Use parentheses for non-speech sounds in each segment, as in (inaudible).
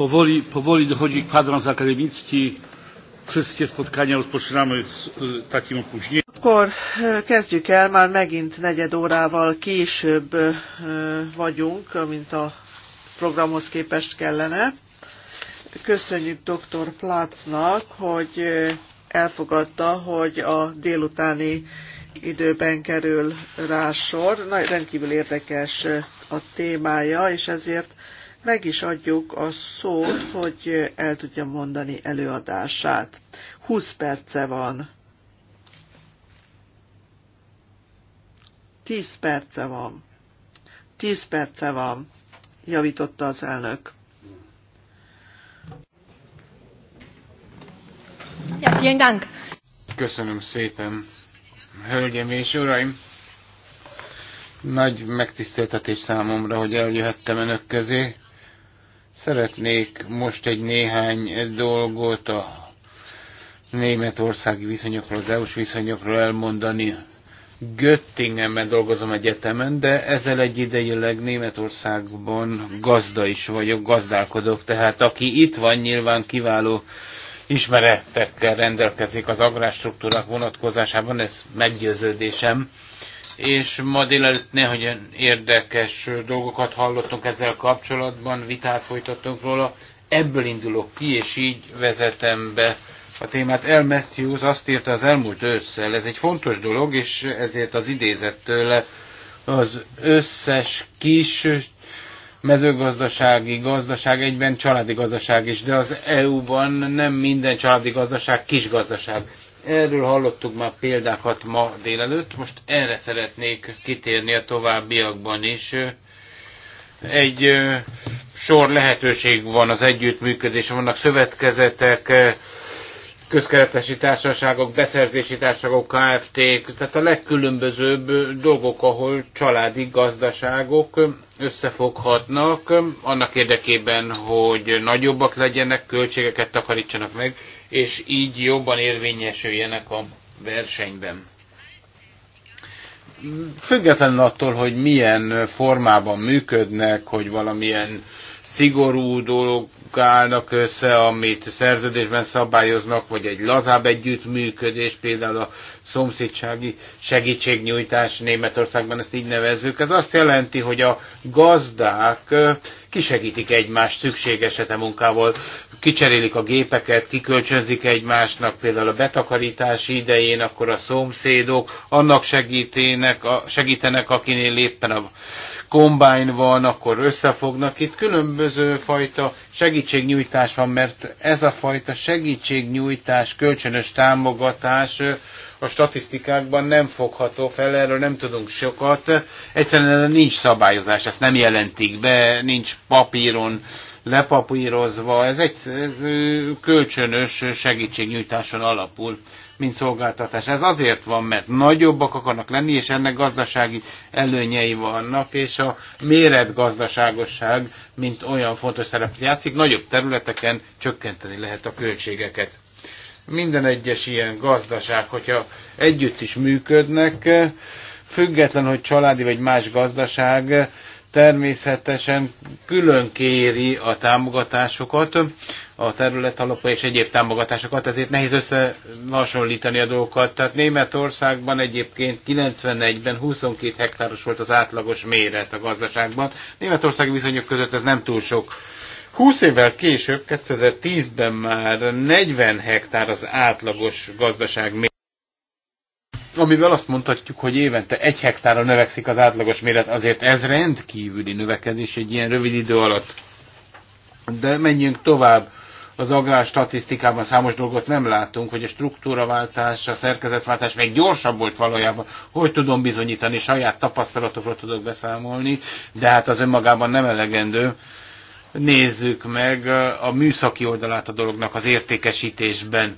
Powoli, powoli dochodzi kwadrans akademicki. Wszystkie spotkania rozpoczynamy z z takim opóźnieniem. Akkor e, kezdjük el, már megint negyed órával később e, vagyunk, mint a programhoz képest kellene. Köszönjük dr. Plácnak, hogy e, elfogadta, hogy a délutáni időben kerül rá sor. Na, rendkívül érdekes a témája, és ezért meg is adjuk a szót, hogy el tudja mondani előadását. 20 perce van. 10 perce van. 10 perce van, javította az elnök. Ja, vielen Dank. Köszönöm szépen, hölgyem és uraim! Nagy megtiszteltetés számomra, hogy eljöhettem önök közé. Szeretnék most egy néhány dolgot a németországi viszonyokról, az EU-s viszonyokról elmondani. Göttingenben dolgozom egyetemen, de ezzel egyidejileg Németországban gazda is vagyok, gazdálkodok, tehát aki itt van, nyilván kiváló ismeretekkel rendelkezik az agrárstruktúrák vonatkozásában, ez meggyőződésem és ma délelőtt néhányan érdekes dolgokat hallottunk ezzel kapcsolatban, vitát folytattunk róla. Ebből indulok ki, és így vezetem be a témát. El Matthews azt írta az elmúlt ősszel, ez egy fontos dolog, és ezért az idézett tőle az összes kis mezőgazdasági gazdaság, egyben családi gazdaság is, de az EU-ban nem minden családi gazdaság kis gazdaság. Erről hallottuk már példákat ma délelőtt, most erre szeretnék kitérni a továbbiakban is. Egy sor lehetőség van az együttműködés, vannak szövetkezetek, közkeretesi társaságok, beszerzési társaságok, KFT-k, tehát a legkülönbözőbb dolgok, ahol családi gazdaságok összefoghatnak, annak érdekében, hogy nagyobbak legyenek, költségeket takarítsanak meg, és így jobban érvényesüljenek a versenyben. Függetlenül attól, hogy milyen formában működnek, hogy valamilyen szigorú dolgok állnak össze, amit szerződésben szabályoznak, vagy egy lazább együttműködés, például a szomszédsági segítségnyújtás Németországban, ezt így nevezzük. Ez azt jelenti, hogy a gazdák kisegítik egymást szükség esete munkával, kicserélik a gépeket, kikölcsönzik egymásnak, például a betakarítás idején, akkor a szomszédok annak segítenek akinél éppen a kombájn van, akkor összefognak. Itt különböző fajta segítségnyújtás van, mert ez a fajta segítségnyújtás, kölcsönös támogatás a statisztikákban nem fogható fel, erről nem tudunk sokat. Egyszerűen nincs szabályozás, ezt nem jelentik be, nincs papíron lepapírozva, ez egy ez kölcsönös segítségnyújtáson alapul mint szolgáltatás. Ez azért van, mert nagyobbak akarnak lenni, és ennek gazdasági előnyei vannak, és a méretgazdaságosság, mint olyan fontos szerep játszik, nagyobb területeken csökkenteni lehet a költségeket. Minden egyes ilyen gazdaság, hogyha együtt is működnek, független, hogy családi vagy más gazdaság, természetesen külön kéri a támogatásokat, a terület alapú és egyéb támogatásokat, ezért nehéz összehasonlítani a dolgokat. Tehát Németországban egyébként 91-ben 22 hektáros volt az átlagos méret a gazdaságban. Németország viszonyok között ez nem túl sok. 20 évvel később, 2010-ben már 40 hektár az átlagos gazdaság méret amivel azt mondhatjuk, hogy évente egy hektára növekszik az átlagos méret, azért ez rendkívüli növekedés egy ilyen rövid idő alatt. De menjünk tovább. Az agrár statisztikában számos dolgot nem látunk, hogy a struktúraváltás, a szerkezetváltás még gyorsabb volt valójában. Hogy tudom bizonyítani, saját tapasztalatokról tudok beszámolni, de hát az önmagában nem elegendő. Nézzük meg a műszaki oldalát a dolognak az értékesítésben.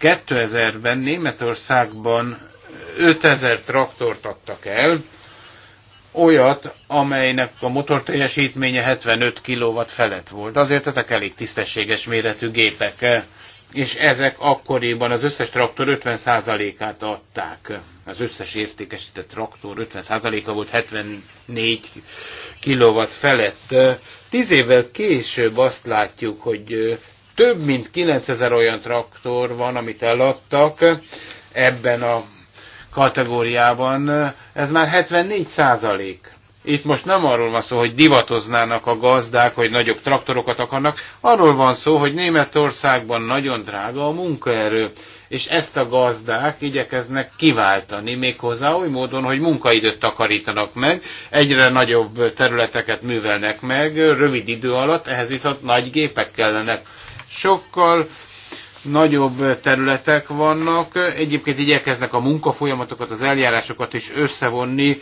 2000-ben Németországban 5000 traktort adtak el, olyat, amelynek a motor teljesítménye 75 kW felett volt. Azért ezek elég tisztességes méretű gépek, és ezek akkoriban az összes traktor 50%-át adták. Az összes értékesített traktor 50%-a volt 74 kW felett. Tíz évvel később azt látjuk, hogy több mint 9000 olyan traktor van, amit eladtak ebben a kategóriában, ez már 74 százalék. Itt most nem arról van szó, hogy divatoznának a gazdák, hogy nagyobb traktorokat akarnak, arról van szó, hogy Németországban nagyon drága a munkaerő, és ezt a gazdák igyekeznek kiváltani, méghozzá oly módon, hogy munkaidőt takarítanak meg, egyre nagyobb területeket művelnek meg, rövid idő alatt, ehhez viszont nagy gépek kellenek. Sokkal nagyobb területek vannak. Egyébként igyekeznek a munkafolyamatokat, az eljárásokat is összevonni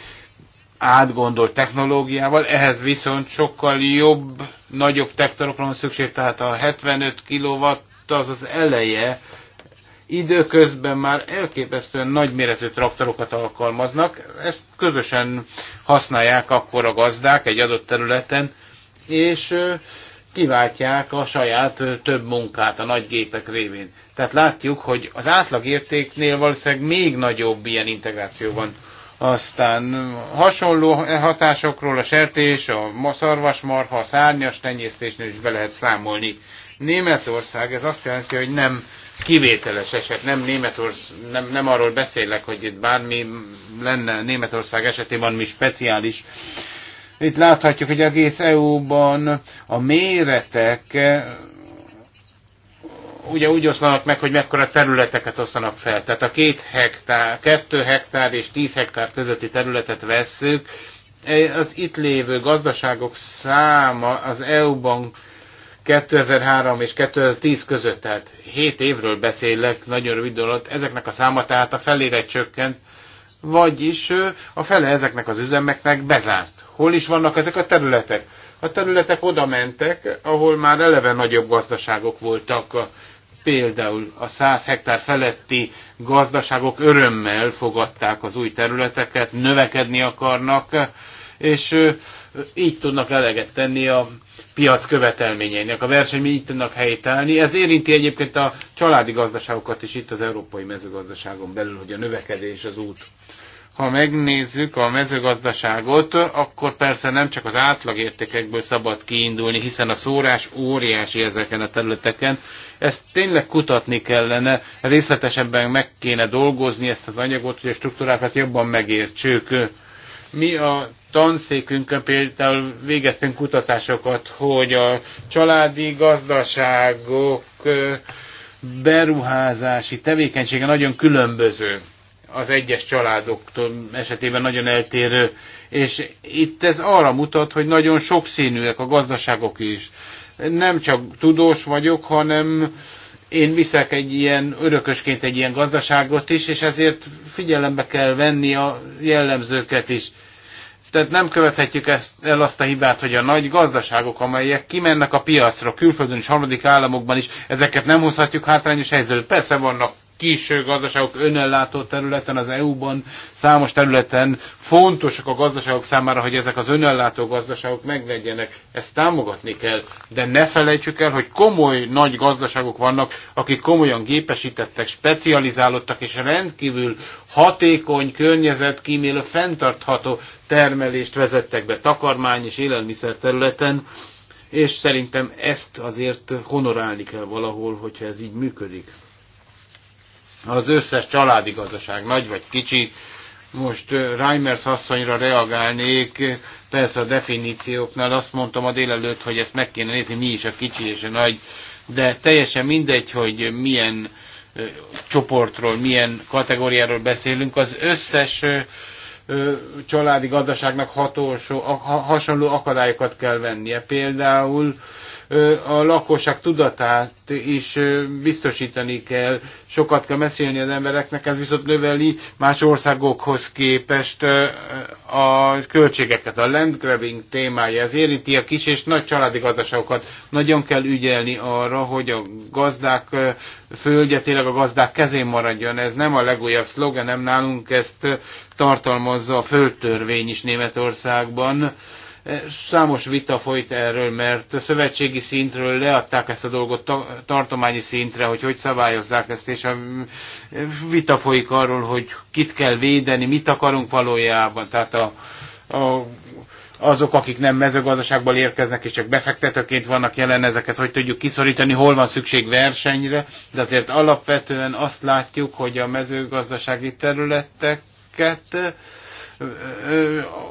átgondolt technológiával, ehhez viszont sokkal jobb, nagyobb tektorokra van szükség, tehát a 75 kW az az eleje, időközben már elképesztően nagyméretű traktorokat alkalmaznak, ezt közösen használják akkor a gazdák egy adott területen, és kiváltják a saját több munkát a nagy gépek révén. Tehát látjuk, hogy az átlagértéknél valószínűleg még nagyobb ilyen integráció van. Aztán hasonló hatásokról a sertés, a szarvasmarha, a szárnyas tenyésztésnél is be lehet számolni. Németország, ez azt jelenti, hogy nem kivételes eset, nem Németország, nem, nem arról beszélek, hogy itt bármi lenne Németország esetében, mi speciális itt láthatjuk, hogy egész EU-ban a méretek eh, ugye úgy oszlanak meg, hogy mekkora területeket osztanak fel. Tehát a két hektár, kettő hektár és tíz hektár közötti területet vesszük, eh, az itt lévő gazdaságok száma az EU-ban 2003 és 2010 között, tehát 7 évről beszélek, nagyon rövid alatt, ezeknek a száma tehát a felére csökkent, vagyis eh, a fele ezeknek az üzemeknek bezárt. Hol is vannak ezek a területek? A területek oda mentek, ahol már eleve nagyobb gazdaságok voltak. Például a 100 hektár feletti gazdaságok örömmel fogadták az új területeket, növekedni akarnak, és így tudnak eleget tenni a piac követelményeinek. A verseny így tudnak helytállni. Ez érinti egyébként a családi gazdaságokat is itt az európai mezőgazdaságon belül, hogy a növekedés az út ha megnézzük a mezőgazdaságot, akkor persze nem csak az átlagértékekből szabad kiindulni, hiszen a szórás óriási ezeken a területeken. Ezt tényleg kutatni kellene, részletesebben meg kéne dolgozni ezt az anyagot, hogy a struktúrákat jobban megértsük. Mi a tanszékünkön például végeztünk kutatásokat, hogy a családi gazdaságok beruházási tevékenysége nagyon különböző az egyes családok esetében nagyon eltérő, és itt ez arra mutat, hogy nagyon sokszínűek a gazdaságok is. Nem csak tudós vagyok, hanem én viszek egy ilyen örökösként egy ilyen gazdaságot is, és ezért figyelembe kell venni a jellemzőket is. Tehát nem követhetjük ezt, el azt a hibát, hogy a nagy gazdaságok, amelyek kimennek a piacra, külföldön és harmadik államokban is, ezeket nem hozhatjuk hátrányos helyzetbe. Persze vannak kis gazdaságok önellátó területen, az EU-ban számos területen fontosak a gazdaságok számára, hogy ezek az önellátó gazdaságok meglegyenek. Ezt támogatni kell, de ne felejtsük el, hogy komoly nagy gazdaságok vannak, akik komolyan gépesítettek, specializálódtak és rendkívül hatékony, környezetkímélő, fenntartható termelést vezettek be takarmány és élelmiszer területen, és szerintem ezt azért honorálni kell valahol, hogyha ez így működik az összes családi gazdaság, nagy vagy kicsi. Most Reimers asszonyra reagálnék, persze a definícióknál azt mondtam a délelőtt, hogy ezt meg kéne nézni, mi is a kicsi és a nagy, de teljesen mindegy, hogy milyen csoportról, milyen kategóriáról beszélünk, az összes családi gazdaságnak hatósó, hasonló akadályokat kell vennie. Például a lakosság tudatát is biztosítani kell. Sokat kell beszélni az embereknek, ez viszont növeli más országokhoz képest a költségeket. A landgrabbing témája, ez érinti a kis és nagy családi gazdaságokat. Nagyon kell ügyelni arra, hogy a gazdák földje tényleg a gazdák kezén maradjon. Ez nem a legújabb szlogenem nálunk, ezt tartalmazza a földtörvény is Németországban Számos vita folyt erről, mert a szövetségi szintről leadták ezt a dolgot tartományi szintre, hogy hogy szabályozzák ezt, és a vita folyik arról, hogy kit kell védeni, mit akarunk valójában. Tehát a, a azok, akik nem mezőgazdaságból érkeznek, és csak befektetőként vannak jelen ezeket, hogy tudjuk kiszorítani, hol van szükség versenyre, de azért alapvetően azt látjuk, hogy a mezőgazdasági területeket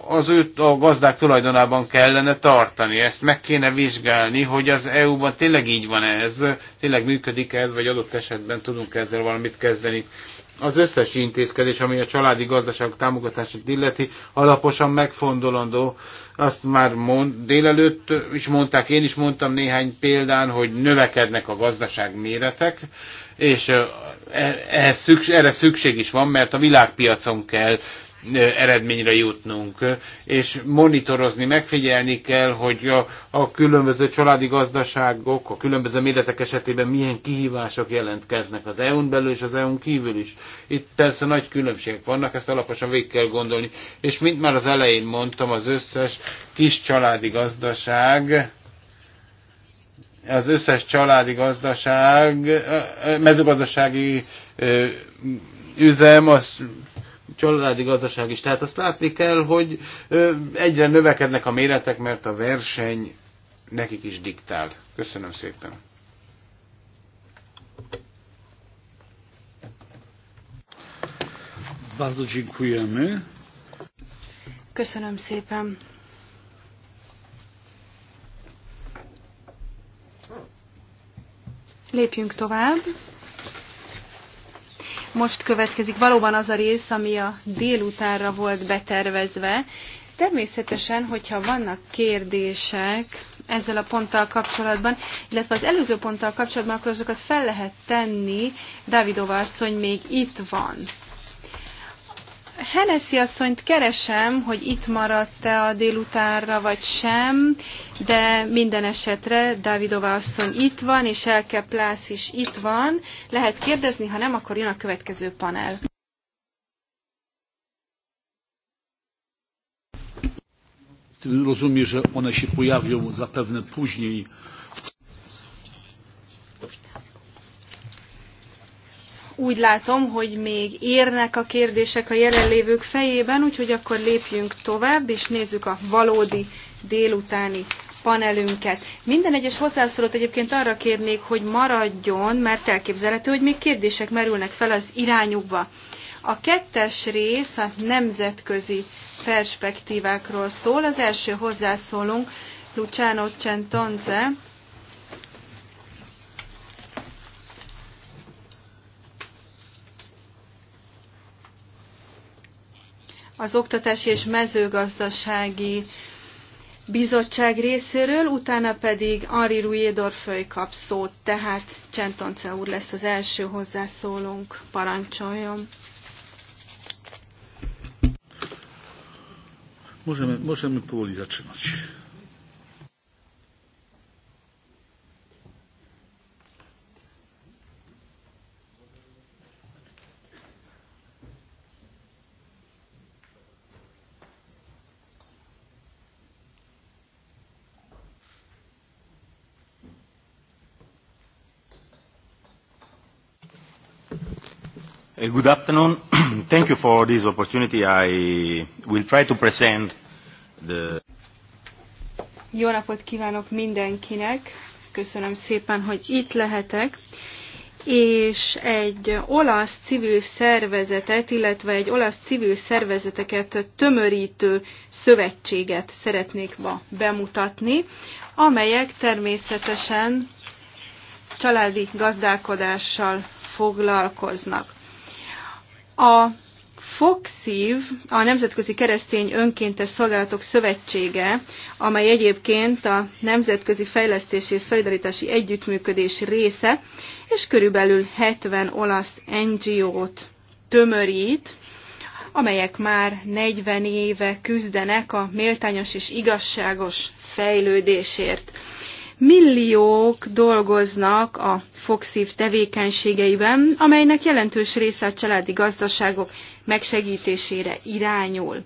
az őt a gazdák tulajdonában kellene tartani. Ezt meg kéne vizsgálni, hogy az EU-ban tényleg így van ez, tényleg működik ez, vagy adott esetben tudunk ezzel valamit kezdeni. Az összes intézkedés, ami a családi gazdaság támogatását illeti, alaposan megfondolandó. Azt már mond, délelőtt is mondták, én is mondtam néhány példán, hogy növekednek a gazdaság méretek, és e, ehhez szükség, erre szükség is van, mert a világpiacon kell eredményre jutnunk, és monitorozni, megfigyelni kell, hogy a, a különböző családi gazdaságok, a különböző méretek esetében milyen kihívások jelentkeznek az EU-n belül és az EU-n kívül is. Itt persze nagy különbségek vannak, ezt alaposan végig kell gondolni. És mint már az elején mondtam, az összes kis családi gazdaság, az összes családi gazdaság, mezőgazdasági üzem, az családi gazdaság is. Tehát azt látni kell, hogy egyre növekednek a méretek, mert a verseny nekik is diktál. Köszönöm szépen. Bardzo dziękujemy. Köszönöm szépen. Lépjünk tovább. Most következik valóban az a rész, ami a délutánra volt betervezve. Természetesen, hogyha vannak kérdések ezzel a ponttal kapcsolatban, illetve az előző ponttal kapcsolatban, akkor azokat fel lehet tenni. Dávidova asszony még itt van. Hennessy asszonyt keresem, hogy itt maradt-e a délutánra, vagy sem, de minden esetre Dávidová asszony itt van, és Elke Plász is itt van. Lehet kérdezni, ha nem, akkor jön a következő panel. Rozumiem, że one się pojawią zapewne później. Úgy látom, hogy még érnek a kérdések a jelenlévők fejében, úgyhogy akkor lépjünk tovább, és nézzük a valódi délutáni panelünket. Minden egyes hozzászólót egyébként arra kérnék, hogy maradjon, mert elképzelhető, hogy még kérdések merülnek fel az irányukba. A kettes rész a nemzetközi perspektívákról szól. Az első hozzászólunk Luciano Centonze, az Oktatási és Mezőgazdasági Bizottság részéről, utána pedig Ari Rujedor kap szót, tehát Csentonce úr lesz az első hozzászólónk, parancsoljon. Możemy, możemy powoli zaczynać. Uh, good afternoon. (clears throat) Thank you for this opportunity. I will try to present the... Jó napot kívánok mindenkinek! Köszönöm szépen, hogy itt lehetek és egy olasz civil szervezetet, illetve egy olasz civil szervezeteket tömörítő szövetséget szeretnék ma bemutatni, amelyek természetesen családi gazdálkodással foglalkoznak. A FOXIV, a Nemzetközi Keresztény Önkéntes Szolgálatok Szövetsége, amely egyébként a Nemzetközi Fejlesztési és Szolidaritási Együttműködés része, és körülbelül 70 olasz NGO-t tömörít, amelyek már 40 éve küzdenek a méltányos és igazságos fejlődésért milliók dolgoznak a Foxív tevékenységeiben, amelynek jelentős része a családi gazdaságok megsegítésére irányul.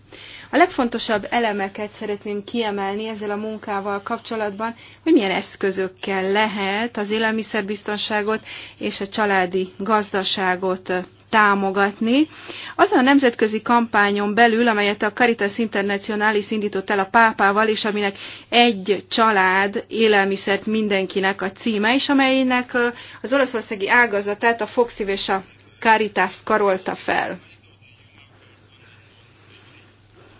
A legfontosabb elemeket szeretném kiemelni ezzel a munkával kapcsolatban, hogy milyen eszközökkel lehet az élelmiszerbiztonságot és a családi gazdaságot támogatni. Azon a nemzetközi kampányon belül, amelyet a Caritas Internationalis indított el a pápával, és aminek egy család élelmiszert mindenkinek a címe, és amelynek az olaszországi ágazatát a Foxiv és a Caritas karolta fel.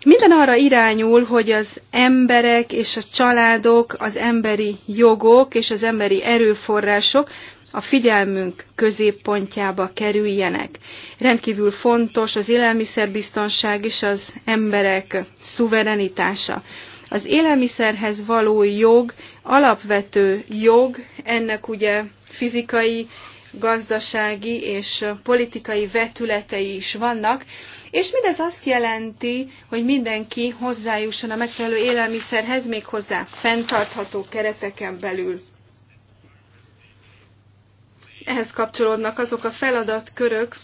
Minden arra irányul, hogy az emberek és a családok, az emberi jogok és az emberi erőforrások a figyelmünk középpontjába kerüljenek. Rendkívül fontos az élelmiszerbiztonság és az emberek szuverenitása. Az élelmiszerhez való jog alapvető jog, ennek ugye fizikai, gazdasági és politikai vetületei is vannak, és mindez azt jelenti, hogy mindenki hozzájusson a megfelelő élelmiszerhez, méghozzá fenntartható kereteken belül. Ehhez kapcsolódnak azok a feladatkörök,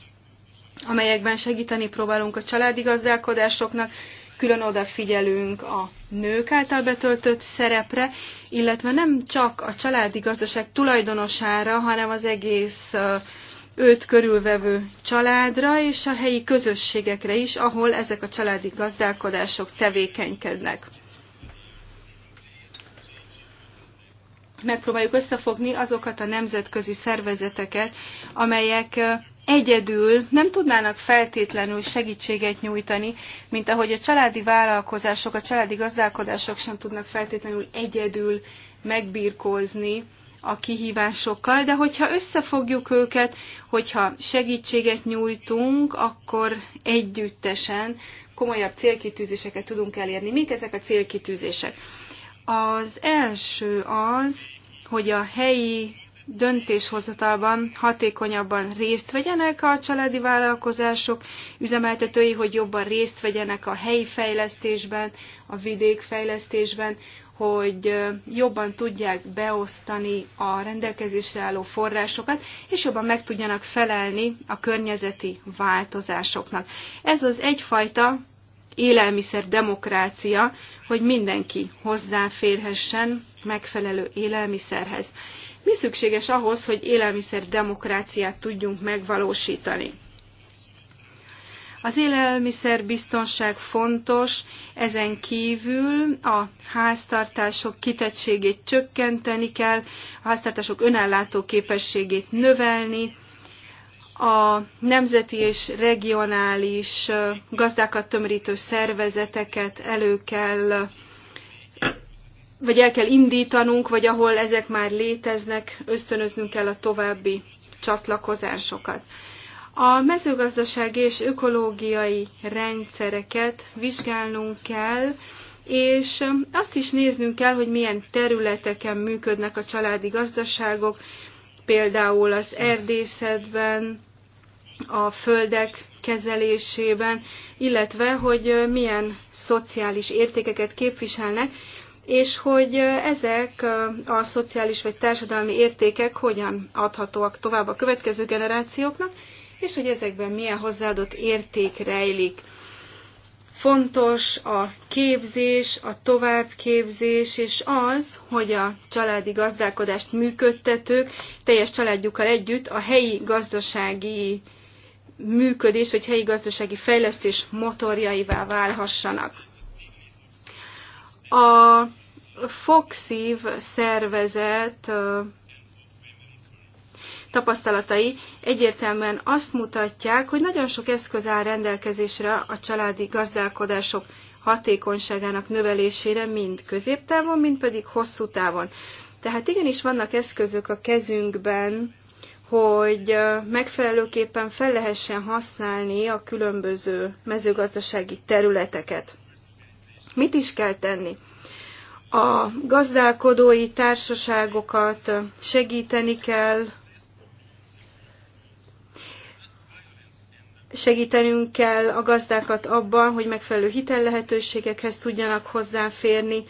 amelyekben segíteni próbálunk a családi gazdálkodásoknak, külön odafigyelünk a nők által betöltött szerepre, illetve nem csak a családi gazdaság tulajdonosára, hanem az egész őt körülvevő családra és a helyi közösségekre is, ahol ezek a családi gazdálkodások tevékenykednek. megpróbáljuk összefogni azokat a nemzetközi szervezeteket, amelyek egyedül nem tudnának feltétlenül segítséget nyújtani, mint ahogy a családi vállalkozások, a családi gazdálkodások sem tudnak feltétlenül egyedül megbirkózni a kihívásokkal, de hogyha összefogjuk őket, hogyha segítséget nyújtunk, akkor együttesen komolyabb célkitűzéseket tudunk elérni. Mik ezek a célkitűzések? Az első az, hogy a helyi döntéshozatalban hatékonyabban részt vegyenek a családi vállalkozások üzemeltetői, hogy jobban részt vegyenek a helyi fejlesztésben, a vidék fejlesztésben, hogy jobban tudják beosztani a rendelkezésre álló forrásokat, és jobban meg tudjanak felelni a környezeti változásoknak. Ez az egyfajta élelmiszer demokrácia, hogy mindenki hozzáférhessen megfelelő élelmiszerhez. Mi szükséges ahhoz, hogy élelmiszer demokráciát tudjunk megvalósítani? Az élelmiszerbiztonság fontos, ezen kívül a háztartások kitettségét csökkenteni kell, a háztartások önellátó képességét növelni, a nemzeti és regionális gazdákat tömörítő szervezeteket elő kell, vagy el kell indítanunk, vagy ahol ezek már léteznek, ösztönöznünk kell a további csatlakozásokat. A mezőgazdasági és ökológiai rendszereket vizsgálnunk kell, és azt is néznünk kell, hogy milyen területeken működnek a családi gazdaságok, például az erdészetben, a földek kezelésében, illetve hogy milyen szociális értékeket képviselnek, és hogy ezek a szociális vagy társadalmi értékek hogyan adhatóak tovább a következő generációknak, és hogy ezekben milyen hozzáadott érték rejlik. Fontos a képzés, a továbbképzés, és az, hogy a családi gazdálkodást működtetők teljes családjukkal együtt a helyi gazdasági működés vagy helyi gazdasági fejlesztés motorjaivá válhassanak. A Foxív szervezet tapasztalatai egyértelműen azt mutatják, hogy nagyon sok eszköz áll rendelkezésre a családi gazdálkodások hatékonyságának növelésére, mind középtávon, mind pedig hosszú távon. Tehát igenis vannak eszközök a kezünkben, hogy megfelelőképpen fel lehessen használni a különböző mezőgazdasági területeket. Mit is kell tenni? A gazdálkodói társaságokat segíteni kell, segítenünk kell a gazdákat abban, hogy megfelelő hitellehetőségekhez tudjanak hozzáférni,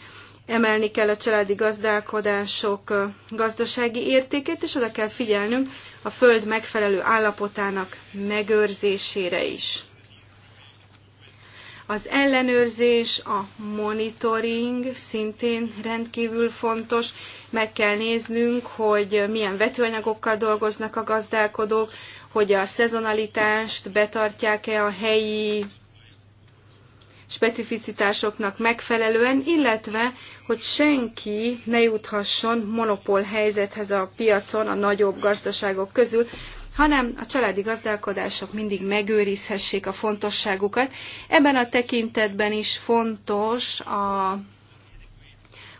emelni kell a családi gazdálkodások gazdasági értékét, és oda kell figyelnünk a föld megfelelő állapotának megőrzésére is. Az ellenőrzés, a monitoring szintén rendkívül fontos. Meg kell néznünk, hogy milyen vetőanyagokkal dolgoznak a gazdálkodók, hogy a szezonalitást betartják-e a helyi specificitásoknak megfelelően, illetve hogy senki ne juthasson monopól helyzethez a piacon a nagyobb gazdaságok közül, hanem a családi gazdálkodások mindig megőrizhessék a fontosságukat. Ebben a tekintetben is fontos a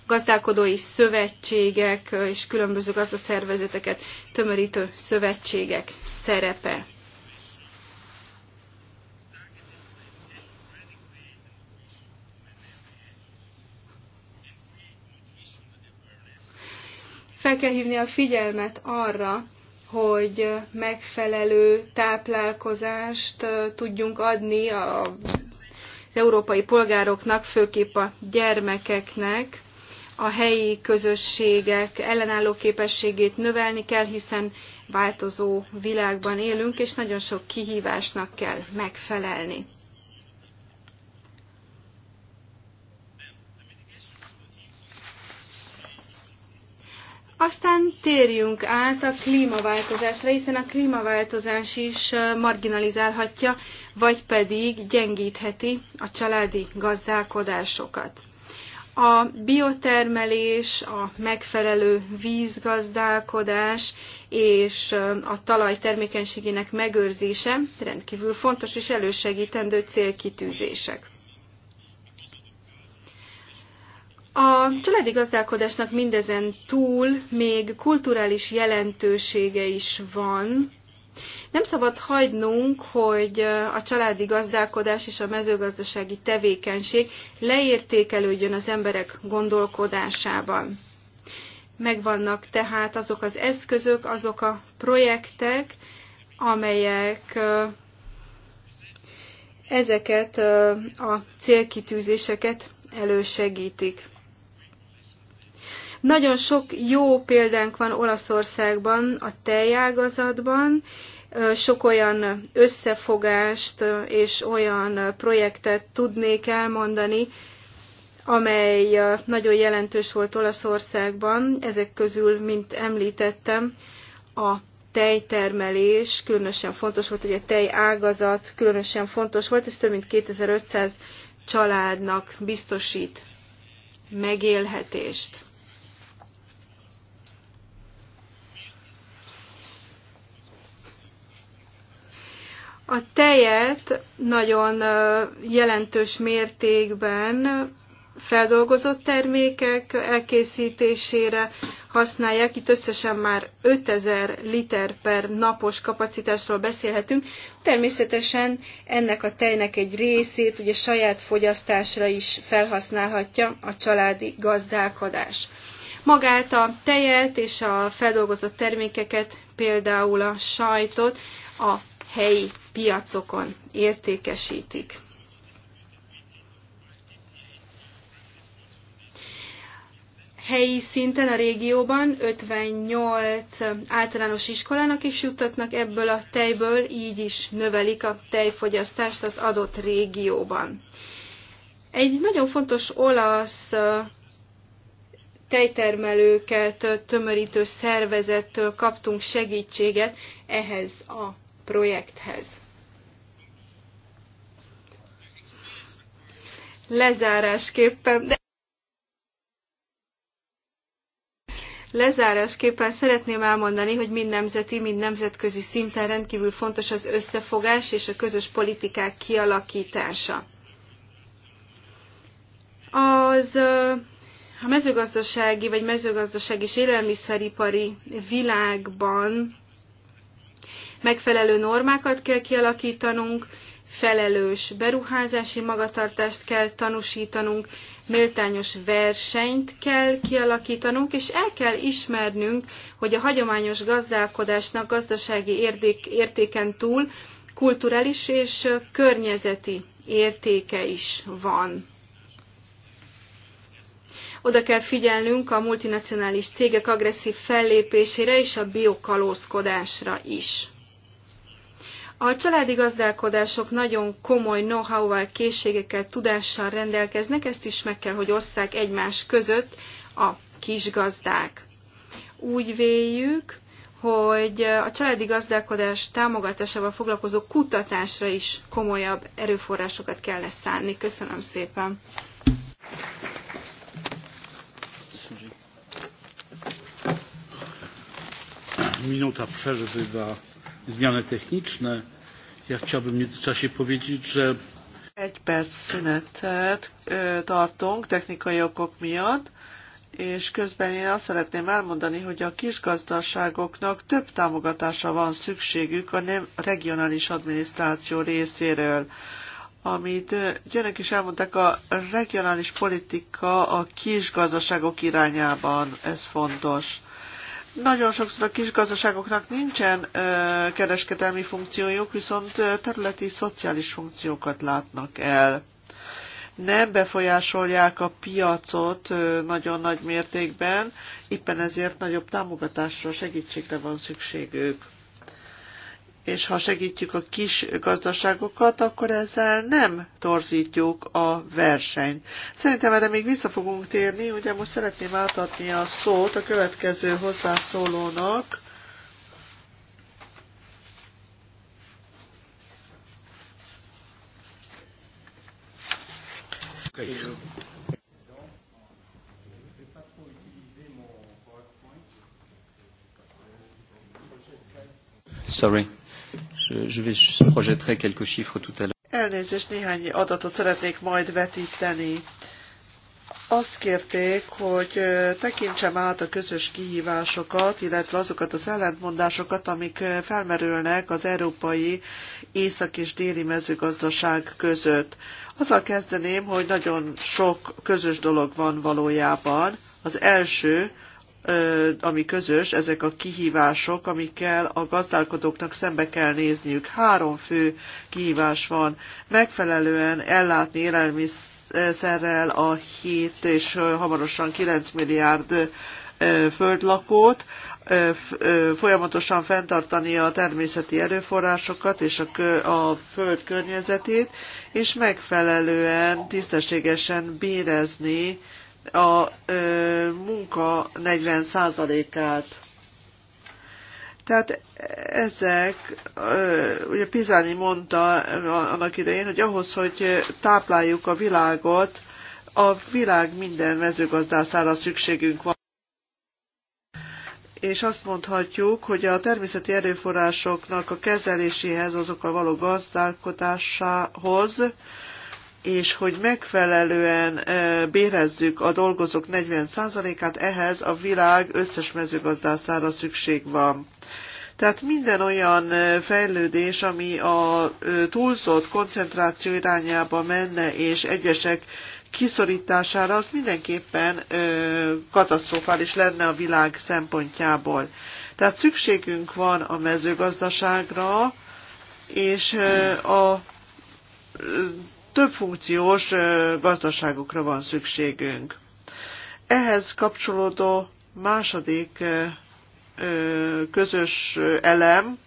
gazdálkodói szövetségek és különböző gazdaszervezeteket tömörítő szövetségek szerepe. fel kell hívni a figyelmet arra, hogy megfelelő táplálkozást tudjunk adni a az európai polgároknak, főképp a gyermekeknek a helyi közösségek ellenálló képességét növelni kell, hiszen változó világban élünk, és nagyon sok kihívásnak kell megfelelni. Aztán térjünk át a klímaváltozásra, hiszen a klímaváltozás is marginalizálhatja, vagy pedig gyengítheti a családi gazdálkodásokat. A biotermelés, a megfelelő vízgazdálkodás és a talaj termékenységének megőrzése rendkívül fontos és elősegítendő célkitűzések. A családi gazdálkodásnak mindezen túl még kulturális jelentősége is van. Nem szabad hagynunk, hogy a családi gazdálkodás és a mezőgazdasági tevékenység leértékelődjön az emberek gondolkodásában. Megvannak tehát azok az eszközök, azok a projektek, amelyek ezeket a célkitűzéseket elősegítik. Nagyon sok jó példánk van Olaszországban, a tejágazatban, sok olyan összefogást és olyan projektet tudnék elmondani, amely nagyon jelentős volt Olaszországban. Ezek közül, mint említettem, a tejtermelés különösen fontos volt, hogy a tej ágazat különösen fontos volt, ez több mint 2500 családnak biztosít megélhetést. A tejet nagyon jelentős mértékben feldolgozott termékek elkészítésére használják. Itt összesen már 5000 liter per napos kapacitásról beszélhetünk. Természetesen ennek a tejnek egy részét ugye saját fogyasztásra is felhasználhatja a családi gazdálkodás. Magát a tejet és a feldolgozott termékeket, például a sajtot a helyi piacokon értékesítik. helyi szinten a régióban 58 általános iskolának is juttatnak ebből a tejből, így is növelik a tejfogyasztást az adott régióban. Egy nagyon fontos olasz tejtermelőket tömörítő szervezettől kaptunk segítséget ehhez a projekthez. Lezárásképpen, de Lezárásképpen szeretném elmondani, hogy mind nemzeti, mind nemzetközi szinten rendkívül fontos az összefogás és a közös politikák kialakítása. Az a mezőgazdasági vagy mezőgazdasági és élelmiszeripari világban Megfelelő normákat kell kialakítanunk, felelős beruházási magatartást kell tanúsítanunk, méltányos versenyt kell kialakítanunk, és el kell ismernünk, hogy a hagyományos gazdálkodásnak gazdasági értéken túl kulturális és környezeti értéke is van. Oda kell figyelnünk a multinacionális cégek agresszív fellépésére és a biokalózkodásra is. A családi gazdálkodások nagyon komoly know-how-val, készségekkel, tudással rendelkeznek, ezt is meg kell, hogy osszák egymás között a kisgazdák. Úgy véljük, hogy a családi gazdálkodás támogatásával foglalkozó kutatásra is komolyabb erőforrásokat kell lesz szánni. Köszönöm szépen! Minuta przerwy dla zmiany techniczne. Ja chciałbym w międzyczasie powiedzieć, że egy perc szünetet e, tartunk technikai okok miatt, és közben én azt szeretném elmondani, hogy a kisgazdaságoknak több támogatásra van szükségük a nem regionális adminisztráció részéről. Amit e, gyönek is elmondták, a regionális politika a kisgazdaságok irányában, ez fontos. Nagyon sokszor a kis gazdaságoknak nincsen ö, kereskedelmi funkciójuk, viszont ö, területi szociális funkciókat látnak el. Nem befolyásolják a piacot ö, nagyon nagy mértékben, éppen ezért nagyobb támogatásra, segítségre van szükségük és ha segítjük a kis gazdaságokat, akkor ezzel nem torzítjuk a versenyt. Szerintem erre még vissza fogunk térni, ugye most szeretném átadni a szót a következő hozzászólónak. Sorry je, vais, je projetterai quelques chiffres tout à l'heure. Elnézést, néhány adatot szeretnék majd vetíteni. Azt kérték, hogy tekintsem át a közös kihívásokat, illetve azokat az ellentmondásokat, amik felmerülnek az európai észak és déli mezőgazdaság között. Azzal kezdeném, hogy nagyon sok közös dolog van valójában. Az első, ami közös, ezek a kihívások, amikkel a gazdálkodóknak szembe kell nézniük. Három fő kihívás van. Megfelelően ellátni élelmiszerrel a 7 és hamarosan 9 milliárd földlakót, folyamatosan fenntartani a természeti erőforrásokat és a, kö, a föld környezetét, és megfelelően tisztességesen bérezni a munka 40%-át. Tehát ezek, ugye Pizani mondta annak idején, hogy ahhoz, hogy tápláljuk a világot, a világ minden mezőgazdászára szükségünk van. És azt mondhatjuk, hogy a természeti erőforrásoknak a kezeléséhez, azokkal való gazdálkodásához és hogy megfelelően bérezzük a dolgozók 40%-át, ehhez a világ összes mezőgazdászára szükség van. Tehát minden olyan fejlődés, ami a túlzott koncentráció irányába menne, és egyesek kiszorítására, az mindenképpen katasztrofális lenne a világ szempontjából. Tehát szükségünk van a mezőgazdaságra, és a több funkciós gazdaságokra van szükségünk. Ehhez kapcsolódó második közös elem,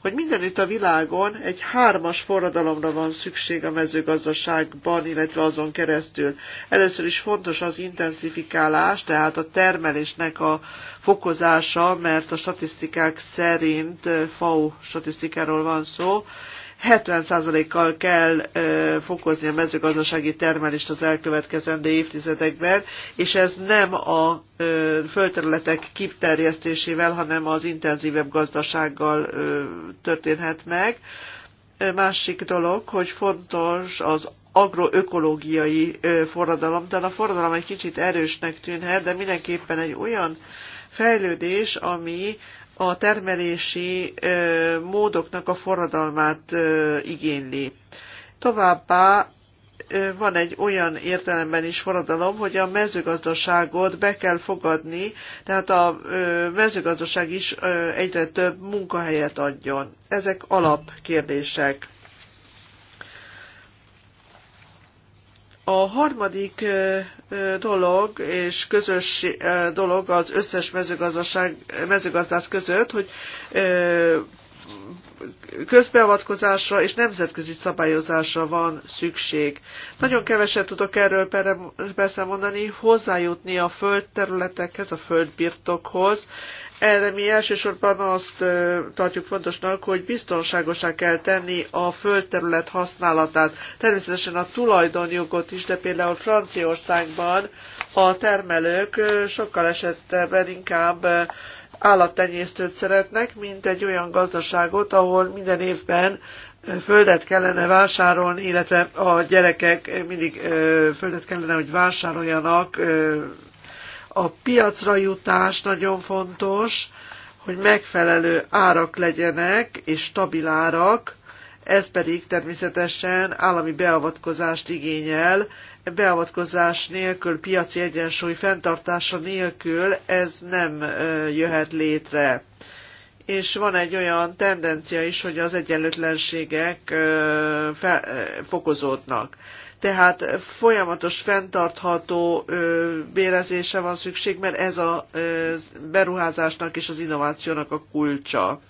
hogy mindenütt a világon egy hármas forradalomra van szükség a mezőgazdaságban, illetve azon keresztül. Először is fontos az intenzifikálás, tehát a termelésnek a fokozása, mert a statisztikák szerint FAO statisztikáról van szó, 70%-kal kell fokozni a mezőgazdasági termelést az elkövetkezendő évtizedekben, és ez nem a földterületek kipterjesztésével, hanem az intenzívebb gazdasággal történhet meg. Másik dolog, hogy fontos az agroökológiai forradalom, de a forradalom egy kicsit erősnek tűnhet, de mindenképpen egy olyan fejlődés, ami a termelési módoknak a forradalmát igényli. Továbbá van egy olyan értelemben is forradalom, hogy a mezőgazdaságot be kell fogadni, tehát a mezőgazdaság is egyre több munkahelyet adjon. Ezek alapkérdések. A harmadik dolog és közös dolog az összes mezőgazdaság, mezőgazdász között, hogy közbeavatkozásra és nemzetközi szabályozásra van szükség. Nagyon keveset tudok erről persze mondani, hozzájutni a földterületekhez, a földbirtokhoz. Erre mi elsősorban azt tartjuk fontosnak, hogy biztonságosá kell tenni a földterület használatát. Természetesen a tulajdonjogot is, de például Franciaországban a termelők sokkal esetben inkább állattenyésztőt szeretnek, mint egy olyan gazdaságot, ahol minden évben földet kellene vásárolni, illetve a gyerekek mindig földet kellene, hogy vásároljanak a piacra jutás nagyon fontos, hogy megfelelő árak legyenek, és stabil árak, ez pedig természetesen állami beavatkozást igényel, beavatkozás nélkül, piaci egyensúly fenntartása nélkül ez nem jöhet létre. És van egy olyan tendencia is, hogy az egyenlőtlenségek fokozódnak tehát folyamatos, fenntartható bérezése van szükség, mert ez a beruházásnak és az innovációnak a kulcsa.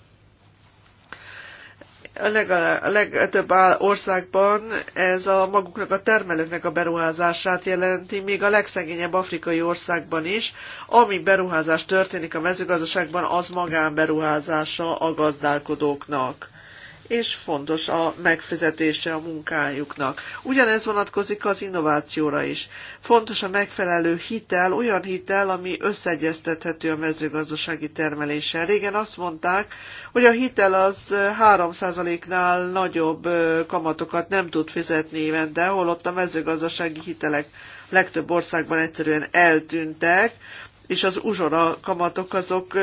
A, legalább, a legtöbb országban ez a maguknak a termelőknek a beruházását jelenti, még a legszegényebb afrikai országban is, ami beruházás történik a mezőgazdaságban, az magánberuházása a gazdálkodóknak és fontos a megfizetése a munkájuknak. Ugyanez vonatkozik az innovációra is. Fontos a megfelelő hitel, olyan hitel, ami összeegyeztethető a mezőgazdasági termeléssel. Régen azt mondták, hogy a hitel az 3%-nál nagyobb kamatokat nem tud fizetni évente, holott a mezőgazdasági hitelek legtöbb országban egyszerűen eltűntek, és az uzsora kamatok azok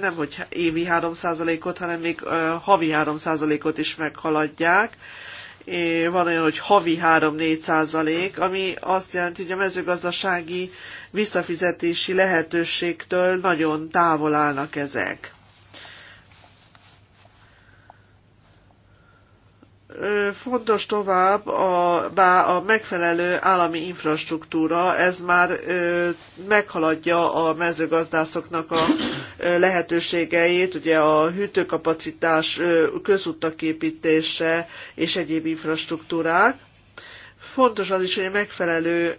nem hogy évi 3%-ot, hanem még havi 3%-ot is meghaladják. Van olyan, hogy havi 3-4 százalék, ami azt jelenti, hogy a mezőgazdasági visszafizetési lehetőségtől nagyon távol állnak ezek. Fontos tovább a, bá a megfelelő állami infrastruktúra, ez már ö, meghaladja a mezőgazdászoknak a ö, lehetőségeit, ugye a hűtőkapacitás, ö, és egyéb infrastruktúrák fontos az is, hogy megfelelő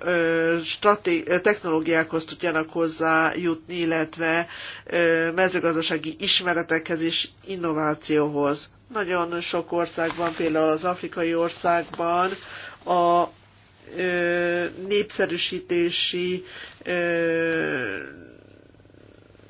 technológiákhoz tudjanak hozzá jutni illetve mezőgazdasági ismeretekhez és innovációhoz. Nagyon sok országban, például az afrikai országban a népszerűsítési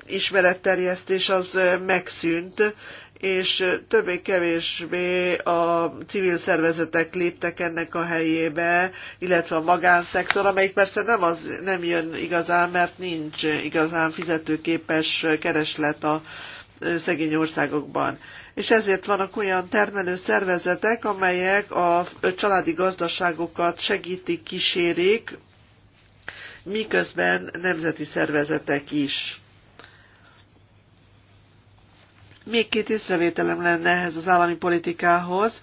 ismeretterjesztés az megszűnt, és többé-kevésbé a civil szervezetek léptek ennek a helyébe, illetve a magánszektor, amelyik persze nem, az, nem jön igazán, mert nincs igazán fizetőképes kereslet a szegény országokban. És ezért vannak olyan termelő szervezetek, amelyek a családi gazdaságokat segítik, kísérik, miközben nemzeti szervezetek is még két észrevételem lenne ehhez az állami politikához.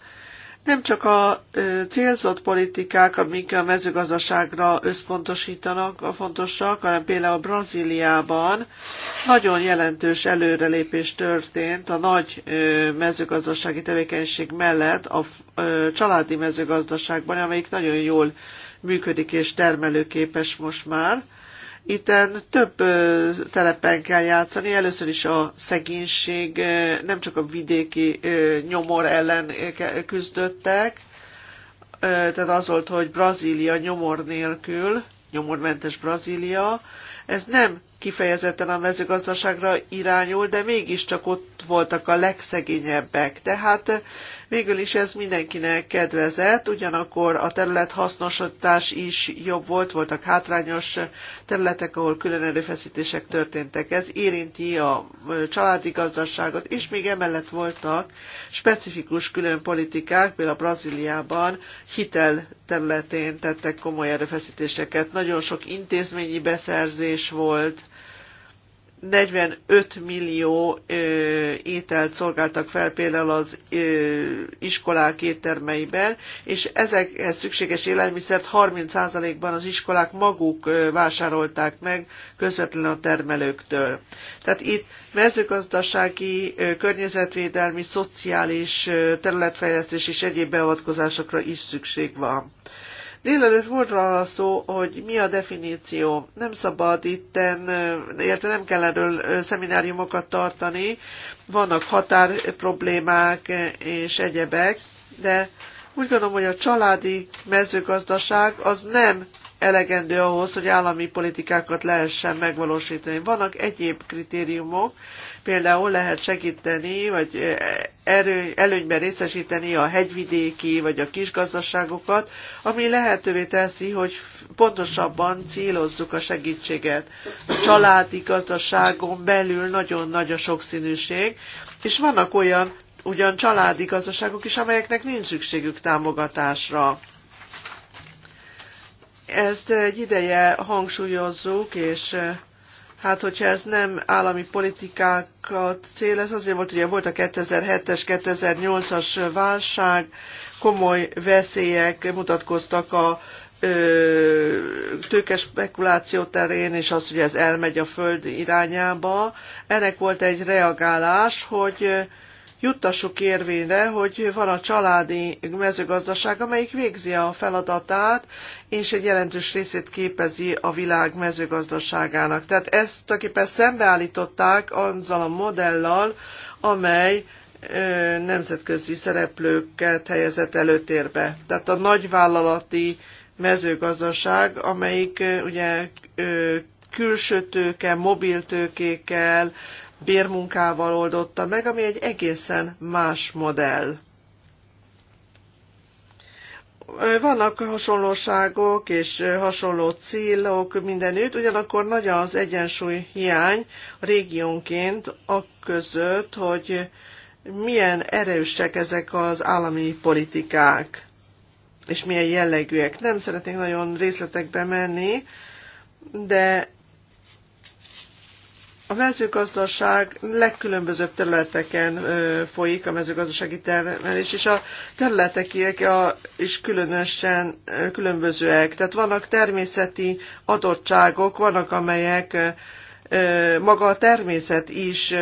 Nem csak a célzott politikák, amik a mezőgazdaságra összpontosítanak, a fontosak, hanem például Brazíliában nagyon jelentős előrelépés történt a nagy mezőgazdasági tevékenység mellett a családi mezőgazdaságban, amelyik nagyon jól működik és termelőképes most már Itten több telepen kell játszani. Először is a szegénység, nem csak a vidéki nyomor ellen küzdöttek, tehát az volt, hogy Brazília nyomor nélkül, nyomormentes Brazília, ez nem kifejezetten a mezőgazdaságra irányul, de mégiscsak ott voltak a legszegényebbek. Tehát végül is ez mindenkinek kedvezett, ugyanakkor a terület hasznosítás is jobb volt, voltak hátrányos területek, ahol külön erőfeszítések történtek. Ez érinti a családi gazdaságot, és még emellett voltak specifikus külön politikák, például a Brazíliában hitel területén tettek komoly erőfeszítéseket. Nagyon sok intézményi beszerzés volt, 45 millió ö, ételt szolgáltak fel például az ö, iskolák éttermeiben, és ezekhez szükséges élelmiszert 30%-ban az iskolák maguk ö, vásárolták meg közvetlenül a termelőktől. Tehát itt mezőgazdasági, ö, környezetvédelmi, szociális, ö, területfejlesztés és egyéb beavatkozásokra is szükség van. Délelőtt volt róla szó, hogy mi a definíció. Nem szabad itten, illetve nem kell erről szemináriumokat tartani, vannak határproblémák és egyebek, de úgy gondolom, hogy a családi mezőgazdaság az nem elegendő ahhoz, hogy állami politikákat lehessen megvalósítani. Vannak egyéb kritériumok, például lehet segíteni, vagy eh, erő, előnyben részesíteni a hegyvidéki vagy a kisgazdaságokat, ami lehetővé teszi, hogy pontosabban célozzuk a segítséget. A családi gazdaságon belül nagyon nagy a sokszínűség, és vannak olyan ugyan családi gazdaságok is, amelyeknek nincs szükségük támogatásra. Ezt egy ideje hangsúlyozzuk, és eh, Hát, hogyha ez nem állami politikákat cél, ez azért volt, ugye volt a 2007-es, 2008-as válság, komoly veszélyek mutatkoztak a tőkes spekuláció terén, és az, hogy ez elmegy a föld irányába. Ennek volt egy reagálás, hogy juttassuk érvényre, hogy van a családi mezőgazdaság, amelyik végzi a feladatát, és egy jelentős részét képezi a világ mezőgazdaságának. Tehát ezt tulajdonképpen szembeállították azzal a modellal, amely nemzetközi szereplőket helyezett előtérbe. Tehát a nagyvállalati mezőgazdaság, amelyik ugye külső tőke, mobil tőkékkel, bérmunkával oldotta meg, ami egy egészen más modell. Vannak hasonlóságok és hasonló célok mindenütt, ugyanakkor nagy az egyensúly hiány a régiónként a között, hogy milyen erősek ezek az állami politikák, és milyen jellegűek. Nem szeretnék nagyon részletekbe menni, de a mezőgazdaság legkülönbözőbb területeken folyik a mezőgazdasági termelés, és a területek is különösen különbözőek. Tehát vannak természeti adottságok, vannak amelyek maga a természet is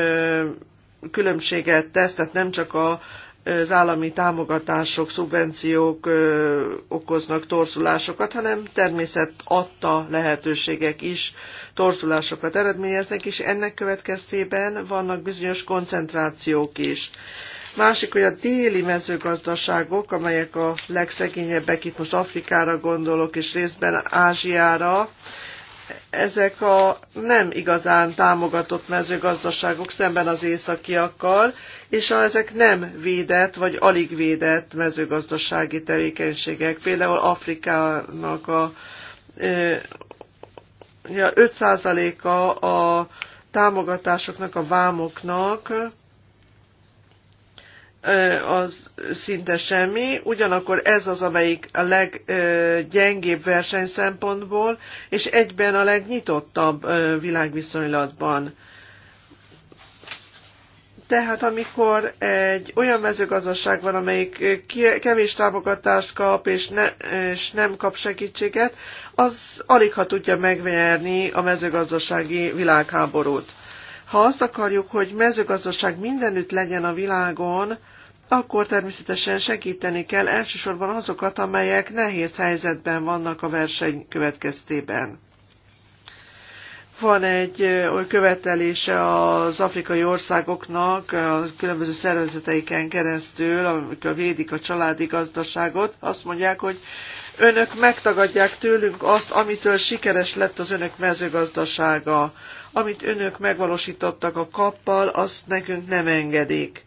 különbséget tesz, tehát nem csak a az állami támogatások, szubvenciók okoznak torzulásokat, hanem természet adta lehetőségek is torzulásokat eredményeznek, és ennek következtében vannak bizonyos koncentrációk is. Másik, hogy a déli mezőgazdaságok, amelyek a legszegényebbek, itt most Afrikára gondolok, és részben Ázsiára, ezek a nem igazán támogatott mezőgazdaságok szemben az északiakkal, és a, ezek nem védett vagy alig védett mezőgazdasági tevékenységek. Például Afrikának a e, 5%-a a támogatásoknak, a vámoknak az szinte semmi, ugyanakkor ez az, amelyik a leggyengébb verseny szempontból, és egyben a legnyitottabb világviszonylatban. Tehát amikor egy olyan mezőgazdaság van, amelyik kevés támogatást kap, és, ne, és nem kap segítséget, az alig ha tudja megverni a mezőgazdasági világháborút. Ha azt akarjuk, hogy mezőgazdaság mindenütt legyen a világon, akkor természetesen segíteni kell elsősorban azokat, amelyek nehéz helyzetben vannak a verseny következtében. Van egy olyan követelése az afrikai országoknak, a különböző szervezeteiken keresztül, amikor védik a családi gazdaságot, azt mondják, hogy önök megtagadják tőlünk azt, amitől sikeres lett az önök mezőgazdasága. Amit önök megvalósítottak a kappal, azt nekünk nem engedik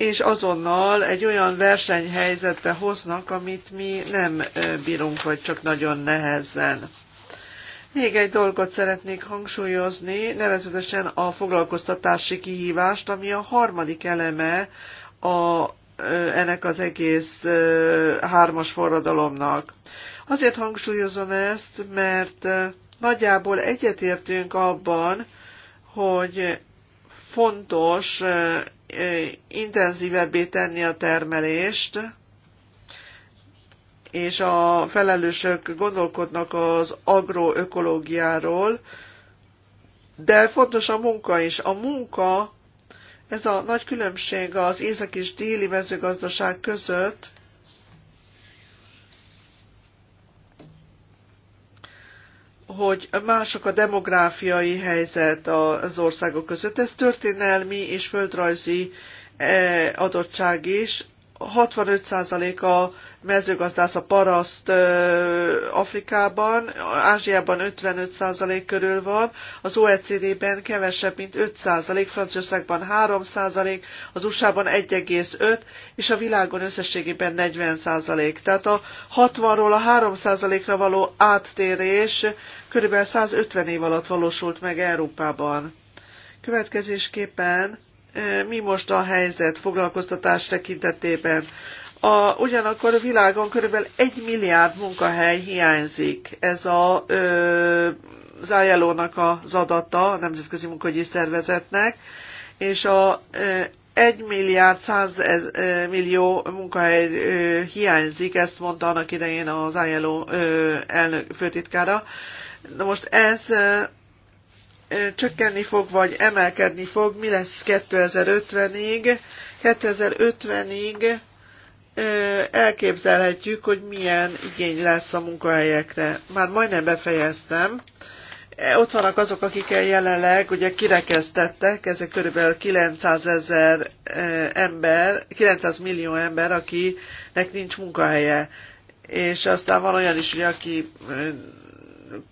és azonnal egy olyan versenyhelyzetbe hoznak, amit mi nem bírunk, vagy csak nagyon nehezen. Még egy dolgot szeretnék hangsúlyozni, nevezetesen a foglalkoztatási kihívást, ami a harmadik eleme a, ennek az egész hármas forradalomnak. Azért hangsúlyozom ezt, mert nagyjából egyetértünk abban, hogy fontos intenzívebbé tenni a termelést, és a felelősök gondolkodnak az agroökológiáról, de fontos a munka is. A munka, ez a nagy különbség az észak és déli mezőgazdaság között, hogy mások a demográfiai helyzet az országok között. Ez történelmi és földrajzi eh, adottság is. 65% a mezőgazdász a paraszt eh, Afrikában, Ázsiában 55% körül van, az OECD-ben kevesebb, mint 5%, Franciaországban 3%, az USA-ban 1,5%, és a világon összességében 40%. Tehát a 60-ról a 3%-ra való áttérés körülbelül 150 év alatt valósult meg Európában. Következésképpen mi most a helyzet foglalkoztatás tekintetében? A, ugyanakkor a világon körülbelül 1 milliárd munkahely hiányzik. Ez a, ö, az ilo az adata, a Nemzetközi Munkahogyi Szervezetnek, és a ö, 1 milliárd 100 millió munkahely hiányzik, ezt mondta annak idején az ILO elnök főtitkára. Na most ez csökkenni fog, vagy emelkedni fog, mi lesz 2050-ig. 2050-ig elképzelhetjük, hogy milyen igény lesz a munkahelyekre. Már majdnem befejeztem. E, ott vannak azok, akik jelenleg ugye kirekeztettek, ezek körülbelül 900 ezer ember, 900 millió ember, akinek nincs munkahelye. És aztán van olyan is, hogy aki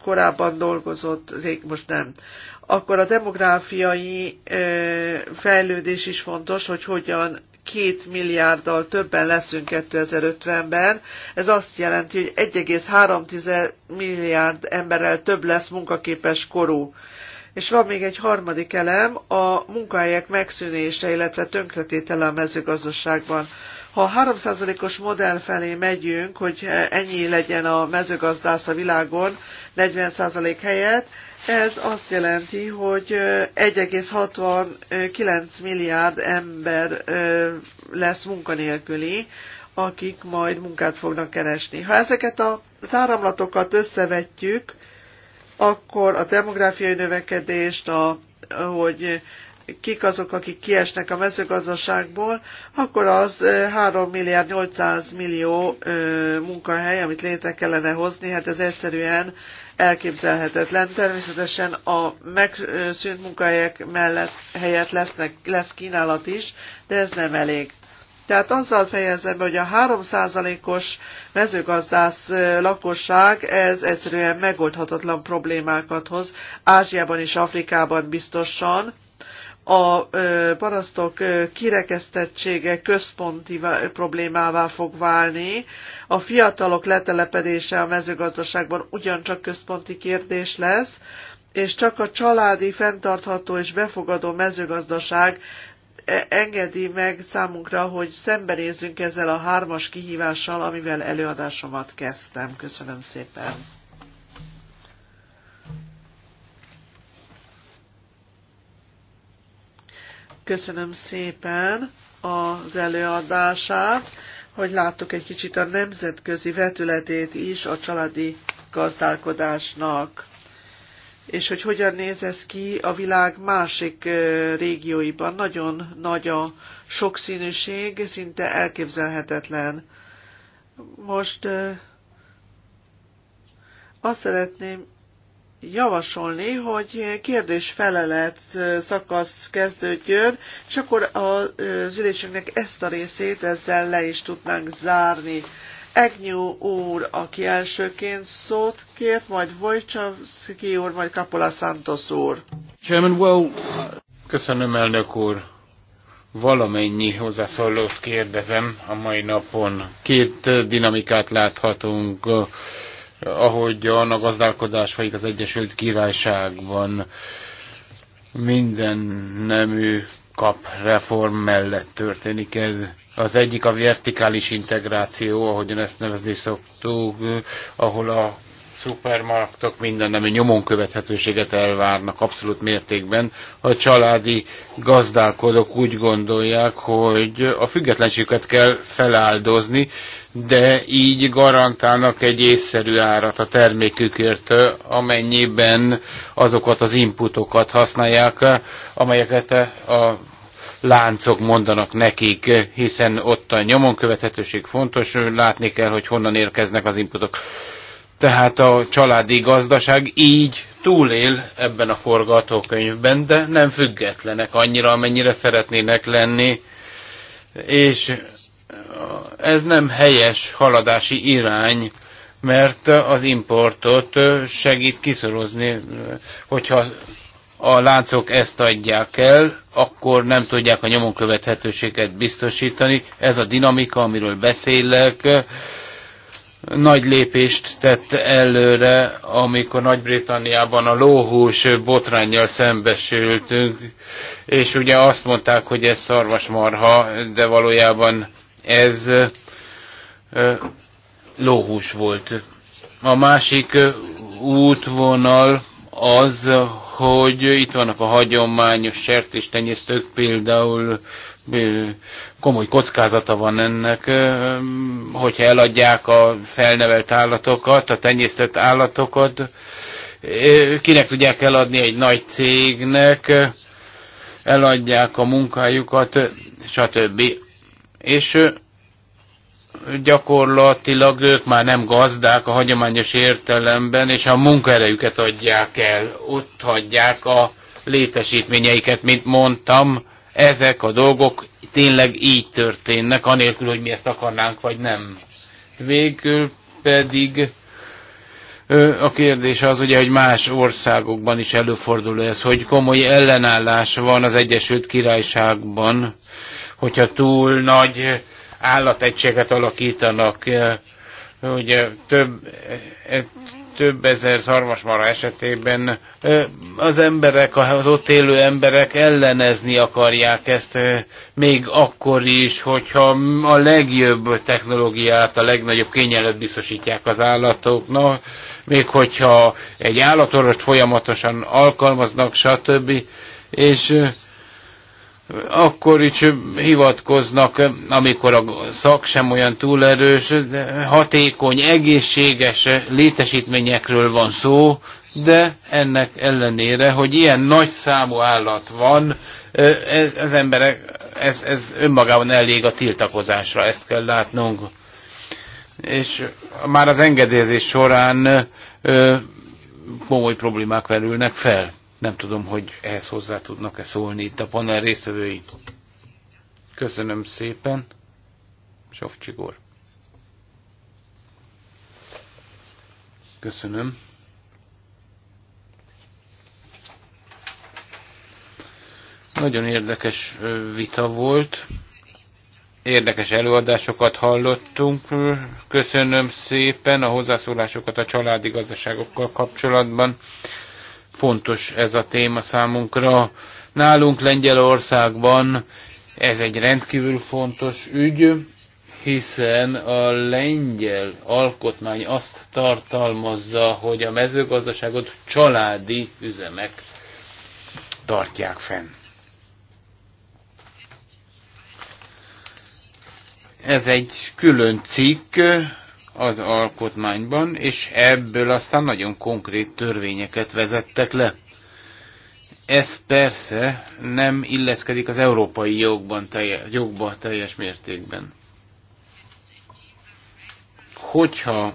korábban dolgozott, rég most nem. Akkor a demográfiai fejlődés is fontos, hogy hogyan két milliárddal többen leszünk 2050-ben. Ez azt jelenti, hogy 1,3 milliárd emberrel több lesz munkaképes korú. És van még egy harmadik elem, a munkahelyek megszűnése, illetve tönkretétele a mezőgazdaságban. Ha 3%-os modell felé megyünk, hogy ennyi legyen a mezőgazdász a világon, 40% helyett, ez azt jelenti, hogy 1,69 milliárd ember lesz munkanélküli, akik majd munkát fognak keresni. Ha ezeket az áramlatokat összevetjük, akkor a demográfiai növekedést, a, hogy kik azok, akik kiesnek a mezőgazdaságból, akkor az 3 milliárd 800 millió munkahely, amit létre kellene hozni, hát ez egyszerűen elképzelhetetlen. Természetesen a megszűnt munkahelyek mellett helyett lesznek, lesz kínálat is, de ez nem elég. Tehát azzal fejezem, hogy a 3%-os mezőgazdász lakosság, ez egyszerűen megoldhatatlan problémákat hoz, Ázsiában és Afrikában biztosan, a parasztok kirekesztettsége központi problémává fog válni, a fiatalok letelepedése a mezőgazdaságban ugyancsak központi kérdés lesz, és csak a családi, fenntartható és befogadó mezőgazdaság e, engedi meg számunkra, hogy szembenézzünk ezzel a hármas kihívással, amivel előadásomat kezdtem. Köszönöm szépen! Köszönöm szépen az előadását, hogy láttuk egy kicsit a nemzetközi vetületét is a családi gazdálkodásnak, és hogy hogyan néz ez ki a világ másik régióiban. Nagyon nagy a sokszínűség, szinte elképzelhetetlen. Most azt szeretném javasolni, hogy kérdés-felelet szakasz kezdődjön, és akkor az ülésünknek ezt a részét ezzel le is tudnánk zárni. Egnyú úr, aki elsőként szót kért, majd Wojciechowski úr, majd Kapola Santos úr. Chairman, well... Köszönöm, elnök úr. Valamennyi hozzászólót kérdezem a mai napon. Két dinamikát láthatunk ahogyan a gazdálkodás folyik az Egyesült Királyságban minden nemű kap reform mellett történik ez. Az egyik a vertikális integráció, ahogyan ezt nevezni szoktuk, ahol a szupermarktok minden nemű nyomon követhetőséget elvárnak abszolút mértékben. A családi gazdálkodók úgy gondolják, hogy a függetlenségüket kell feláldozni, de így garantálnak egy észszerű árat a termékükért, amennyiben azokat az inputokat használják, amelyeket a láncok mondanak nekik, hiszen ott a nyomon követhetőség fontos, látni kell, hogy honnan érkeznek az inputok. Tehát a családi gazdaság így túlél ebben a forgatókönyvben, de nem függetlenek annyira, amennyire szeretnének lenni, és ez nem helyes haladási irány, mert az importot segít kiszorozni, hogyha a láncok ezt adják el, akkor nem tudják a nyomon követhetőséget biztosítani. Ez a dinamika, amiről beszélek, nagy lépést tett előre, amikor Nagy-Britanniában a lóhús botrányjal szembesültünk, és ugye azt mondták, hogy ez szarvasmarha, de valójában ez lóhús volt. A másik útvonal az, hogy itt vannak a hagyományos sertéstenyésztők, például komoly kockázata van ennek, hogyha eladják a felnevelt állatokat, a tenyésztett állatokat, kinek tudják eladni egy nagy cégnek, eladják a munkájukat, stb és gyakorlatilag ők már nem gazdák a hagyományos értelemben, és a munkaerejüket adják el, ott hagyják a létesítményeiket, mint mondtam, ezek a dolgok tényleg így történnek, anélkül, hogy mi ezt akarnánk, vagy nem. Végül pedig a kérdés az ugye, hogy más országokban is előfordul ez, hogy komoly ellenállás van az Egyesült Királyságban hogyha túl nagy állategységet alakítanak, eh, ugye több, eh, eh, több ezer szarvasmara esetében az emberek, az ott élő emberek ellenezni akarják ezt még akkor is, hogyha a legjobb technológiát, a legnagyobb kényelmet biztosítják az állatoknak, még hogyha egy állatorvost folyamatosan alkalmaznak, stb. És akkor is hivatkoznak, amikor a szak sem olyan túl erős, hatékony, egészséges létesítményekről van szó, de ennek ellenére, hogy ilyen nagy számú állat van, ez, az emberek, ez, ez önmagában elég a tiltakozásra, ezt kell látnunk. És már az engedélyezés során komoly problémák merülnek fel. Nem tudom, hogy ehhez hozzá tudnak-e szólni itt a panel résztvevői. Köszönöm szépen. Sofcsigor. Köszönöm. Nagyon érdekes vita volt. Érdekes előadásokat hallottunk. Köszönöm szépen a hozzászólásokat a családi gazdaságokkal kapcsolatban. Fontos ez a téma számunkra. Nálunk Lengyelországban ez egy rendkívül fontos ügy, hiszen a lengyel alkotmány azt tartalmazza, hogy a mezőgazdaságot családi üzemek tartják fenn. Ez egy külön cikk, az alkotmányban, és ebből aztán nagyon konkrét törvényeket vezettek le. Ez persze nem illeszkedik az európai jogban, telje, jogba teljes mértékben. Hogyha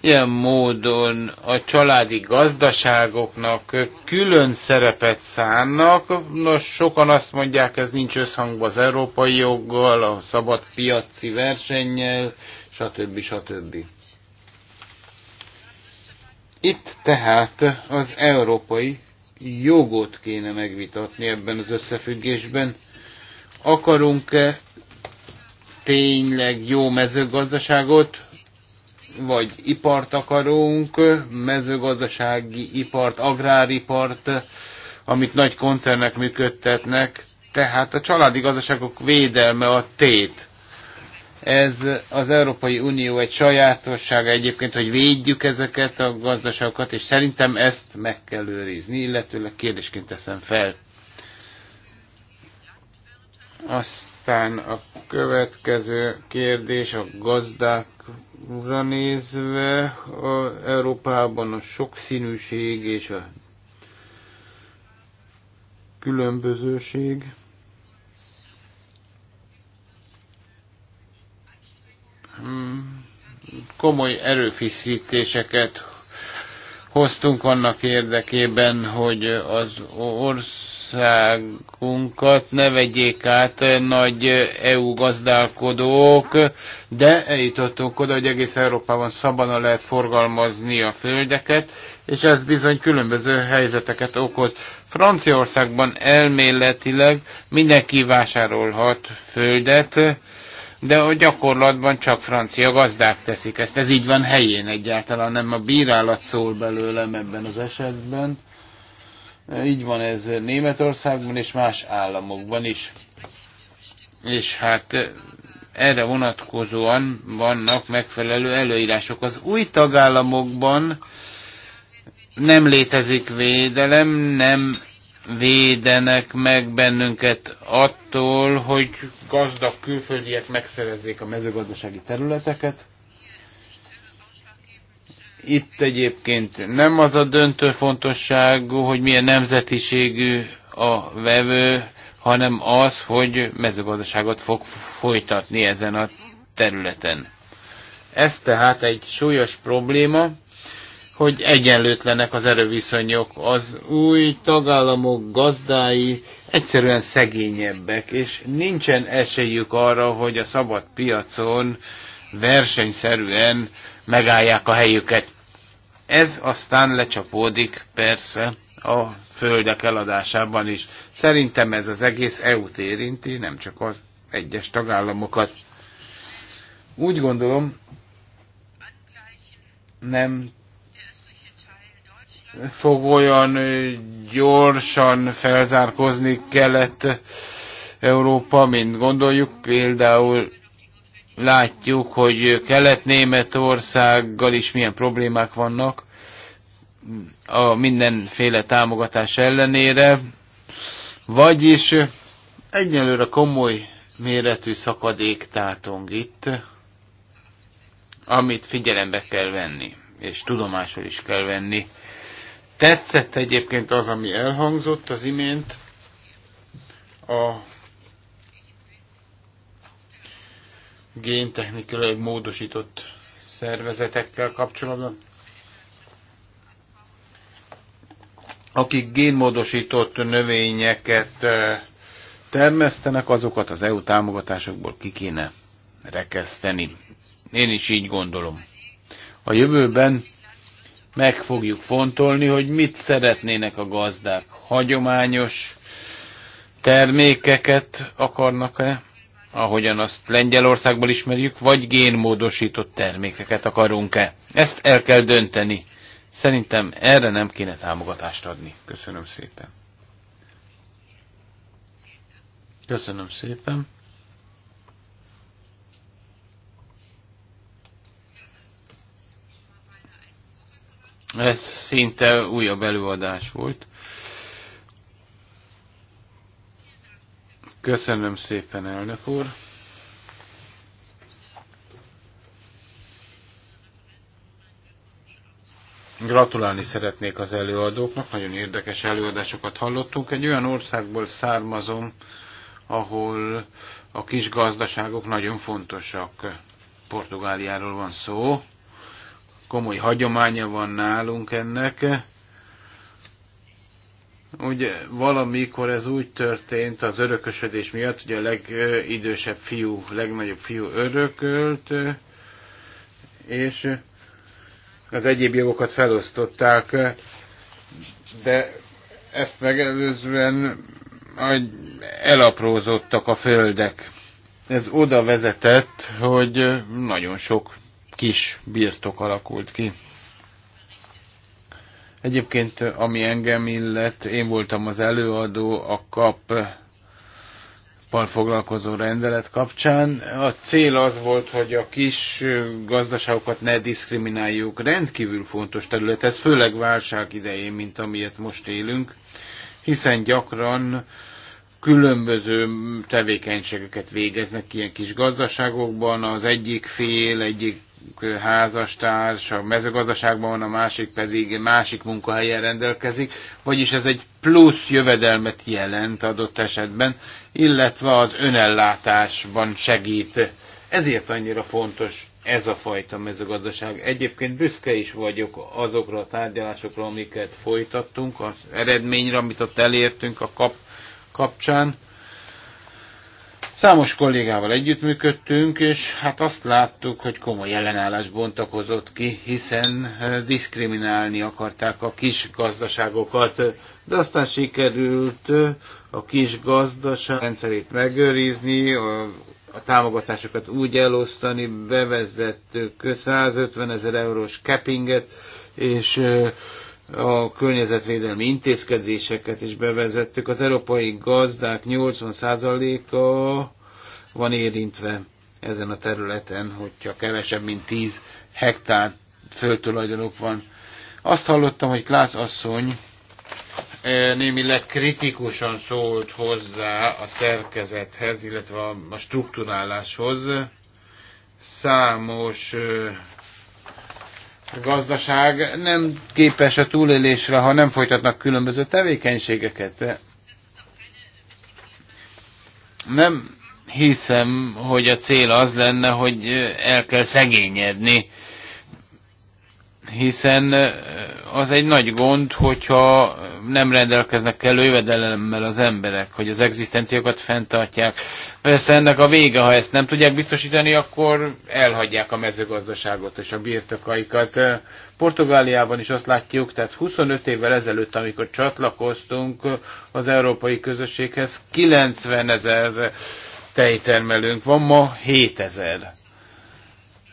Ilyen módon a családi gazdaságoknak külön szerepet szánnak. Nos, sokan azt mondják, ez nincs összhangban az európai joggal, a szabad piaci versennyel, stb. stb. Itt tehát az európai jogot kéne megvitatni ebben az összefüggésben. Akarunk-e tényleg jó mezőgazdaságot, vagy ipart akarunk, mezőgazdasági ipart, agráripart, amit nagy koncernek működtetnek, tehát a családi gazdaságok védelme a tét. Ez az Európai Unió egy sajátossága egyébként, hogy védjük ezeket a gazdaságokat, és szerintem ezt meg kell őrizni, illetőleg kérdésként teszem fel. Aztán a következő kérdés a gazdák ra nézve a Európában a sokszínűség és a különbözőség komoly erőfiszítéseket hoztunk annak érdekében, hogy az ország országunkat ne vegyék át nagy EU gazdálkodók, de eljutottunk oda, hogy egész Európában szabana lehet forgalmazni a földeket, és ez bizony különböző helyzeteket okoz. Franciaországban elméletileg mindenki vásárolhat földet, de a gyakorlatban csak francia gazdák teszik ezt. Ez így van helyén egyáltalán, nem a bírálat szól belőlem ebben az esetben. Így van ez Németországban és más államokban is. És hát eh, erre vonatkozóan vannak megfelelő előírások. Az új tagállamokban nem létezik védelem, nem védenek meg bennünket attól, hogy gazdag külföldiek megszerezzék a mezőgazdasági területeket. Itt egyébként nem az a döntő fontosságú, hogy milyen nemzetiségű a vevő, hanem az, hogy mezőgazdaságot fog folytatni ezen a területen. Ez tehát egy súlyos probléma, hogy egyenlőtlenek az erőviszonyok. Az új tagállamok gazdái egyszerűen szegényebbek, és nincsen esélyük arra, hogy a szabad piacon versenyszerűen megállják a helyüket. Ez aztán lecsapódik persze a földek eladásában is. Szerintem ez az egész EU-t érinti, nem csak az egyes tagállamokat. Úgy gondolom, nem fog olyan gyorsan felzárkozni kelet Európa, mint gondoljuk, például Látjuk, hogy Kelet-Németországgal is milyen problémák vannak a mindenféle támogatás ellenére. Vagyis egyelőre komoly méretű szakadék tátong itt, amit figyelembe kell venni, és tudomásul is kell venni. Tetszett egyébként az, ami elhangzott az imént, a géntechnikailag módosított szervezetekkel kapcsolatban. Akik génmódosított növényeket eh, termesztenek, azokat az EU támogatásokból ki kéne rekeszteni. Én is így gondolom. A jövőben meg fogjuk fontolni, hogy mit szeretnének a gazdák. Hagyományos termékeket akarnak-e ahogyan azt Lengyelországból ismerjük, vagy génmódosított termékeket akarunk-e. Ezt el kell dönteni. Szerintem erre nem kéne támogatást adni. Köszönöm szépen. Köszönöm szépen. Ez szinte újabb előadás volt. Köszönöm szépen, elnök úr. Gratulálni szeretnék az előadóknak, nagyon érdekes előadásokat hallottunk. Egy olyan országból származom, ahol a kis gazdaságok nagyon fontosak. Portugáliáról van szó, komoly hagyománya van nálunk ennek, Ugye valamikor ez úgy történt az örökösödés miatt, hogy a legidősebb fiú, legnagyobb fiú örökölt, és az egyéb jogokat felosztották, de ezt megelőzően elaprózottak a földek. Ez oda vezetett, hogy nagyon sok kis birtok alakult ki. Egyébként, ami engem illet, én voltam az előadó a kap foglalkozó rendelet kapcsán. A cél az volt, hogy a kis gazdaságokat ne diszkrimináljuk. Rendkívül fontos terület, ez főleg válság idején, mint amilyet most élünk, hiszen gyakran különböző tevékenységeket végeznek ilyen kis gazdaságokban. Az egyik fél, egyik házastárs a mezőgazdaságban van, a másik pedig másik munkahelyen rendelkezik, vagyis ez egy plusz jövedelmet jelent adott esetben, illetve az önellátásban segít. Ezért annyira fontos ez a fajta mezőgazdaság. Egyébként büszke is vagyok azokra a tárgyalásokra, amiket folytattunk, az eredményre, amit ott elértünk a kap kapcsán Számos kollégával együttműködtünk, és hát azt láttuk, hogy komoly ellenállás bontakozott ki, hiszen eh, diszkriminálni akarták a kis gazdaságokat, de aztán sikerült eh, a kis gazdaság rendszerét megőrizni, a, a támogatásokat úgy elosztani, bevezettük 150 ezer eurós cappinget, és eh, a környezetvédelmi intézkedéseket is bevezettük. Az európai gazdák 80%-a van érintve ezen a területen, hogyha kevesebb, mint 10 hektár földtulajdonok van. Azt hallottam, hogy Klász asszony eh, némileg kritikusan szólt hozzá a szerkezethez, illetve a struktúráláshoz. Számos eh, gazdaság nem képes a túlélésre, ha nem folytatnak különböző tevékenységeket. Nem hiszem, hogy a cél az lenne, hogy el kell szegényedni hiszen az egy nagy gond, hogyha nem rendelkeznek elő jövedelemmel az emberek, hogy az egzisztenciókat fenntartják. Persze ennek a vége, ha ezt nem tudják biztosítani, akkor elhagyják a mezőgazdaságot és a birtokaikat. Portugáliában is azt látjuk, tehát 25 évvel ezelőtt, amikor csatlakoztunk az európai közösséghez, 90 ezer tejtermelőnk van, ma 7 ezer.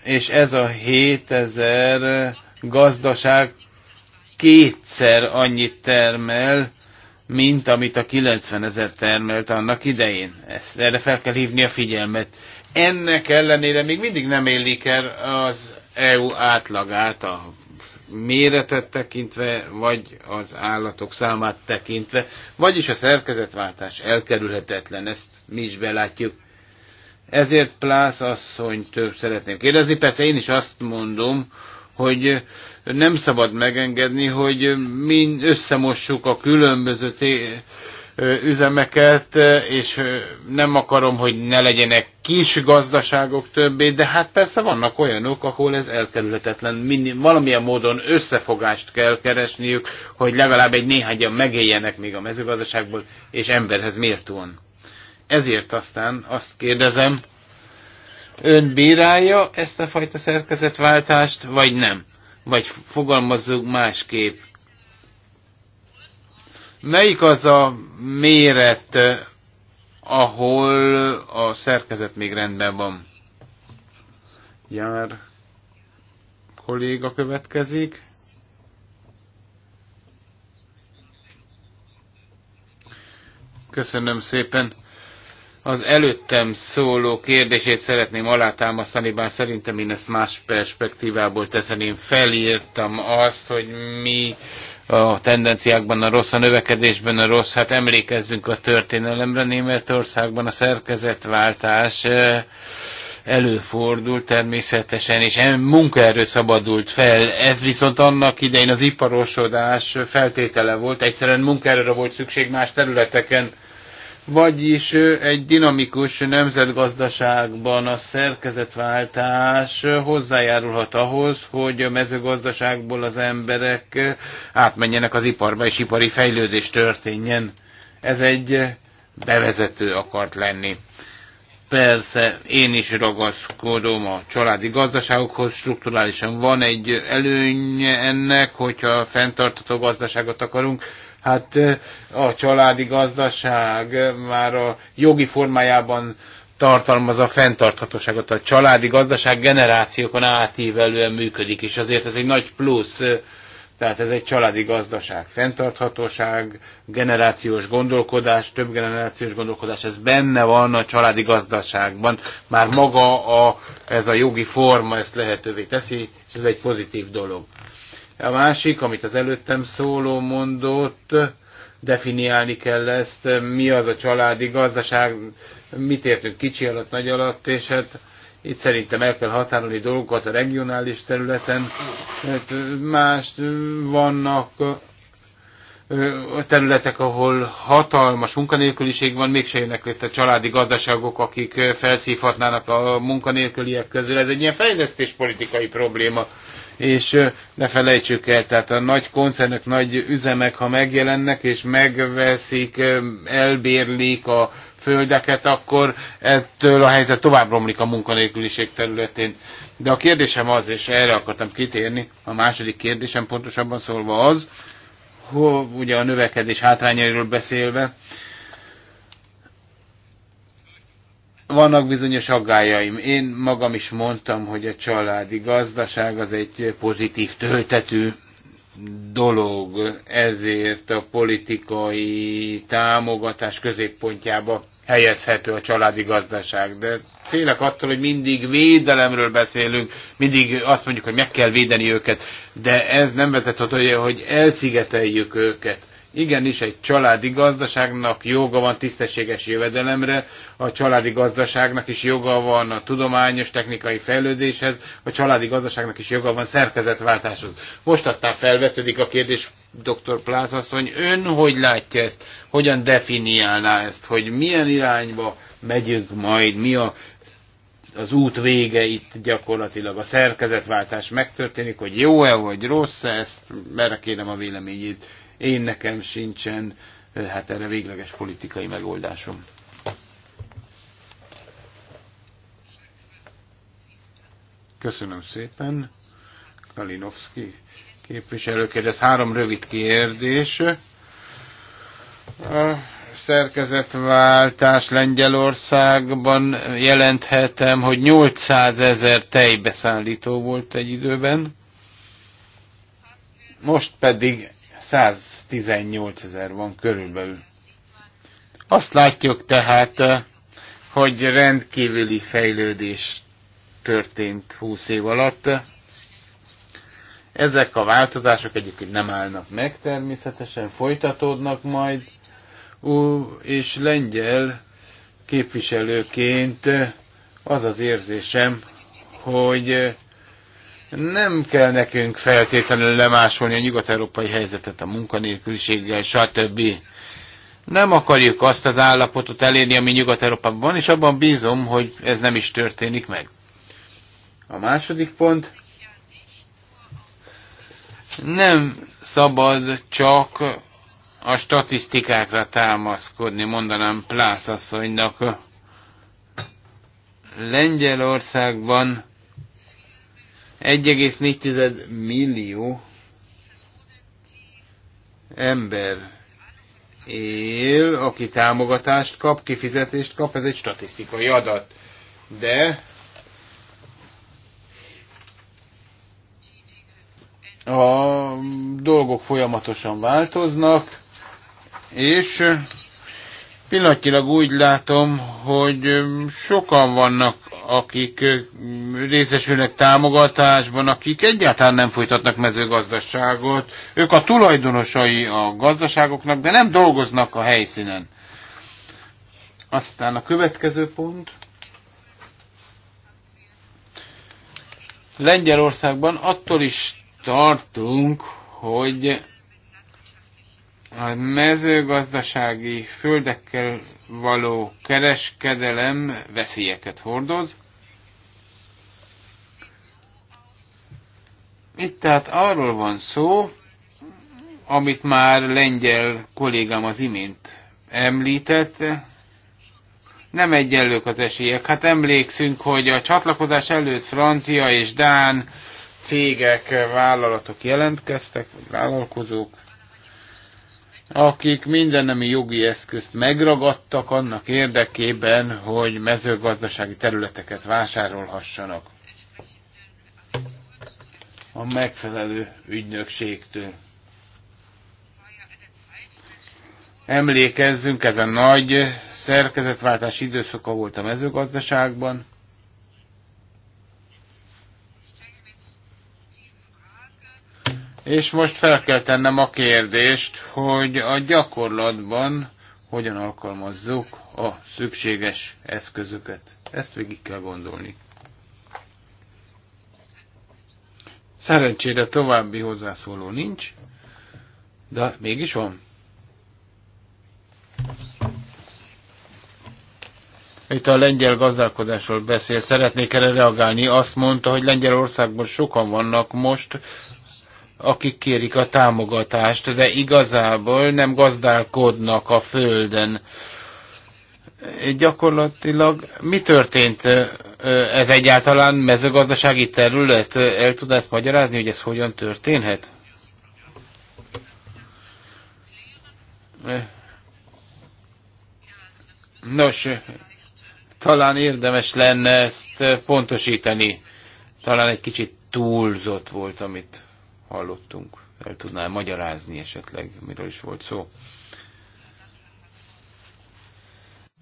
És ez a 7000 gazdaság kétszer annyit termel, mint amit a 90 ezer termelt annak idején. Ezt, erre fel kell hívni a figyelmet. Ennek ellenére még mindig nem élik el az EU átlagát a méretet tekintve, vagy az állatok számát tekintve, vagyis a szerkezetváltás elkerülhetetlen, ezt mi is belátjuk. Ezért Plász asszony több szeretném kérdezni, persze én is azt mondom, hogy nem szabad megengedni, hogy mi összemossuk a különböző üzemeket, és nem akarom, hogy ne legyenek kis gazdaságok többé, de hát persze vannak olyanok, ahol ez elkerülhetetlen. valamilyen módon összefogást kell keresniük, hogy legalább egy néhányan megéljenek még a mezőgazdaságból, és emberhez méltóan. Ezért aztán azt kérdezem, Ön bírálja ezt a fajta szerkezetváltást, vagy nem? Vagy fogalmazzuk másképp. Melyik az a méret, ahol a szerkezet még rendben van? Jár kolléga következik. Köszönöm szépen. Az előttem szóló kérdését szeretném alátámasztani, bár szerintem én ezt más perspektívából teszem. Én felírtam azt, hogy mi a tendenciákban, a rossz a növekedésben, a rossz, hát emlékezzünk a történelemre, Németországban a szerkezetváltás eh, előfordult természetesen, és munkaerő szabadult fel. Ez viszont annak idején az iparosodás feltétele volt, egyszerűen munkaerőre volt szükség más területeken, vagyis egy dinamikus nemzetgazdaságban a szerkezetváltás hozzájárulhat ahhoz, hogy a mezőgazdaságból az emberek átmenjenek az iparba, és ipari fejlődés történjen. Ez egy bevezető akart lenni. Persze, én is ragaszkodom a családi gazdaságokhoz, strukturálisan van egy előnye ennek, hogyha fenntartató gazdaságot akarunk, Hát a családi gazdaság már a jogi formájában tartalmazza a fenntarthatóságot. A családi gazdaság generációkon átívelően működik, és azért ez egy nagy plusz. Tehát ez egy családi gazdaság, fenntarthatóság, generációs gondolkodás, több generációs gondolkodás, ez benne van a családi gazdaságban. Már maga a, ez a jogi forma ezt lehetővé teszi, és ez egy pozitív dolog. A másik, amit az előttem szóló mondott, definiálni kell ezt, mi az a családi gazdaság, mit értünk kicsi alatt, nagy alatt, és hát itt szerintem el kell határolni dolgokat a regionális területen, mert hát, más vannak területek, ahol hatalmas munkanélküliség van, mégse jönnek létre családi gazdaságok, akik felszívhatnának a munkanélküliek közül. Ez egy ilyen fejlesztéspolitikai probléma és ne felejtsük el, tehát a nagy koncernök, nagy üzemek, ha megjelennek és megveszik, elbérlik a földeket, akkor ettől a helyzet tovább romlik a munkanélküliség területén. De a kérdésem az, és erre akartam kitérni, a második kérdésem pontosabban szólva az, hogy ugye a növekedés hátrányairól beszélve, vannak bizonyos aggájaim. Én magam is mondtam, hogy a családi gazdaság az egy pozitív töltetű dolog, ezért a politikai támogatás középpontjába helyezhető a családi gazdaság. De félek attól, hogy mindig védelemről beszélünk, mindig azt mondjuk, hogy meg kell védeni őket, de ez nem vezet oda, hogy elszigeteljük őket Igenis, egy családi gazdaságnak joga van tisztességes jövedelemre, a családi gazdaságnak is joga van a tudományos, technikai fejlődéshez, a családi gazdaságnak is joga van szerkezetváltáshoz. Most aztán felvetődik a kérdés, dr. Pláz asszony, ön hogy látja ezt, hogyan definiálná ezt, hogy milyen irányba megyünk majd, mi a az út vége itt gyakorlatilag, a szerkezetváltás megtörténik, hogy jó-e vagy rossz-e, ezt erre kérem a véleményét. Én nekem sincsen, hát erre végleges politikai megoldásom. Köszönöm szépen. Kalinowski képviselő kérdez. Három rövid kérdés. A szerkezetváltás Lengyelországban jelenthetem, hogy 800 ezer tejbeszállító volt egy időben, most pedig 118 ezer van körülbelül. Azt látjuk tehát, eh, hogy rendkívüli fejlődés történt 20 év alatt. Ezek a változások egyébként nem állnak meg, természetesen folytatódnak majd, és lengyel képviselőként eh, az az érzésem, hogy eh, nem kell nekünk feltétlenül lemásolni a nyugat-európai helyzetet a munkanélküliséggel, stb. Nem akarjuk azt az állapotot elérni, ami Nyugat-Európában van, és abban bízom, hogy ez nem is történik meg. A második pont. Nem szabad csak a statisztikákra támaszkodni, mondanám Plász asszonynak. Lengyelországban 1,4 millió ember él, aki támogatást kap, kifizetést kap, ez egy statisztikai adat. De a dolgok folyamatosan változnak, és Pillanatilag úgy látom, hogy sokan vannak, akik részesülnek támogatásban, akik egyáltalán nem folytatnak mezőgazdaságot. Ők a tulajdonosai a gazdaságoknak, de nem dolgoznak a helyszínen. Aztán a következő pont. Lengyelországban attól is tartunk, hogy a mezőgazdasági földekkel való kereskedelem veszélyeket hordoz. Itt tehát arról van szó, amit már lengyel kollégám az imént említett, nem egyenlők az esélyek. Hát emlékszünk, hogy a csatlakozás előtt francia és dán cégek, vállalatok jelentkeztek, vagy vállalkozók akik mindenemi jogi eszközt megragadtak annak érdekében, hogy mezőgazdasági területeket vásárolhassanak a megfelelő ügynökségtől. Emlékezzünk, ez a nagy szerkezetváltás időszaka volt a mezőgazdaságban, És most fel kell tennem a kérdést, hogy a gyakorlatban hogyan alkalmazzuk a szükséges eszközöket. Ezt végig kell gondolni. Szerencsére további hozzászóló nincs, de mégis van. Itt a lengyel gazdálkodásról beszél, szeretnék erre reagálni. Azt mondta, hogy Lengyelországban sokan vannak most, akik kérik a támogatást, de igazából nem gazdálkodnak a földön. Gyakorlatilag mi történt? Ez egyáltalán mezőgazdasági terület? El tud ezt magyarázni, hogy ez hogyan történhet? Nos, talán érdemes lenne ezt pontosítani. Talán egy kicsit túlzott volt, amit hallottunk. El tudnál magyarázni esetleg, miről is volt szó?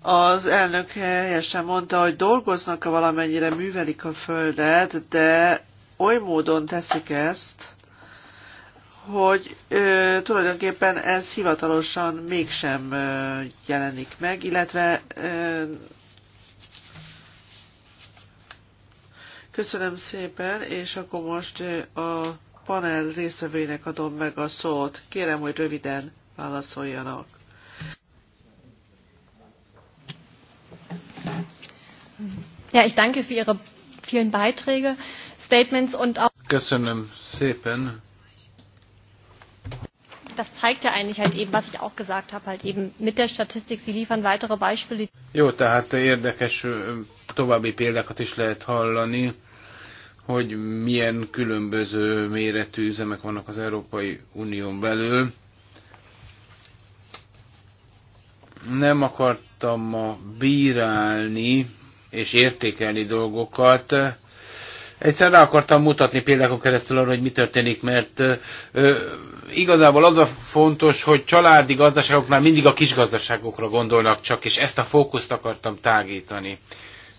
Az elnök helyesen mondta, hogy dolgoznak -e valamennyire, művelik a földet, de oly módon teszik ezt, hogy ö, tulajdonképpen ez hivatalosan mégsem ö, jelenik meg, illetve ö, köszönöm szépen, és akkor most ö, a panel résztvevőinek adom meg a szót. Kérem, hogy röviden válaszoljanak. Ja, ich danke für Ihre vielen Beiträge, Statements und auch. Köszönöm szépen. Das zeigt ja eigentlich halt eben, was ich auch gesagt habe, halt eben mit der Statistik. Sie liefern weitere Beispiele. Jó, tehát érdekes további példákat is lehet hallani hogy milyen különböző méretű üzemek vannak az Európai Unión belül. Nem akartam ma bírálni és értékelni dolgokat. Egyszer rá akartam mutatni példákon keresztül arra, hogy mi történik, mert ö, igazából az a fontos, hogy családi gazdaságoknál mindig a kisgazdaságokra gondolnak csak, és ezt a fókuszt akartam tágítani.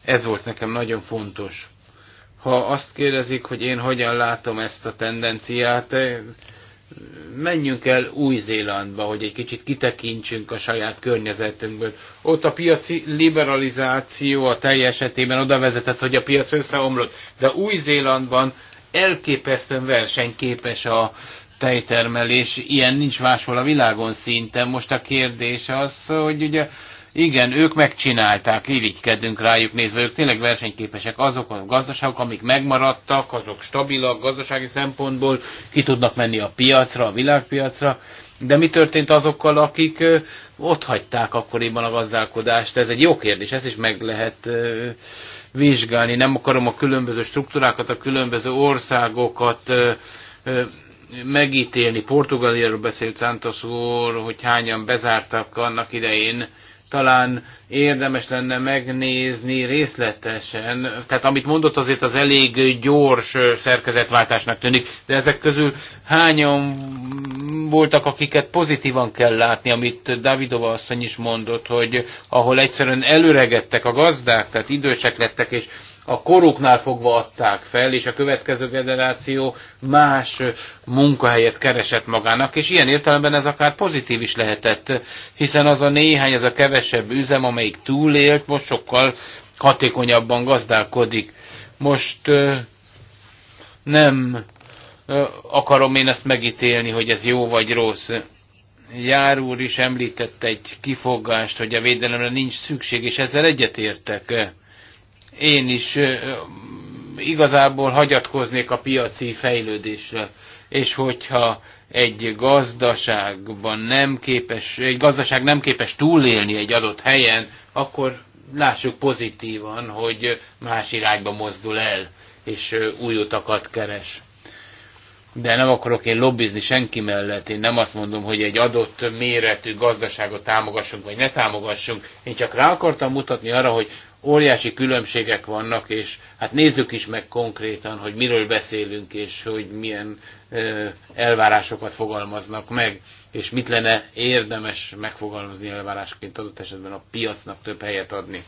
Ez volt nekem nagyon fontos ha azt kérdezik, hogy én hogyan látom ezt a tendenciát, menjünk el Új-Zélandba, hogy egy kicsit kitekintsünk a saját környezetünkből. Ott a piaci liberalizáció a teljes esetében oda vezetett, hogy a piac összeomlott, de Új-Zélandban elképesztően versenyképes a tejtermelés, ilyen nincs máshol a világon szinten. Most a kérdés az, hogy ugye igen, ők megcsinálták, irigykedünk rájuk nézve, ők tényleg versenyképesek. Azok a gazdaságok, amik megmaradtak, azok stabilak gazdasági szempontból, ki tudnak menni a piacra, a világpiacra. De mi történt azokkal, akik ott hagyták akkoriban a gazdálkodást? Ez egy jó kérdés, ezt is meg lehet vizsgálni. Nem akarom a különböző struktúrákat, a különböző országokat megítélni. Portugáliáról beszélt Santos úr, hogy hányan bezártak annak idején, talán érdemes lenne megnézni részletesen. Tehát amit mondott, azért az elég gyors szerkezetváltásnak tűnik, de ezek közül hányan voltak, akiket pozitívan kell látni, amit Davidova asszony is mondott, hogy ahol egyszerűen előregettek a gazdák, tehát idősek lettek, és a koruknál fogva adták fel, és a következő generáció más munkahelyet keresett magának, és ilyen értelemben ez akár pozitív is lehetett, hiszen az a néhány, ez a kevesebb üzem, amelyik túlélt, most sokkal hatékonyabban gazdálkodik. Most nem akarom én ezt megítélni, hogy ez jó vagy rossz. Jár úr is említett egy kifogást, hogy a védelemre nincs szükség, és ezzel egyetértek én is igazából hagyatkoznék a piaci fejlődésre, és hogyha egy gazdaságban nem képes, egy gazdaság nem képes túlélni egy adott helyen, akkor lássuk pozitívan, hogy más irányba mozdul el, és új utakat keres. De nem akarok én lobbizni senki mellett, én nem azt mondom, hogy egy adott méretű gazdaságot támogassunk, vagy ne támogassunk. Én csak rá akartam mutatni arra, hogy óriási különbségek vannak, és hát nézzük is meg konkrétan, hogy miről beszélünk, és hogy milyen elvárásokat fogalmaznak meg, és mit lenne érdemes megfogalmazni elvárásként adott esetben a piacnak több helyet adni.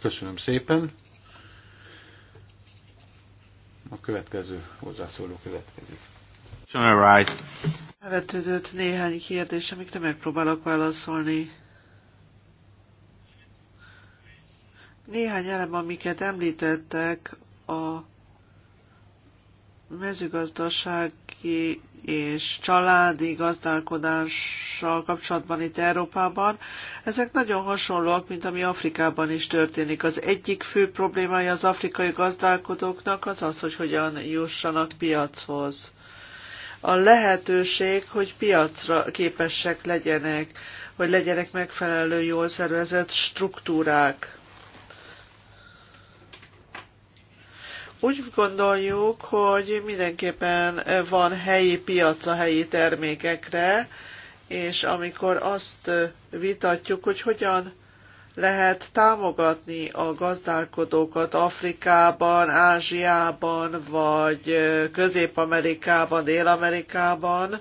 Köszönöm szépen. A következő hozzászóló következik. Elvetődött néhány kérdés, amikre megpróbálok válaszolni. Néhány elem, amiket említettek, a mezőgazdasági és családi gazdálkodással kapcsolatban itt Európában, ezek nagyon hasonlóak, mint ami Afrikában is történik. Az egyik fő problémája az afrikai gazdálkodóknak az az, hogy hogyan jussanak piachoz. A lehetőség, hogy piacra képesek legyenek, hogy legyenek megfelelő jól szervezett struktúrák Úgy gondoljuk, hogy mindenképpen van helyi piac a helyi termékekre, és amikor azt vitatjuk, hogy hogyan lehet támogatni a gazdálkodókat Afrikában, Ázsiában, vagy Közép-Amerikában, Dél-Amerikában,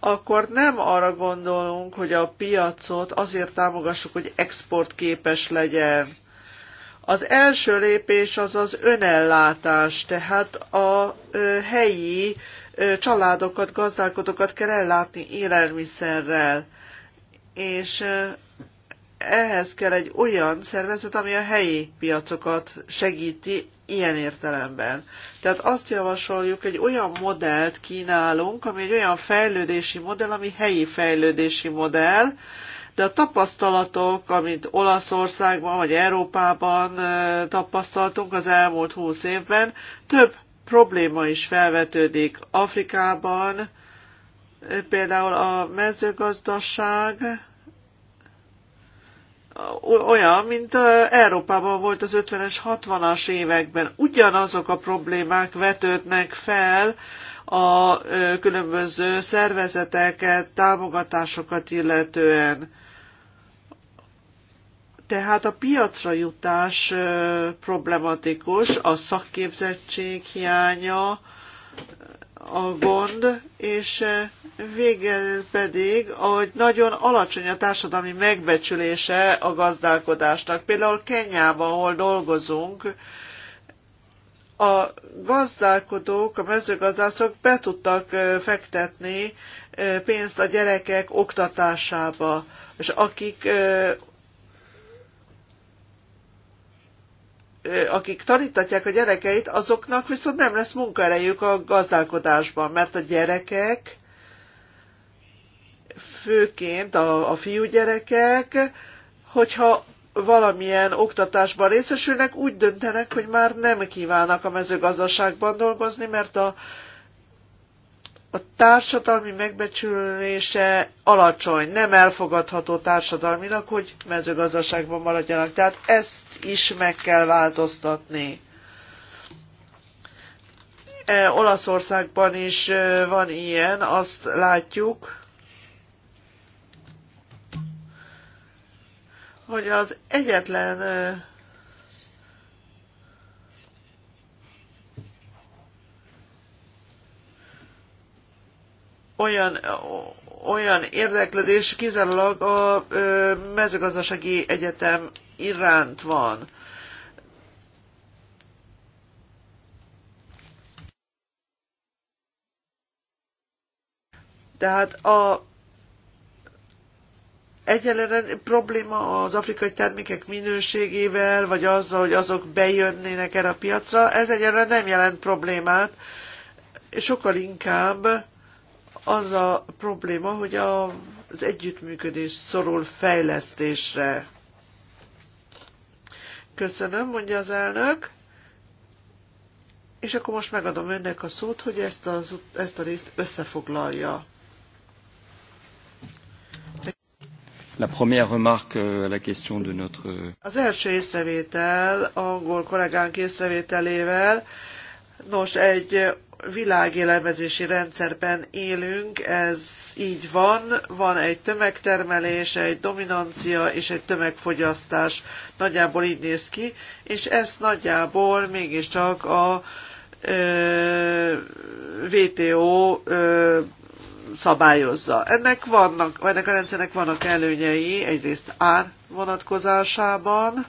akkor nem arra gondolunk, hogy a piacot azért támogassuk, hogy exportképes legyen, az első lépés az az önellátás, tehát a helyi családokat, gazdálkodókat kell ellátni élelmiszerrel, és ehhez kell egy olyan szervezet, ami a helyi piacokat segíti ilyen értelemben. Tehát azt javasoljuk, egy olyan modellt kínálunk, ami egy olyan fejlődési modell, ami helyi fejlődési modell, de a tapasztalatok, amit Olaszországban vagy Európában tapasztaltunk az elmúlt húsz évben, több probléma is felvetődik. Afrikában például a mezőgazdaság olyan, mint Európában volt az 50-es, 60-as években. Ugyanazok a problémák vetődnek fel, a különböző szervezeteket, támogatásokat illetően. Tehát a piacra jutás problematikus, a szakképzettség hiánya a gond, és végül pedig, hogy nagyon alacsony a társadalmi megbecsülése a gazdálkodásnak. Például Kenyában, ahol dolgozunk, a gazdálkodók, a mezőgazdászok be tudtak fektetni pénzt a gyerekek oktatásába, és akik akik tanítatják a gyerekeit, azoknak viszont nem lesz munkaerejük a gazdálkodásban, mert a gyerekek, főként a, a fiúgyerekek, hogyha valamilyen oktatásban részesülnek, úgy döntenek, hogy már nem kívánnak a mezőgazdaságban dolgozni, mert a, a társadalmi megbecsülése alacsony, nem elfogadható társadalmilag, hogy mezőgazdaságban maradjanak. Tehát ezt is meg kell változtatni. E, Olaszországban is e, van ilyen, azt látjuk, hogy az egyetlen olyan, olyan érdeklődés kizárólag a mezőgazdasági egyetem iránt van. Tehát a Egyelőre probléma az afrikai termékek minőségével, vagy azzal, hogy azok bejönnének erre a piacra, ez egyelőre nem jelent problémát, sokkal inkább az a probléma, hogy a, az együttműködés szorul fejlesztésre. Köszönöm, mondja az elnök. És akkor most megadom önnek a szót, hogy ezt, az, ezt a részt összefoglalja. La première remarque euh, à la question de notre... Euh, Az első észrevétel, angol kollégánk észrevételével, nos, egy világélemezési rendszerben élünk, ez így van, van egy tömegtermelés, egy dominancia és egy tömegfogyasztás, nagyjából így néz ki, és ezt nagyjából mégiscsak a ö, VTO ö, szabályozza. Ennek, vannak, ennek a rendszernek vannak előnyei, egyrészt ár vonatkozásában,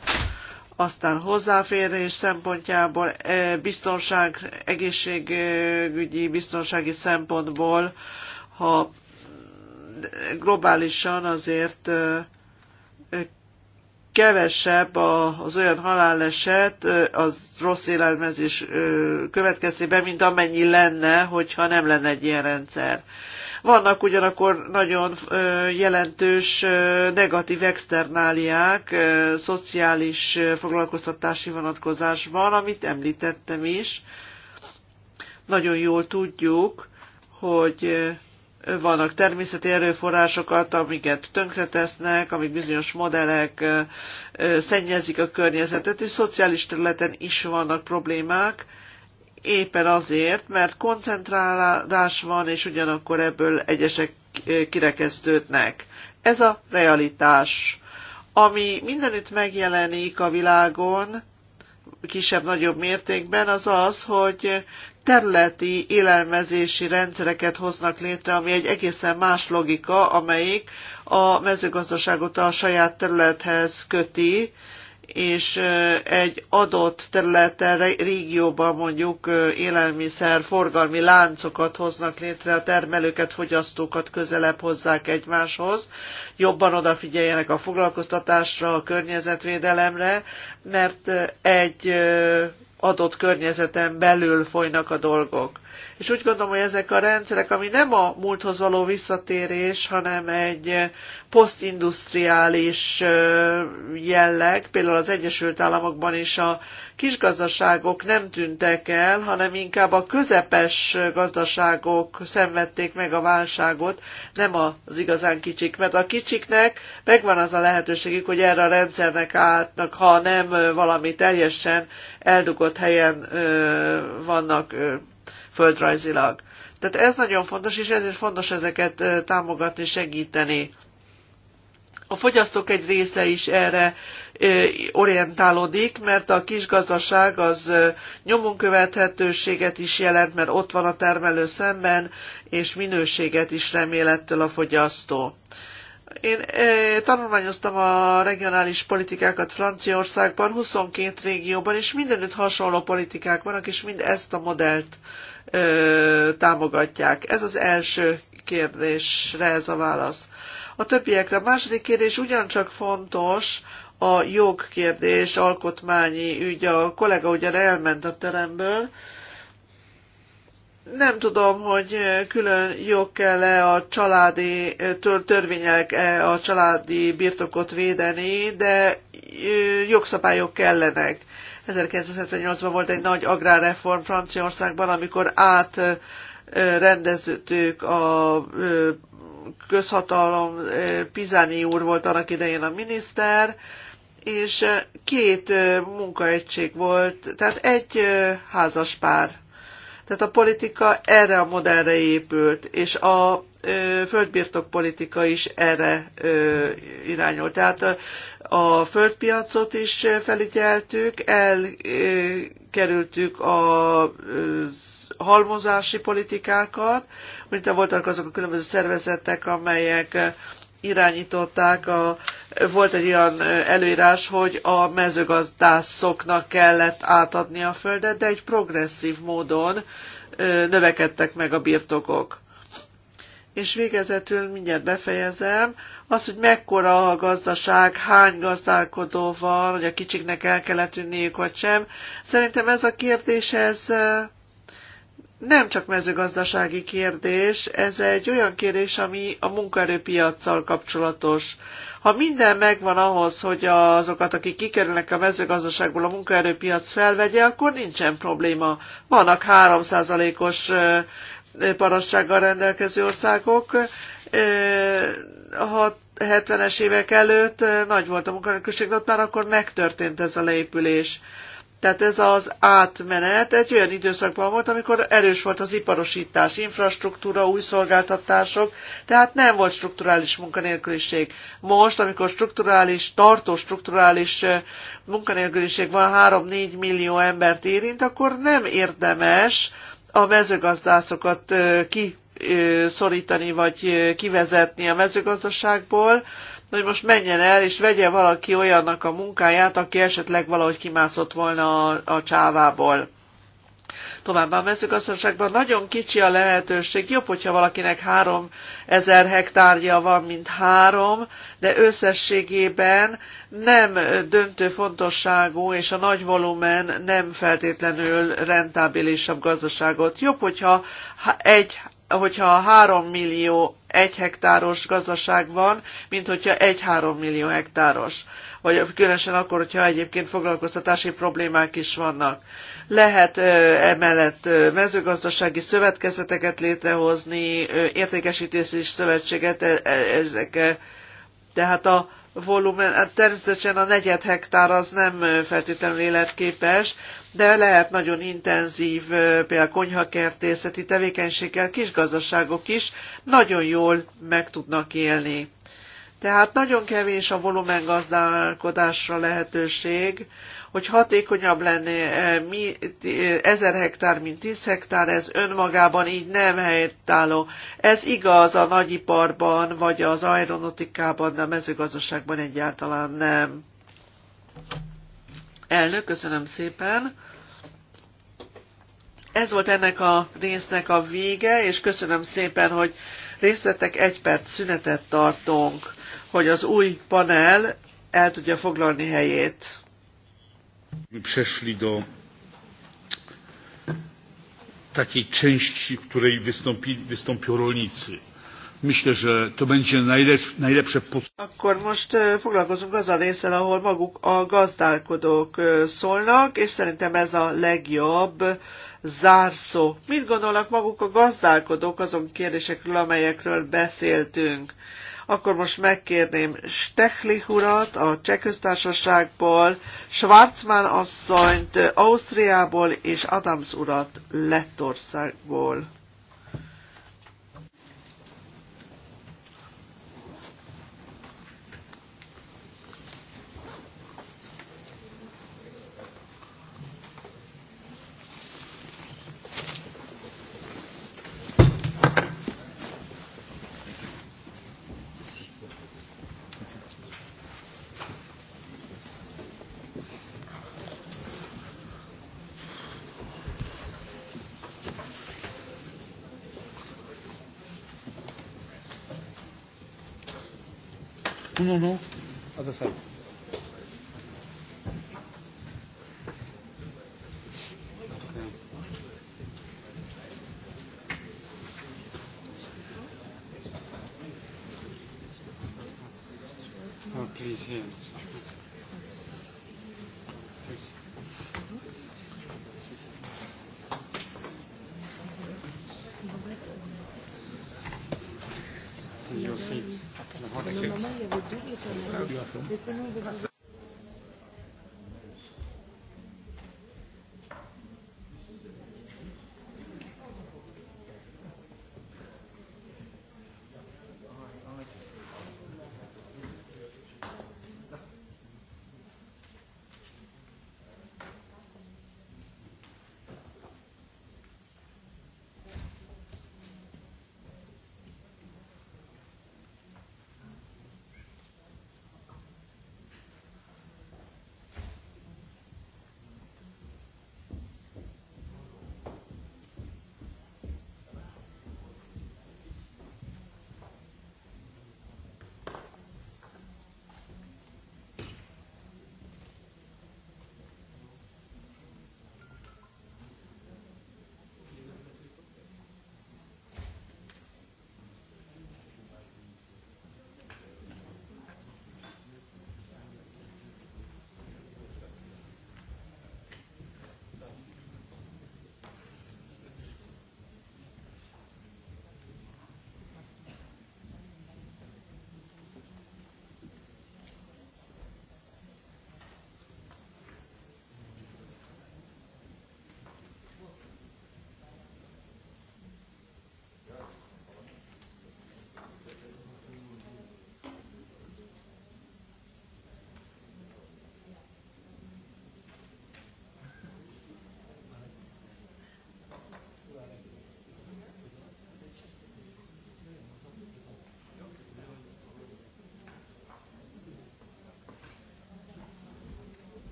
aztán hozzáférés szempontjából, e, biztonság, egészségügyi, biztonsági szempontból, ha globálisan azért e, kevesebb az olyan haláleset e, az rossz élelmezés következtében, mint amennyi lenne, hogyha nem lenne egy ilyen rendszer. Vannak ugyanakkor nagyon jelentős negatív externáliák szociális foglalkoztatási vonatkozásban, amit említettem is. Nagyon jól tudjuk, hogy vannak természeti erőforrásokat, amiket tönkretesznek, amik bizonyos modellek szennyezik a környezetet, és szociális területen is vannak problémák, éppen azért, mert koncentrálás van, és ugyanakkor ebből egyesek kirekesztődnek. Ez a realitás, ami mindenütt megjelenik a világon, kisebb-nagyobb mértékben, az az, hogy területi élelmezési rendszereket hoznak létre, ami egy egészen más logika, amelyik a mezőgazdaságot a saját területhez köti, és egy adott területen, régióban mondjuk élelmiszer forgalmi láncokat hoznak létre, a termelőket, fogyasztókat közelebb hozzák egymáshoz, jobban odafigyeljenek a foglalkoztatásra, a környezetvédelemre, mert egy adott környezeten belül folynak a dolgok és úgy gondolom, hogy ezek a rendszerek, ami nem a múlthoz való visszatérés, hanem egy posztindustriális jelleg, például az Egyesült Államokban is a kisgazdaságok nem tűntek el, hanem inkább a közepes gazdaságok szenvedték meg a válságot, nem az igazán kicsik, mert a kicsiknek megvan az a lehetőségük, hogy erre a rendszernek állnak, ha nem valami teljesen eldugott helyen vannak földrajzilag. Tehát ez nagyon fontos, és ezért fontos ezeket támogatni, segíteni. A fogyasztók egy része is erre orientálódik, mert a kisgazdaság az nyomon követhetőséget is jelent, mert ott van a termelő szemben, és minőséget is remélettől a fogyasztó. Én tanulmányoztam a regionális politikákat Franciaországban, 22 régióban, és mindenütt hasonló politikák vannak, és mind ezt a modellt támogatják. Ez az első kérdésre ez a válasz. A többiekre a második kérdés ugyancsak fontos, a jogkérdés, alkotmányi ügy, a kollega ugyan elment a teremből, nem tudom, hogy külön jog kell-e a családi törvények -e a családi birtokot védeni, de jogszabályok kellenek. 1978-ban volt egy nagy agrárreform Franciaországban, amikor átrendeződtük a közhatalom, Pizani úr volt annak idején a miniszter, és két munkaegység volt, tehát egy házas pár. Tehát a politika erre a modellre épült, és a Földbirtokpolitika is erre irányul. Tehát a földpiacot is felügyeltük, elkerültük a halmozási politikákat, mint voltak azok a különböző szervezetek, amelyek irányították, a, volt egy olyan előírás, hogy a mezőgazdászoknak kellett átadni a földet, de egy progresszív módon növekedtek meg a birtokok és végezetül mindjárt befejezem, az, hogy mekkora a gazdaság, hány gazdálkodó van, hogy a kicsiknek el kellett tűnniük, vagy sem. Szerintem ez a kérdés, ez nem csak mezőgazdasági kérdés, ez egy olyan kérdés, ami a munkaerőpiacsal kapcsolatos. Ha minden megvan ahhoz, hogy azokat, akik kikerülnek a mezőgazdaságból a munkaerőpiac felvegye, akkor nincsen probléma. Vannak 3%-os parassággal rendelkező országok. 70-es évek előtt nagy volt a munkanélküliség, ott már akkor megtörtént ez a leépülés. Tehát ez az átmenet egy olyan időszakban volt, amikor erős volt az iparosítás, infrastruktúra, új szolgáltatások, tehát nem volt strukturális munkanélküliség. Most, amikor strukturális, tartó strukturális munkanélküliség van, 3-4 millió embert érint, akkor nem érdemes a mezőgazdászokat kiszorítani, vagy kivezetni a mezőgazdaságból, hogy most menjen el, és vegye valaki olyannak a munkáját, aki esetleg valahogy kimászott volna a, a csávából. Továbbá a mezőgazdaságban nagyon kicsi a lehetőség, jobb, hogyha valakinek 3000 hektárja van, mint három, de összességében nem döntő fontosságú, és a nagy volumen nem feltétlenül rentábilisabb gazdaságot. Jobb, hogyha egy hogyha 3 millió egy hektáros gazdaság van, mint hogyha egy 3 millió hektáros. Vagy különösen akkor, hogyha egyébként foglalkoztatási problémák is vannak lehet emellett mezőgazdasági szövetkezeteket létrehozni, értékesítési szövetséget, e, e, ezek. Tehát a volumen, hát természetesen a negyed hektár az nem feltétlenül életképes, de lehet nagyon intenzív, például konyhakertészeti tevékenységgel kis gazdaságok is nagyon jól meg tudnak élni. Tehát nagyon kevés a volumen gazdálkodásra lehetőség, hogy hatékonyabb lenne eh, mi, 1000 hektár, mint 10 hektár, ez önmagában így nem helytálló. Ez igaz a nagyiparban, vagy az aeronautikában, de a mezőgazdaságban egyáltalán nem. Elnök, köszönöm szépen. Ez volt ennek a résznek a vége, és köszönöm szépen, hogy részletek egy perc szünetet tartunk, hogy az új panel el tudja foglalni helyét. Przeszli do takiej części, w której wystąpi, wystąpią rolnicy. Myślę, że to będzie najlepsze, najlepsze Akkor most e, foglalkozunk az a részsel, ahol maguk a gazdálkodók e, szólnak, és szerintem ez a legjobb zárszó. Mit gondolnak maguk a gazdálkodók azon kérdésekről, amelyekről beszéltünk? akkor most megkérném Stechlich urat a Csehköztársaságból, Schwarzmann asszonyt Ausztriából és Adams urat Lettországból.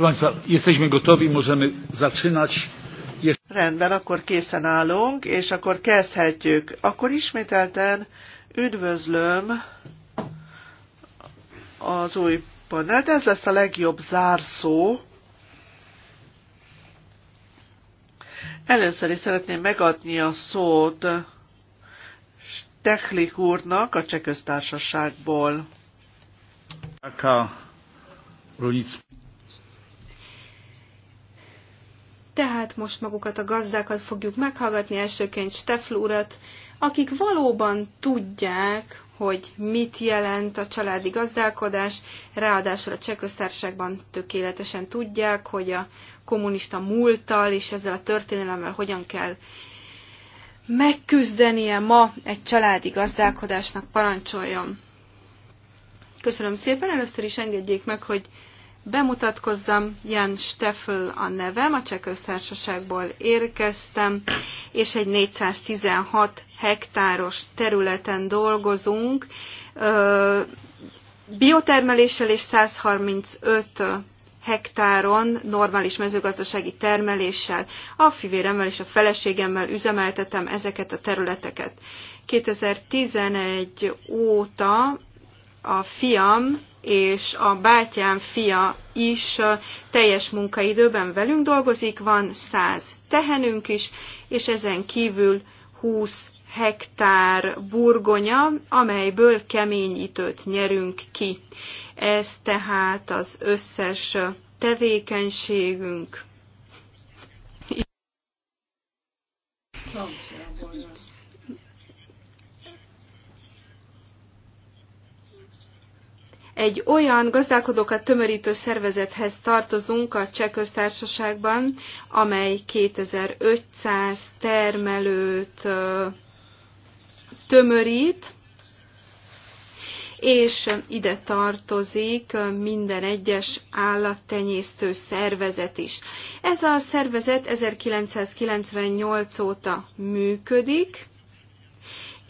Państwa, jesteśmy gotowi, możemy zaczynać. Rendben, akkor készen állunk, és akkor kezdhetjük. Akkor ismételten üdvözlöm az új panelt. Ez lesz a legjobb zárszó. Először is szeretném megadni a szót Stechlik úrnak a Cseh Köztársaságból. tehát most magukat a gazdákat fogjuk meghallgatni, elsőként Steffl urat, akik valóban tudják, hogy mit jelent a családi gazdálkodás, ráadásul a Csehköztársaságban tökéletesen tudják, hogy a kommunista múlttal és ezzel a történelemmel hogyan kell megküzdenie ma egy családi gazdálkodásnak parancsoljon. Köszönöm szépen, először is engedjék meg, hogy bemutatkozzam, Jan Steffel a nevem, a Cseh Köztársaságból érkeztem, és egy 416 hektáros területen dolgozunk, biotermeléssel és 135 hektáron normális mezőgazdasági termeléssel, a fivéremmel és a feleségemmel üzemeltetem ezeket a területeket. 2011 óta a fiam és a bátyám fia is teljes munkaidőben velünk dolgozik, van 100 tehenünk is, és ezen kívül 20 hektár burgonya, amelyből keményítőt nyerünk ki. Ez tehát az összes tevékenységünk. Egy olyan gazdálkodókat tömörítő szervezethez tartozunk a Cseh köztársaságban, amely 2500 termelőt tömörít, és ide tartozik minden egyes állattenyésztő szervezet is. Ez a szervezet 1998 óta működik,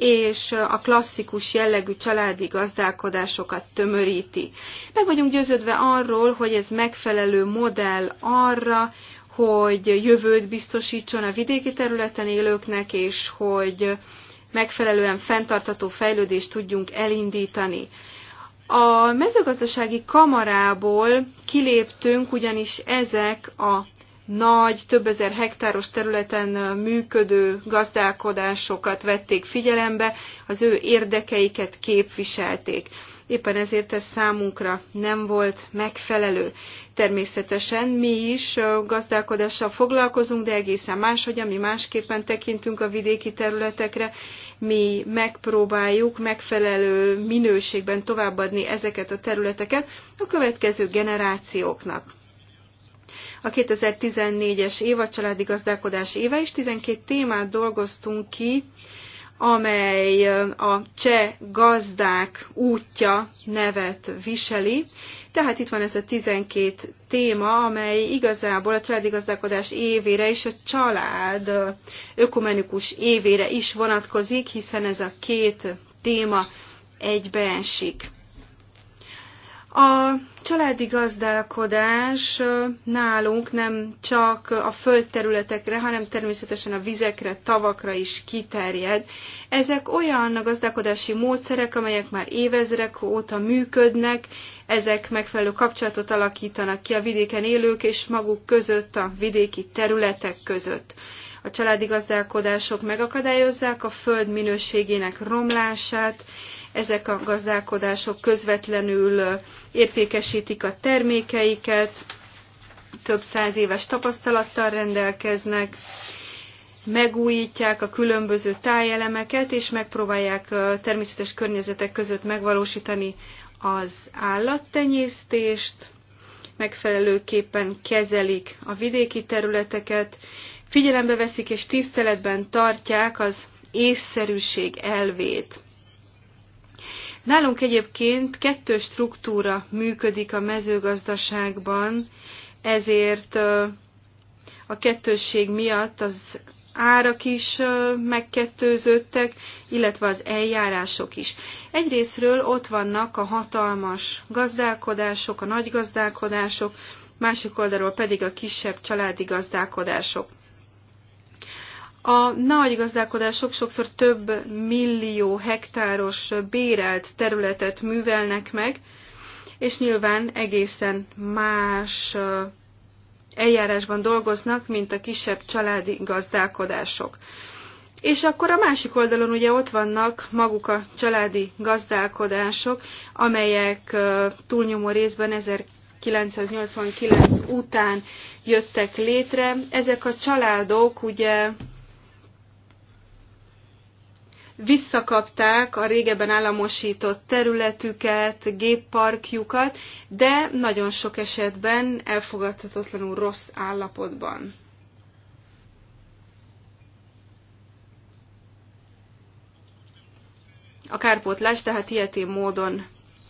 és a klasszikus jellegű családi gazdálkodásokat tömöríti. Meg vagyunk győződve arról, hogy ez megfelelő modell arra, hogy jövőt biztosítson a vidéki területen élőknek, és hogy megfelelően fenntartató fejlődést tudjunk elindítani. A mezőgazdasági kamarából kiléptünk, ugyanis ezek a nagy, több ezer hektáros területen működő gazdálkodásokat vették figyelembe, az ő érdekeiket képviselték. Éppen ezért ez számunkra nem volt megfelelő. Természetesen mi is gazdálkodással foglalkozunk, de egészen máshogy, mi másképpen tekintünk a vidéki területekre, mi megpróbáljuk megfelelő minőségben továbbadni ezeket a területeket a következő generációknak. A 2014-es év a családi gazdálkodás éve, és 12 témát dolgoztunk ki, amely a cseh gazdák útja nevet viseli. Tehát itt van ez a 12 téma, amely igazából a családi gazdálkodás évére és a család ökumenikus évére is vonatkozik, hiszen ez a két téma egybeesik. A családi gazdálkodás nálunk nem csak a földterületekre, hanem természetesen a vizekre, tavakra is kiterjed. Ezek olyan gazdálkodási módszerek, amelyek már évezrek óta működnek, ezek megfelelő kapcsolatot alakítanak ki a vidéken élők és maguk között, a vidéki területek között. A családi gazdálkodások megakadályozzák a föld minőségének romlását, ezek a gazdálkodások közvetlenül értékesítik a termékeiket, több száz éves tapasztalattal rendelkeznek, megújítják a különböző tájelemeket, és megpróbálják természetes környezetek között megvalósítani az állattenyésztést, megfelelőképpen kezelik a vidéki területeket, figyelembe veszik és tiszteletben tartják az észszerűség elvét. Nálunk egyébként kettő struktúra működik a mezőgazdaságban, ezért a kettősség miatt az árak is megkettőződtek, illetve az eljárások is. Egyrésztről ott vannak a hatalmas gazdálkodások, a nagy gazdálkodások, másik oldalról pedig a kisebb családi gazdálkodások. A nagy gazdálkodások sokszor több millió hektáros bérelt területet művelnek meg, és nyilván egészen más eljárásban dolgoznak, mint a kisebb családi gazdálkodások. És akkor a másik oldalon ugye ott vannak maguk a családi gazdálkodások, amelyek túlnyomó részben 1989 után jöttek létre. Ezek a családok ugye visszakapták a régebben államosított területüket, gépparkjukat, de nagyon sok esetben elfogadhatatlanul rossz állapotban. A kárpótlás tehát ilyetén módon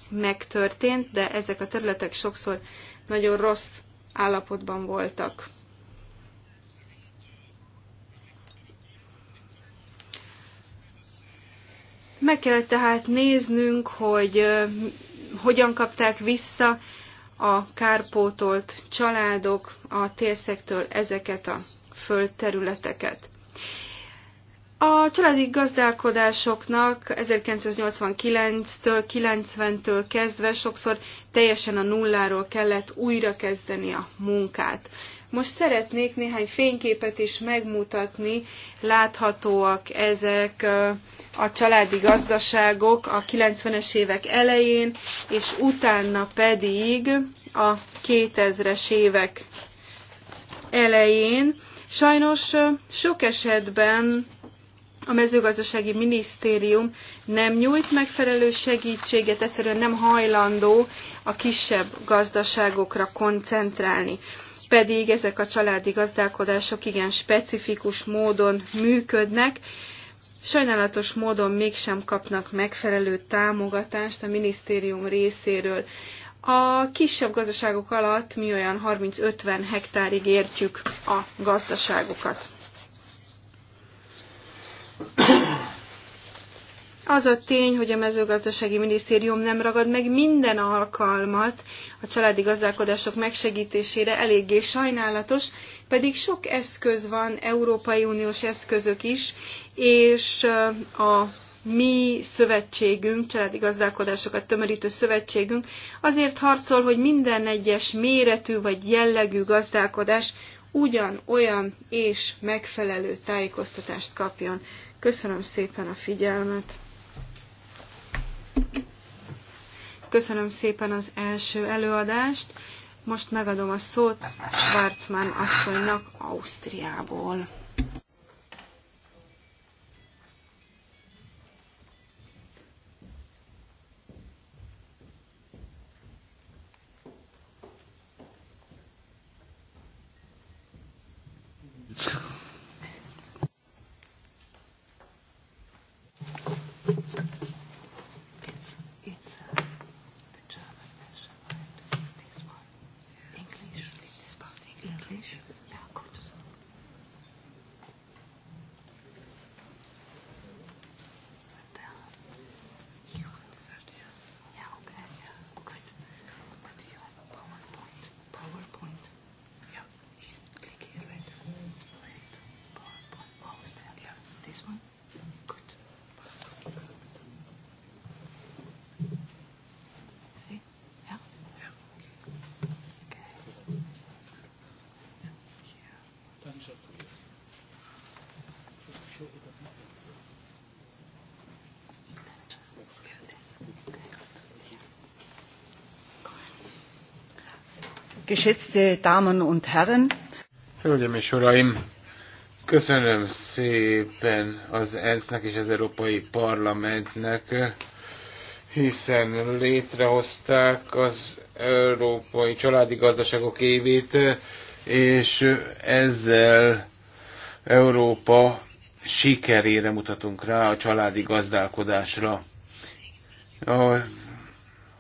megtörtént, de ezek a területek sokszor nagyon rossz állapotban voltak. Meg kellett tehát néznünk, hogy hogyan kapták vissza a kárpótolt családok a térszektől ezeket a földterületeket. A családi gazdálkodásoknak 1989-től, 90-től kezdve sokszor teljesen a nulláról kellett újra kezdeni a munkát. Most szeretnék néhány fényképet is megmutatni, láthatóak ezek a családi gazdaságok a 90-es évek elején, és utána pedig a 2000-es évek elején. Sajnos sok esetben a mezőgazdasági minisztérium nem nyújt megfelelő segítséget, egyszerűen nem hajlandó a kisebb gazdaságokra koncentrálni pedig ezek a családi gazdálkodások igen specifikus módon működnek, sajnálatos módon mégsem kapnak megfelelő támogatást a minisztérium részéről. A kisebb gazdaságok alatt mi olyan 30-50 hektárig értjük a gazdaságokat. Az a tény, hogy a mezőgazdasági minisztérium nem ragad meg minden alkalmat a családi gazdálkodások megsegítésére, eléggé sajnálatos, pedig sok eszköz van, Európai Uniós eszközök is, és a mi szövetségünk, családi gazdálkodásokat tömörítő szövetségünk azért harcol, hogy minden egyes méretű vagy jellegű gazdálkodás ugyan olyan és megfelelő tájékoztatást kapjon. Köszönöm szépen a figyelmet! Köszönöm szépen az első előadást. Most megadom a szót Schwarzmann asszonynak Ausztriából. geschätzte Damen und Herren. Hölgyeim és Uraim, köszönöm szépen az ENSZ-nek és az Európai Parlamentnek, hiszen létrehozták az Európai Családi Gazdaságok évét, és ezzel Európa sikerére mutatunk rá a családi gazdálkodásra. A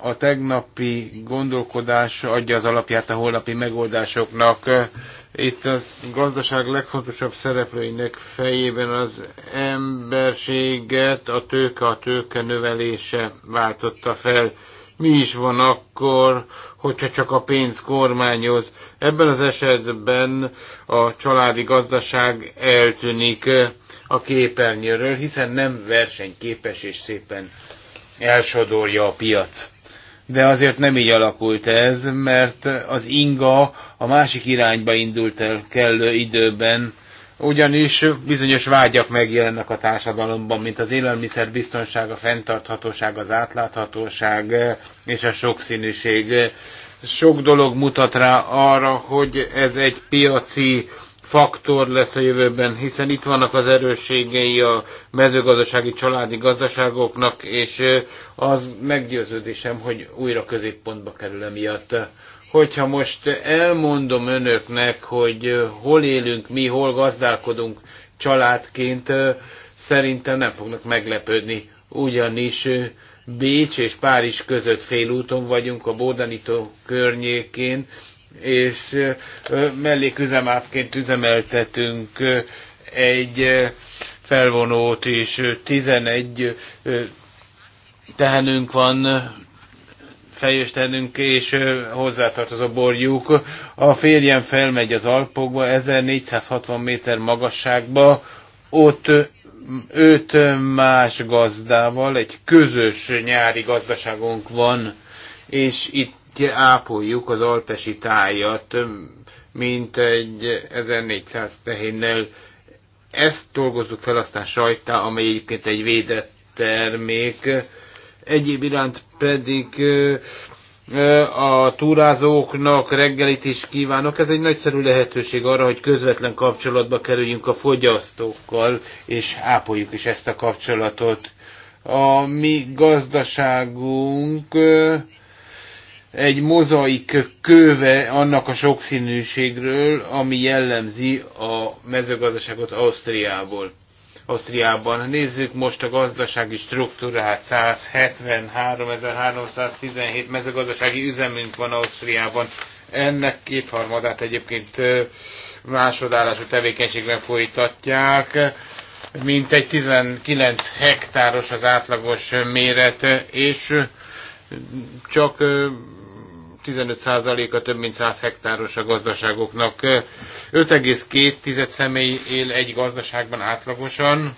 a tegnapi gondolkodás adja az alapját a holnapi megoldásoknak. Itt a gazdaság legfontosabb szereplőinek fejében az emberséget a tőke, a tőke növelése váltotta fel. Mi is van akkor, hogyha csak a pénz kormányoz? Ebben az esetben a családi gazdaság eltűnik a képernyőről, hiszen nem versenyképes és szépen elsodorja a piac de azért nem így alakult ez, mert az inga a másik irányba indult el kellő időben, ugyanis bizonyos vágyak megjelennek a társadalomban, mint az élelmiszer biztonság, a fenntarthatóság, az átláthatóság és a sokszínűség. Sok dolog mutat rá arra, hogy ez egy piaci faktor lesz a jövőben, hiszen itt vannak az erősségei a mezőgazdasági családi gazdaságoknak, és az meggyőződésem, hogy újra középpontba kerül emiatt. Hogyha most elmondom önöknek, hogy hol élünk mi, hol gazdálkodunk családként, szerintem nem fognak meglepődni, ugyanis Bécs és Párizs között félúton vagyunk a Bódanító környékén, és melléküzemátként üzemeltetünk egy felvonót is, 11 tehenünk van, fejös tehenünk és hozzátartozó borjuk. A férjem felmegy az Alpokba, 1460 méter magasságba, ott öt más gazdával egy közös nyári gazdaságunk van, és itt ápoljuk az alpesi tájat, mint egy 1400 tehénnel. Ezt dolgozzuk fel aztán sajtá, amely egyébként egy védett termék. Egyéb iránt pedig a túrázóknak reggelit is kívánok. Ez egy nagyszerű lehetőség arra, hogy közvetlen kapcsolatba kerüljünk a fogyasztókkal, és ápoljuk is ezt a kapcsolatot. A mi gazdaságunk egy mozaik köve annak a sokszínűségről, ami jellemzi a mezőgazdaságot Ausztriából. Ausztriában. Nézzük most a gazdasági struktúrát. 173.317 mezőgazdasági üzemünk van Ausztriában. Ennek kétharmadát egyébként másodállású tevékenységben folytatják. Mint egy 19 hektáros az átlagos méret, és csak 15%-a több mint 100 hektáros a gazdaságoknak. 5,2 személy él egy gazdaságban átlagosan,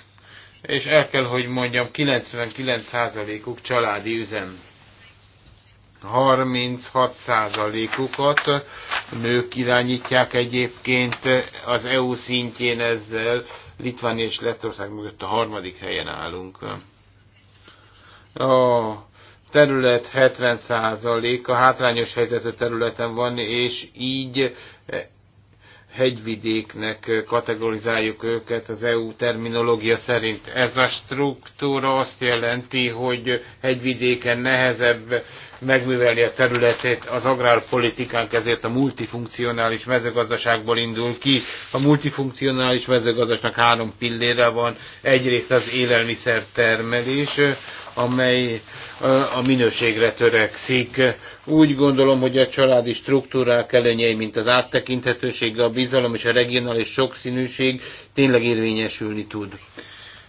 és el kell, hogy mondjam, 99%-uk családi üzem. 36%-ukat nők irányítják egyébként az EU szintjén ezzel. Litvánia és Lettország mögött a harmadik helyen állunk. A terület 70%-a hátrányos helyzetű területen van, és így eh, hegyvidéknek eh, kategorizáljuk őket az EU terminológia szerint. Ez a struktúra azt jelenti, hogy hegyvidéken nehezebb megművelni a területét. Az agrárpolitikánk ezért a multifunkcionális mezőgazdaságból indul ki. A multifunkcionális mezőgazdaságnak három pillére van. Egyrészt az élelmiszer termelés, amely a minőségre törekszik. Úgy gondolom, hogy a családi struktúrák előnyei, mint az áttekinthetőség, a bizalom és a regionális sokszínűség tényleg érvényesülni tud.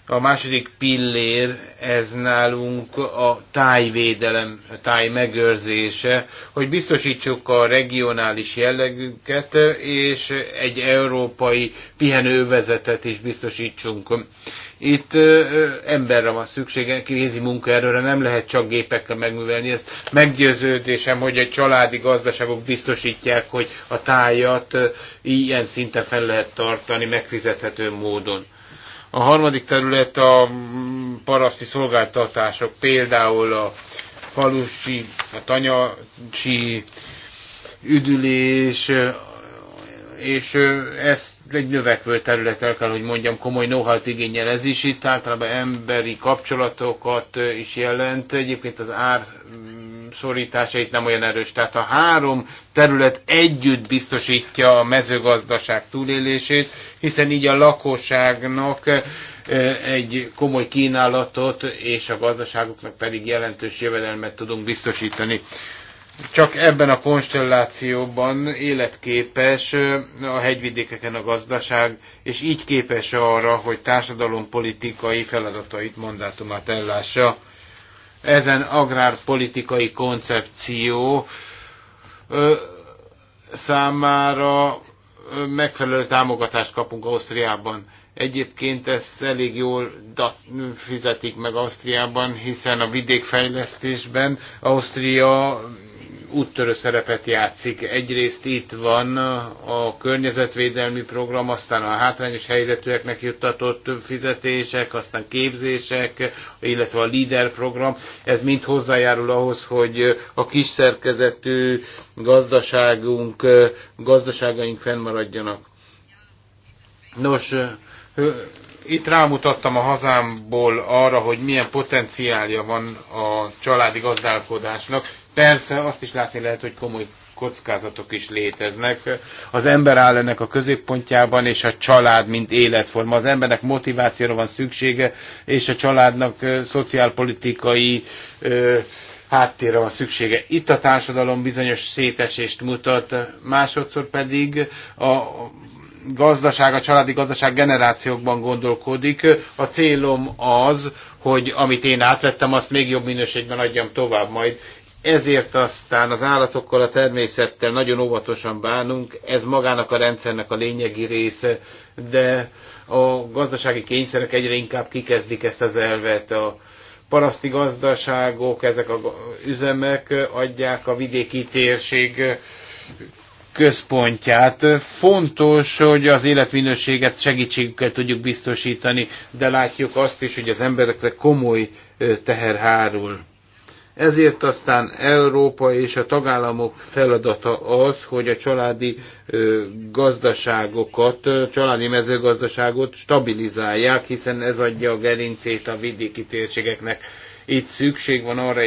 A második pillér, ez nálunk a tájvédelem, a táj megőrzése, hogy biztosítsuk a regionális jellegüket, és egy európai pihenővezetet is biztosítsunk. Itt ö, emberre van szüksége, kézi munkaerőre nem lehet csak gépekkel megművelni. Ezt meggyőződésem, hogy a családi gazdaságok biztosítják, hogy a tájat ö, ilyen szinten fel lehet tartani megfizethető módon. A harmadik terület a mm, paraszti szolgáltatások, például a falusi, a tanyasi üdülés, és ez egy növekvő terület el kell, hogy mondjam, komoly know igényel ez is. Itt általában emberi kapcsolatokat is jelent. Egyébként az ár mm, szorítása itt nem olyan erős. Tehát a három terület együtt biztosítja a mezőgazdaság túlélését, hiszen így a lakosságnak egy komoly kínálatot és a gazdaságoknak pedig jelentős jövedelmet tudunk biztosítani csak ebben a konstellációban életképes a hegyvidékeken a gazdaság, és így képes arra, hogy politikai feladatait, mandátumát ellássa. Ezen agrárpolitikai koncepció ö, számára megfelelő támogatást kapunk Ausztriában. Egyébként ezt elég jól fizetik meg Ausztriában, hiszen a vidékfejlesztésben Ausztria úttörő szerepet játszik. Egyrészt itt van a környezetvédelmi program, aztán a hátrányos helyzetűeknek juttatott fizetések, aztán képzések, illetve a LEADER program. Ez mind hozzájárul ahhoz, hogy a kis szerkezetű gazdaságunk, gazdaságaink fennmaradjanak. Nos, itt rámutattam a hazámból arra, hogy milyen potenciálja van a családi gazdálkodásnak, Persze azt is látni lehet, hogy komoly kockázatok is léteznek. Az ember áll ennek a középpontjában, és a család, mint életforma. Az embernek motivációra van szüksége, és a családnak szociálpolitikai ö, háttérre van szüksége. Itt a társadalom bizonyos szétesést mutat, másodszor pedig a gazdaság, a családi gazdaság generációkban gondolkodik. A célom az, hogy amit én átvettem, azt még jobb minőségben adjam tovább majd. Ezért aztán az állatokkal, a természettel nagyon óvatosan bánunk, ez magának a rendszernek a lényegi része, de a gazdasági kényszerek egyre inkább kikezdik ezt az elvet. A paraszti gazdaságok, ezek a üzemek adják a vidéki térség központját. Fontos, hogy az életminőséget segítségükkel tudjuk biztosítani, de látjuk azt is, hogy az emberekre komoly teher hárul ezért aztán Európa és a tagállamok feladata az, hogy a családi gazdaságokat, családi mezőgazdaságot stabilizálják, hiszen ez adja a gerincét a vidéki térségeknek. Itt szükség van arra,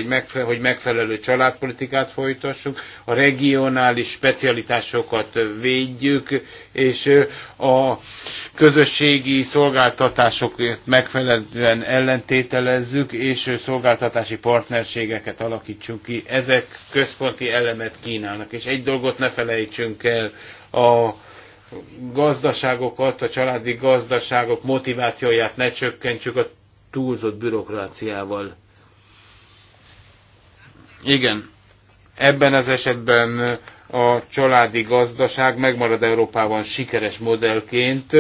hogy megfelelő családpolitikát folytassunk, a regionális specialitásokat védjük, és a közösségi szolgáltatásokért megfelelően ellentételezzük, és szolgáltatási partnerségeket alakítsunk ki. Ezek központi elemet kínálnak. És egy dolgot ne felejtsünk el, a gazdaságokat, a családi gazdaságok motivációját ne csökkentsük a túlzott bürokráciával. Igen, ebben az esetben a családi gazdaság megmarad Európában sikeres modellként,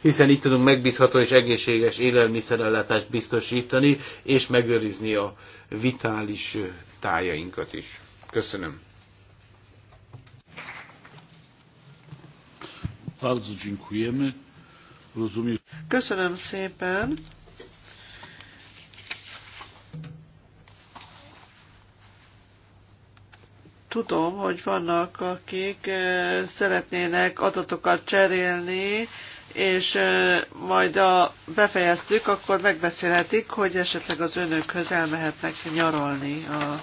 hiszen itt tudunk megbízható és egészséges élelmiszerellátást biztosítani, és megőrizni a vitális tájainkat is. Köszönöm. Köszönöm szépen. tudom, hogy vannak, akik szeretnének adatokat cserélni, és majd a befejeztük, akkor megbeszélhetik, hogy esetleg az önökhöz elmehetnek nyaralni. A...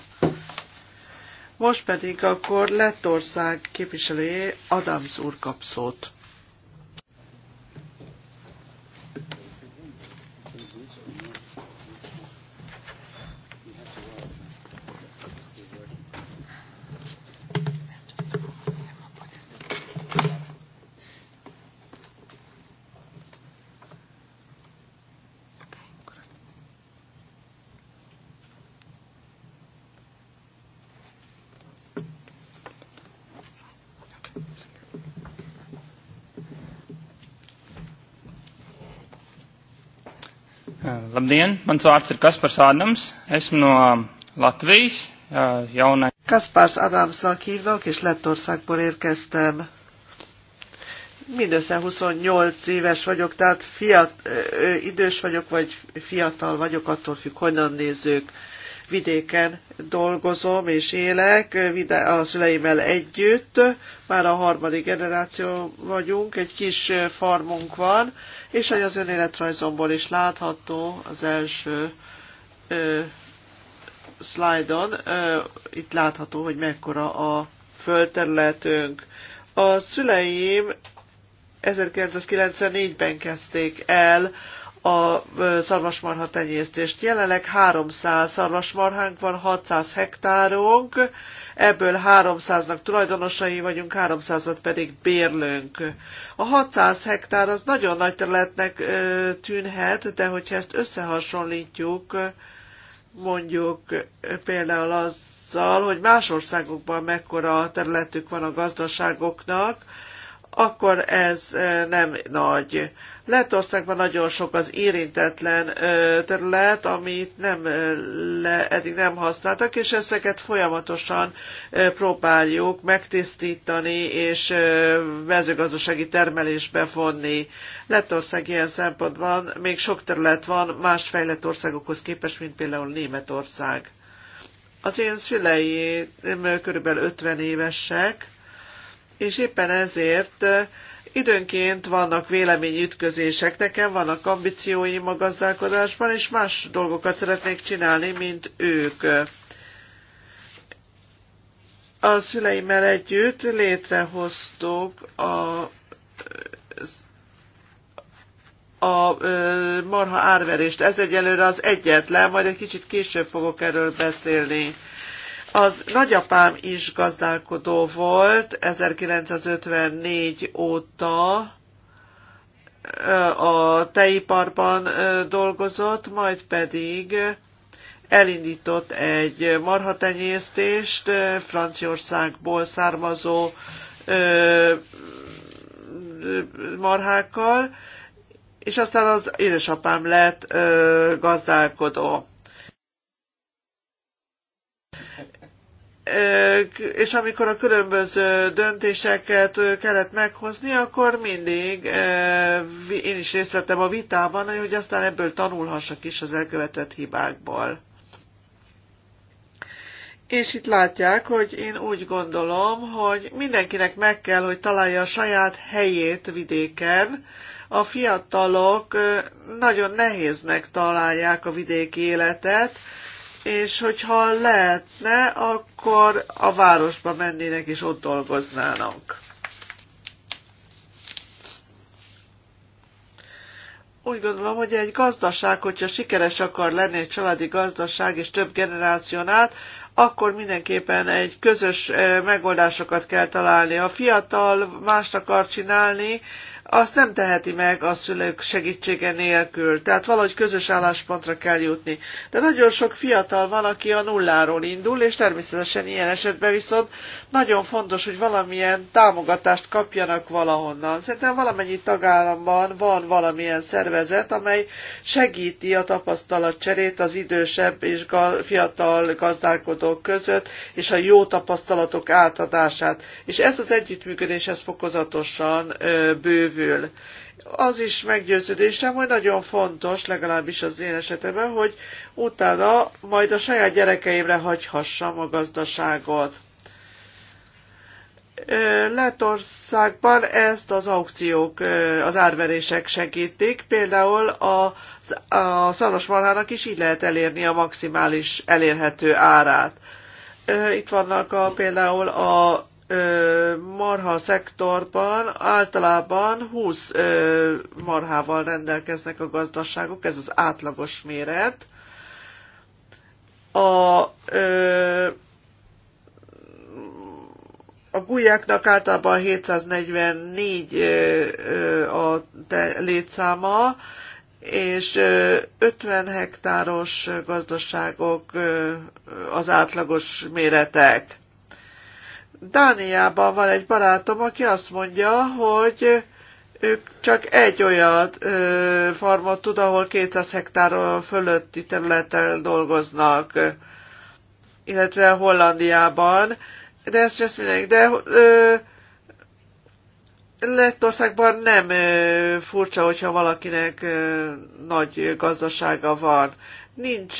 Most pedig akkor Lettország képviselője Adams úr kap szót. Labdien, mans vārds ir Kaspars Ādams, esmu no um, Latvijas, uh, jaunai. Kaspars Ádámsnak hívnak, és Lettországból érkeztem. Mindössze 28 éves vagyok, tehát fiat, ö, idős vagyok, vagy fiatal vagyok, attól függ, honnan nézzük vidéken dolgozom és élek, a szüleimmel együtt, már a harmadik generáció vagyunk, egy kis farmunk van, és hogy az önéletrajzomból is látható az első ö, szlájdon, ö, itt látható, hogy mekkora a földterületünk. A szüleim 1994-ben kezdték el a szarvasmarha tenyésztést. Jelenleg 300 szarvasmarhánk van, 600 hektárunk, ebből 300-nak tulajdonosai vagyunk, 300-at pedig bérlünk. A 600 hektár az nagyon nagy területnek tűnhet, de hogyha ezt összehasonlítjuk, mondjuk például azzal, hogy más országokban mekkora területük van a gazdaságoknak, akkor ez nem nagy. Lettországban nagyon sok az érintetlen terület, amit nem, le, eddig nem használtak, és ezeket folyamatosan próbáljuk megtisztítani és mezőgazdasági termelésbe vonni. Lettország ilyen szempontban még sok terület van más fejlett országokhoz képest, mint például Németország. Az én szüleim körülbelül 50 évesek, és éppen ezért Időnként vannak véleményütközések, nekem vannak ambícióim a gazdálkodásban, és más dolgokat szeretnék csinálni, mint ők. A szüleimmel együtt létrehoztuk a a marha árverést. Ez egyelőre az egyetlen, majd egy kicsit később fogok erről beszélni. Az nagyapám is gazdálkodó volt 1954 óta, a tejiparban dolgozott, majd pedig elindított egy marhatenyésztést Franciaországból származó marhákkal, és aztán az édesapám lett gazdálkodó. és amikor a különböző döntéseket kellett meghozni, akkor mindig én is részt vettem a vitában, hogy aztán ebből tanulhassak is az elkövetett hibákból. És itt látják, hogy én úgy gondolom, hogy mindenkinek meg kell, hogy találja a saját helyét vidéken. A fiatalok nagyon nehéznek találják a vidéki életet, és hogyha lehetne, akkor a városba mennének és ott dolgoznának. Úgy gondolom, hogy egy gazdaság, hogyha sikeres akar lenni egy családi gazdaság és több generáción át, akkor mindenképpen egy közös eh, megoldásokat kell találni. A fiatal mást akar csinálni, azt nem teheti meg a szülők segítsége nélkül, tehát valahogy közös álláspontra kell jutni. De nagyon sok fiatal van, aki a nulláról indul, és természetesen ilyen esetben viszont nagyon fontos, hogy valamilyen támogatást kapjanak valahonnan. Szerintem valamennyi tagállamban van valamilyen szervezet, amely segíti a tapasztalatcserét az idősebb és fiatal gazdálkodók között, és a jó tapasztalatok átadását. És ez az együttműködés, ez fokozatosan bővül kívül. Az is meggyőződésem, hogy nagyon fontos, legalábbis az én esetemben, hogy utána majd a saját gyerekeimre hagyhassam a gazdaságot. Letországban ezt az aukciók, az árverések segítik. Például a, a szaros marhának is így lehet elérni a maximális elérhető árát. Itt vannak a, például a marha szektorban általában 20 marhával rendelkeznek a gazdaságok, ez az átlagos méret. A, a gulyáknak általában 744 a létszáma, és 50 hektáros gazdaságok az átlagos méretek Dániában van egy barátom, aki azt mondja, hogy ők csak egy olyan ö, farmot tud, ahol 200 hektár fölötti területen dolgoznak, illetve Hollandiában, de ezt ezt mindenki, de ö, Lettországban nem ö, furcsa, hogyha valakinek ö, nagy gazdasága van nincs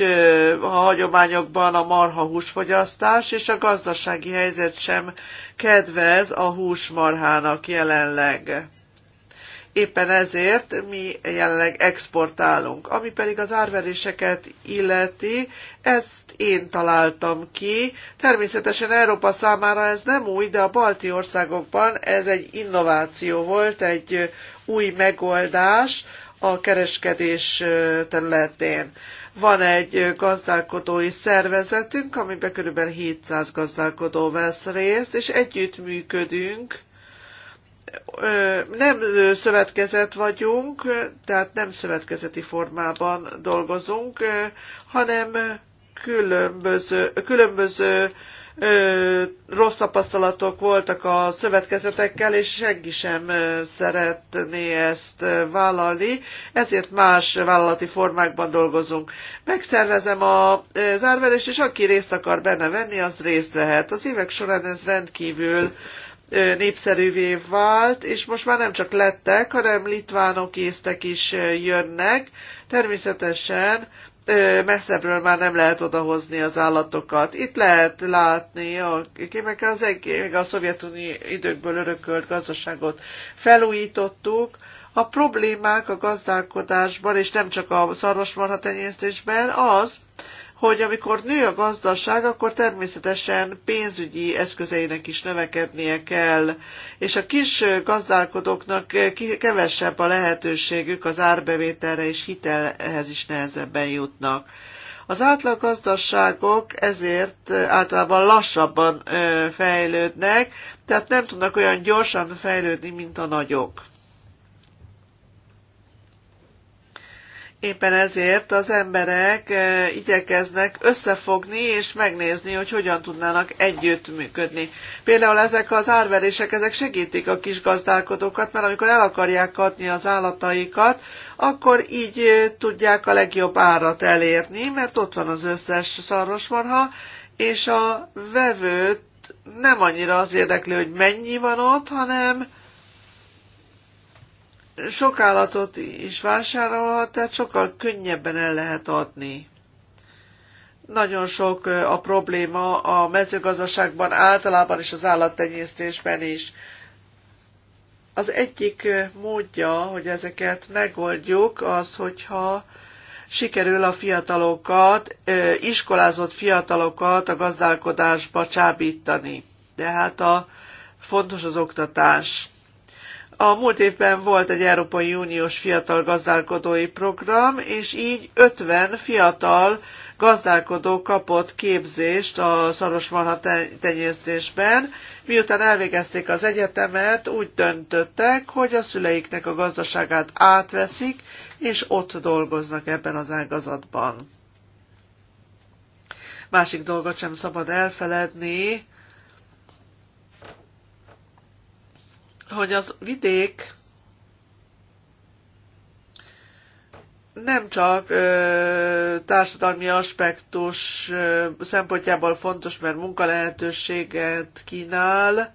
a hagyományokban a marha húsfogyasztás, és a gazdasági helyzet sem kedvez a húsmarhának jelenleg. Éppen ezért mi jelenleg exportálunk. Ami pedig az árveréseket illeti, ezt én találtam ki. Természetesen Európa számára ez nem új, de a balti országokban ez egy innováció volt, egy új megoldás a kereskedés területén. Van egy gazdálkodói szervezetünk, amiben kb. 700 gazdálkodó vesz részt, és együtt működünk. Nem szövetkezet vagyunk, tehát nem szövetkezeti formában dolgozunk, hanem különböző, különböző ö, rossz tapasztalatok voltak a szövetkezetekkel, és senki sem szeretné ezt vállalni, ezért más vállalati formákban dolgozunk. Megszervezem a zárverést, és aki részt akar benne venni, az részt vehet. Az évek során ez rendkívül népszerűvé vált, és most már nem csak lettek, hanem litvánok, észtek is jönnek. Természetesen messzebbről már nem lehet odahozni az állatokat. Itt lehet látni a meg az egész, még a szovjetuni időkből örökölt gazdaságot felújítottuk. A problémák a gazdálkodásban, és nem csak a szarvasmarha tenyésztésben az, hogy amikor nő a gazdaság, akkor természetesen pénzügyi eszközeinek is növekednie kell, és a kis gazdálkodóknak kevesebb a lehetőségük az árbevételre és hitelhez is nehezebben jutnak. Az átlag gazdaságok ezért általában lassabban fejlődnek, tehát nem tudnak olyan gyorsan fejlődni, mint a nagyok. Éppen ezért az emberek e, igyekeznek összefogni és megnézni, hogy hogyan tudnának együttműködni. Például ezek az árverések, ezek segítik a kis gazdálkodókat, mert amikor el akarják adni az állataikat, akkor így e, tudják a legjobb árat elérni, mert ott van az összes szarvasmarha, és a vevőt nem annyira az érdekli, hogy mennyi van ott, hanem sok állatot is vásárolhat, tehát sokkal könnyebben el lehet adni. Nagyon sok a probléma a mezőgazdaságban általában és az állattenyésztésben is. Az egyik módja, hogy ezeket megoldjuk, az, hogyha sikerül a fiatalokat, iskolázott fiatalokat a gazdálkodásba csábítani. De hát a fontos az oktatás. A múlt évben volt egy Európai Uniós fiatal gazdálkodói program, és így 50 fiatal gazdálkodó kapott képzést a szarvasmarha tenyésztésben. Miután elvégezték az egyetemet, úgy döntöttek, hogy a szüleiknek a gazdaságát átveszik, és ott dolgoznak ebben az ágazatban. Másik dolgot sem szabad elfeledni, hogy az vidék nem csak ö, társadalmi aspektus ö, szempontjából fontos, mert munkalehetőséget kínál,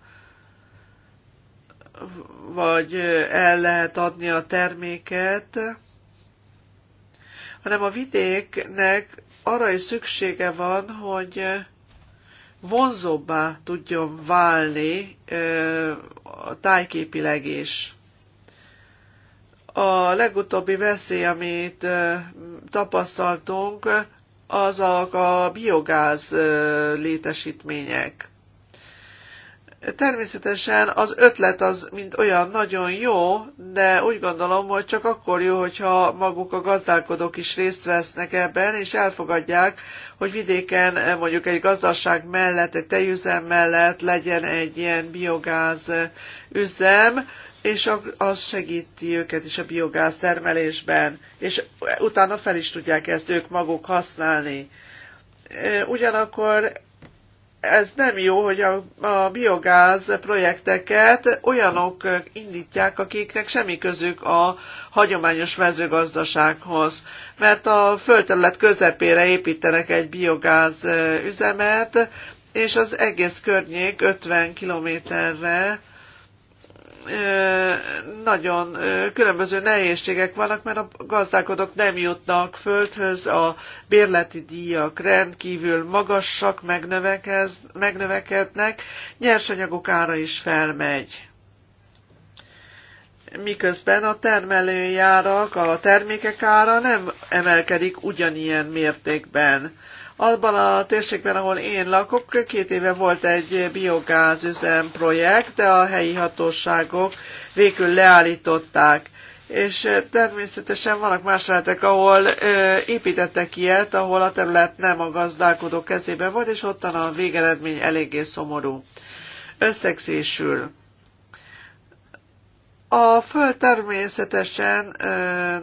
vagy el lehet adni a terméket, hanem a vidéknek arra is szüksége van, hogy vonzóbbá tudjon válni tájképileg is. A legutóbbi veszély, amit tapasztaltunk, azok a biogáz létesítmények. Természetesen az ötlet az mint olyan nagyon jó, de úgy gondolom, hogy csak akkor jó, hogyha maguk a gazdálkodók is részt vesznek ebben, és elfogadják hogy vidéken eh, mondjuk egy gazdaság mellett, egy tejüzem mellett legyen egy ilyen biogáz eh, üzem, és az segíti őket is a biogáz termelésben, és eh, utána fel is tudják ezt ők maguk használni. Ugyanakkor ez nem jó, hogy a, a biogáz projekteket olyanok indítják, akiknek semmi közük a hagyományos mezőgazdasághoz. Mert a földterület közepére építenek egy biogáz üzemet, és az egész környék 50 kilométerre nagyon különböző nehézségek vannak, mert a gazdálkodók nem jutnak földhöz, a bérleti díjak rendkívül magasak, megnövekednek, nyersanyagok ára is felmegy. Miközben a termelői árak, a termékek ára nem emelkedik ugyanilyen mértékben. Abban a térségben, ahol én lakok, két éve volt egy biogázüzem projekt, de a helyi hatóságok végül leállították és természetesen vannak más lehetek, ahol ö, építettek ilyet, ahol a terület nem a gazdálkodó kezében volt, és ottan a végeredmény eléggé szomorú. Összegzésül. A föld természetesen ö,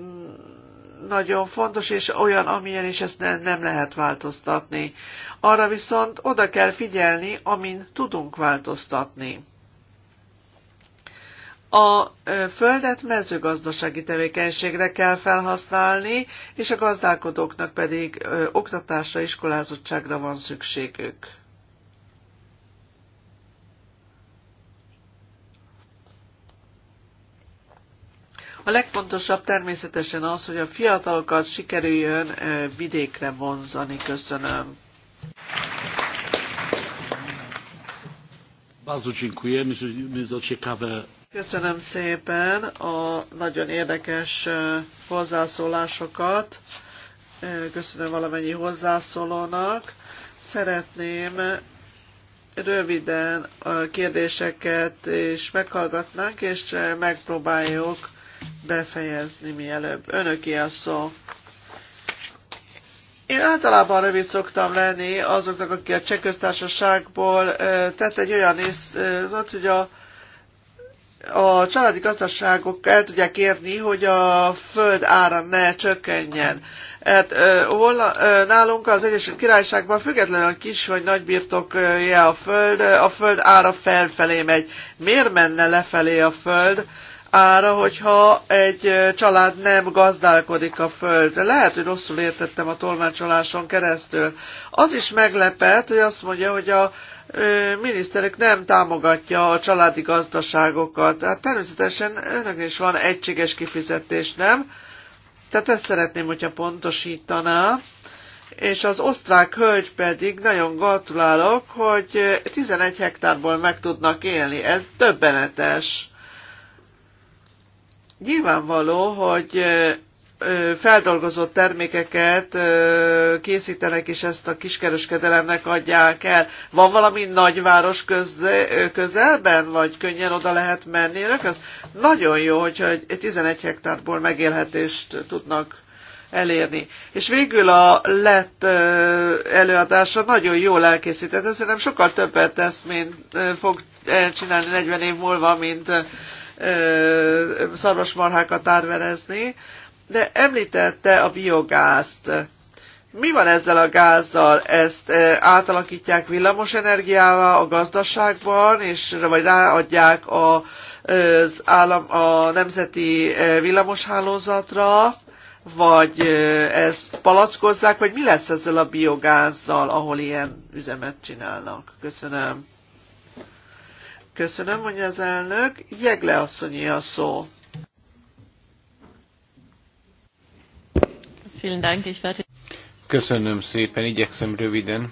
nagyon fontos, és olyan, amilyen, és ezt ne, nem lehet változtatni. Arra viszont oda kell figyelni, amin tudunk változtatni. A földet mezőgazdasági tevékenységre kell felhasználni, és a gazdálkodóknak pedig oktatásra, iskolázottságra van szükségük. A legfontosabb természetesen az, hogy a fiatalokat sikerüljön vidékre vonzani. Köszönöm. Köszönöm szépen a nagyon érdekes hozzászólásokat. Köszönöm valamennyi hozzászólónak. Szeretném röviden a kérdéseket is meghallgatnánk, és megpróbáljuk befejezni mielőbb. Önök a szó. Én általában rövid szoktam lenni azoknak, akik a cseh köztársaságból tett egy olyan ész, hogy a, a családi gazdaságok el tudják érni, hogy a föld ára ne csökkenjen. Hát volna, nálunk az Egyesült Királyságban függetlenül a kis vagy nagy birtokja a föld, a föld ára felfelé megy. Miért menne lefelé a föld? ára, hogyha egy család nem gazdálkodik a föld. De lehet, hogy rosszul értettem a tolmácsoláson keresztül. Az is meglepett, hogy azt mondja, hogy a miniszterek nem támogatja a családi gazdaságokat. Hát természetesen önök is van egységes kifizetés, nem? Tehát ezt szeretném, hogyha pontosítaná. És az osztrák hölgy pedig nagyon gratulálok, hogy 11 hektárból meg tudnak élni. Ez többenetes. Nyilvánvaló, hogy feldolgozott termékeket készítenek, és ezt a kiskereskedelemnek adják el. Van valami nagyváros közelben, vagy könnyen oda lehet menni? Ez nagyon jó, hogyha 11 hektárból megélhetést tudnak elérni. És végül a lett előadása nagyon jól elkészített, ez nem sokkal többet tesz, mint fog csinálni 40 év múlva, mint szarvasmarhákat árverezni, de említette a biogázt. Mi van ezzel a gázzal? Ezt átalakítják villamos energiával a gazdaságban, és vagy ráadják a, az állam, a nemzeti villamoshálózatra, vagy ezt palackozzák, vagy mi lesz ezzel a biogázzal, ahol ilyen üzemet csinálnak? Köszönöm. Köszönöm, mondja az elnök. Jegle asszonyi a szó. Köszönöm szépen, igyekszem röviden.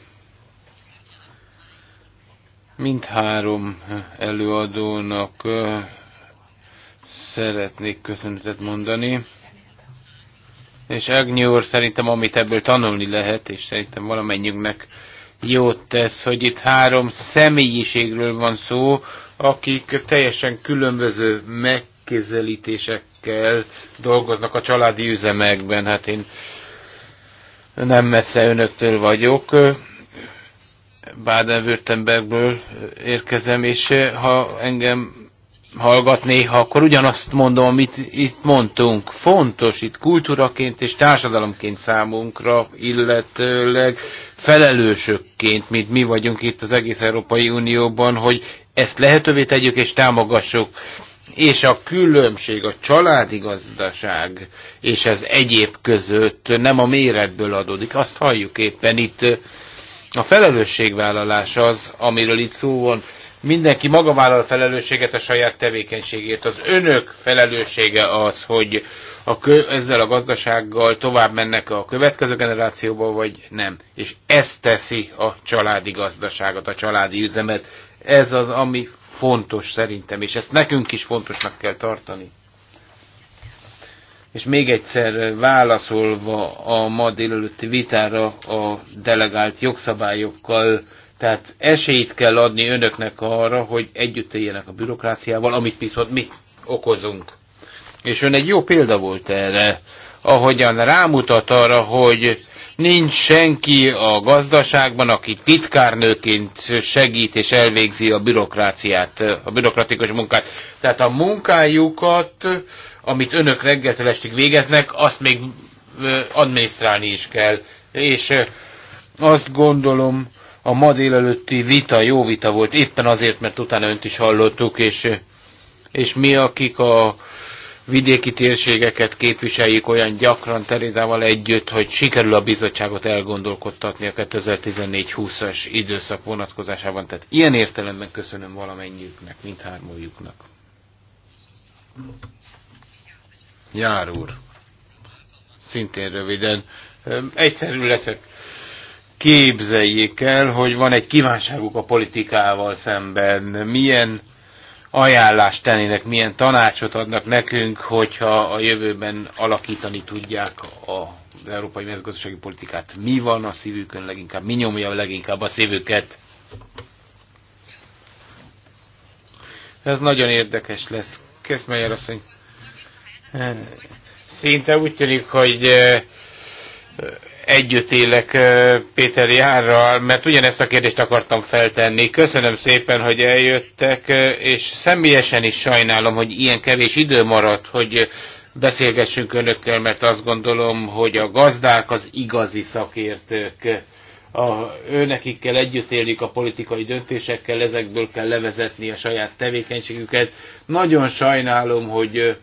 Mindhárom előadónak szeretnék köszönetet mondani. És Agnyúr szerintem, amit ebből tanulni lehet, és szerintem valamennyünknek jót tesz, hogy itt három személyiségről van szó, akik teljesen különböző megkezelítésekkel dolgoznak a családi üzemekben. Hát én nem messze önöktől vagyok, Baden-Württembergből érkezem, és eh, ha engem hallgatni, ha akkor ugyanazt mondom, amit itt mondtunk. Fontos itt kultúraként és társadalomként számunkra, illetőleg felelősökként, mint mi vagyunk itt az egész Európai Unióban, hogy ezt lehetővé tegyük és támogassuk. És a különbség a családi gazdaság és az egyéb között nem a méretből adódik. Azt halljuk éppen itt. A felelősségvállalás az, amiről itt szó van mindenki maga vállal felelősséget a saját tevékenységért. Az önök felelőssége az, hogy a kö, ezzel a gazdasággal tovább mennek a következő generációba, vagy nem. És ezt teszi a családi gazdaságot, a családi üzemet. Ez az, ami fontos szerintem, és ezt nekünk is fontosnak kell tartani. És még egyszer válaszolva a ma délelőtti vitára a delegált jogszabályokkal, tehát esélyt kell adni önöknek arra, hogy együtt éljenek a bürokráciával, amit viszont mi okozunk. És ön egy jó példa volt erre, ahogyan rámutat arra, hogy nincs senki a gazdaságban, aki titkárnőként segít és elvégzi a bürokráciát, a bürokratikus munkát. Tehát a munkájukat, amit önök reggeltől estig végeznek, azt még adminisztrálni is kell. És azt gondolom, a ma délelőtti vita jó vita volt, éppen azért, mert utána önt is hallottuk, és, és mi, akik a vidéki térségeket képviseljük olyan gyakran Terézával együtt, hogy sikerül a bizottságot elgondolkodtatni a 2014-20-as időszak vonatkozásában. Tehát ilyen értelemben köszönöm valamennyiüknek, mindhármójuknak. Jár úr, szintén röviden. Egyszerű leszek képzeljék el, hogy van egy kívánságuk a politikával szemben, milyen ajánlást tennének, milyen tanácsot adnak nekünk, hogyha a jövőben alakítani tudják az európai mezgazdasági politikát. Mi van a szívükön leginkább, mi nyomja leginkább a szívüket? Ez nagyon érdekes lesz. Keszmelyer asszony. Szinte úgy tűnik, hogy eh, együtt élek Péter Járral, mert ugyanezt a kérdést akartam feltenni. Köszönöm szépen, hogy eljöttek, és személyesen is sajnálom, hogy ilyen kevés idő maradt, hogy beszélgessünk önökkel, mert azt gondolom, hogy a gazdák az igazi szakértők. A, őnekik kell együtt élniük a politikai döntésekkel, ezekből kell levezetni a saját tevékenységüket. Nagyon sajnálom, hogy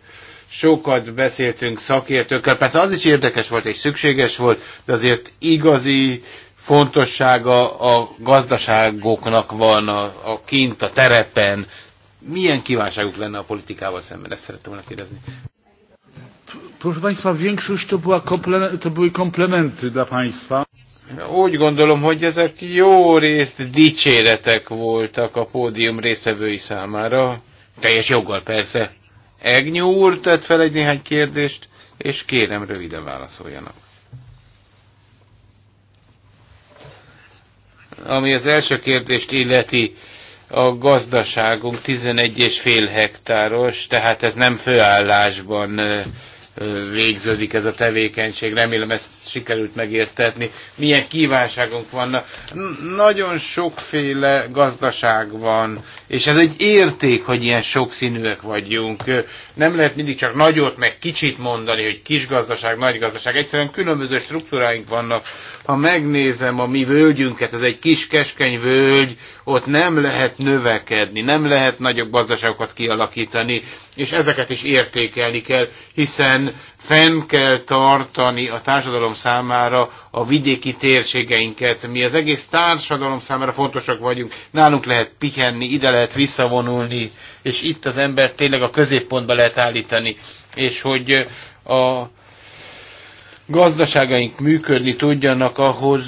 sokat beszéltünk szakértőkkel, persze az is érdekes volt és szükséges volt, de azért igazi fontossága a gazdaságoknak van a, a kint, a terepen. Milyen kívánságuk lenne a politikával szemben? Ezt szerettem volna kérdezni. Proszę Państwa, większość to, była to były komplementy dla Państwa. Úgy gondolom, hogy ezek jó részt dicséretek voltak a pódium résztvevői számára. Teljes joggal persze Egnyú úr tett fel egy néhány kérdést, és kérem röviden válaszoljanak. Ami az első kérdést illeti, a gazdaságunk 11,5 hektáros, tehát ez nem főállásban végződik ez a tevékenység. Remélem ezt sikerült megértetni. Milyen kívánságunk vannak. Nagyon sokféle gazdaság van, és ez egy érték, hogy ilyen sokszínűek vagyunk. Nem lehet mindig csak nagyot, meg kicsit mondani, hogy kis gazdaság, nagy gazdaság. Egyszerűen különböző struktúráink vannak. Ha megnézem a mi völgyünket, ez egy kis keskeny völgy, ott nem lehet növekedni, nem lehet nagyobb gazdaságokat kialakítani, és ezeket is értékelni kell, hiszen fenn kell tartani a társadalom számára a vidéki térségeinket. Mi az egész társadalom számára fontosak vagyunk, nálunk lehet pihenni, ide lehet visszavonulni, és itt az ember tényleg a középpontba lehet állítani, és hogy a gazdaságaink működni tudjanak, ahhoz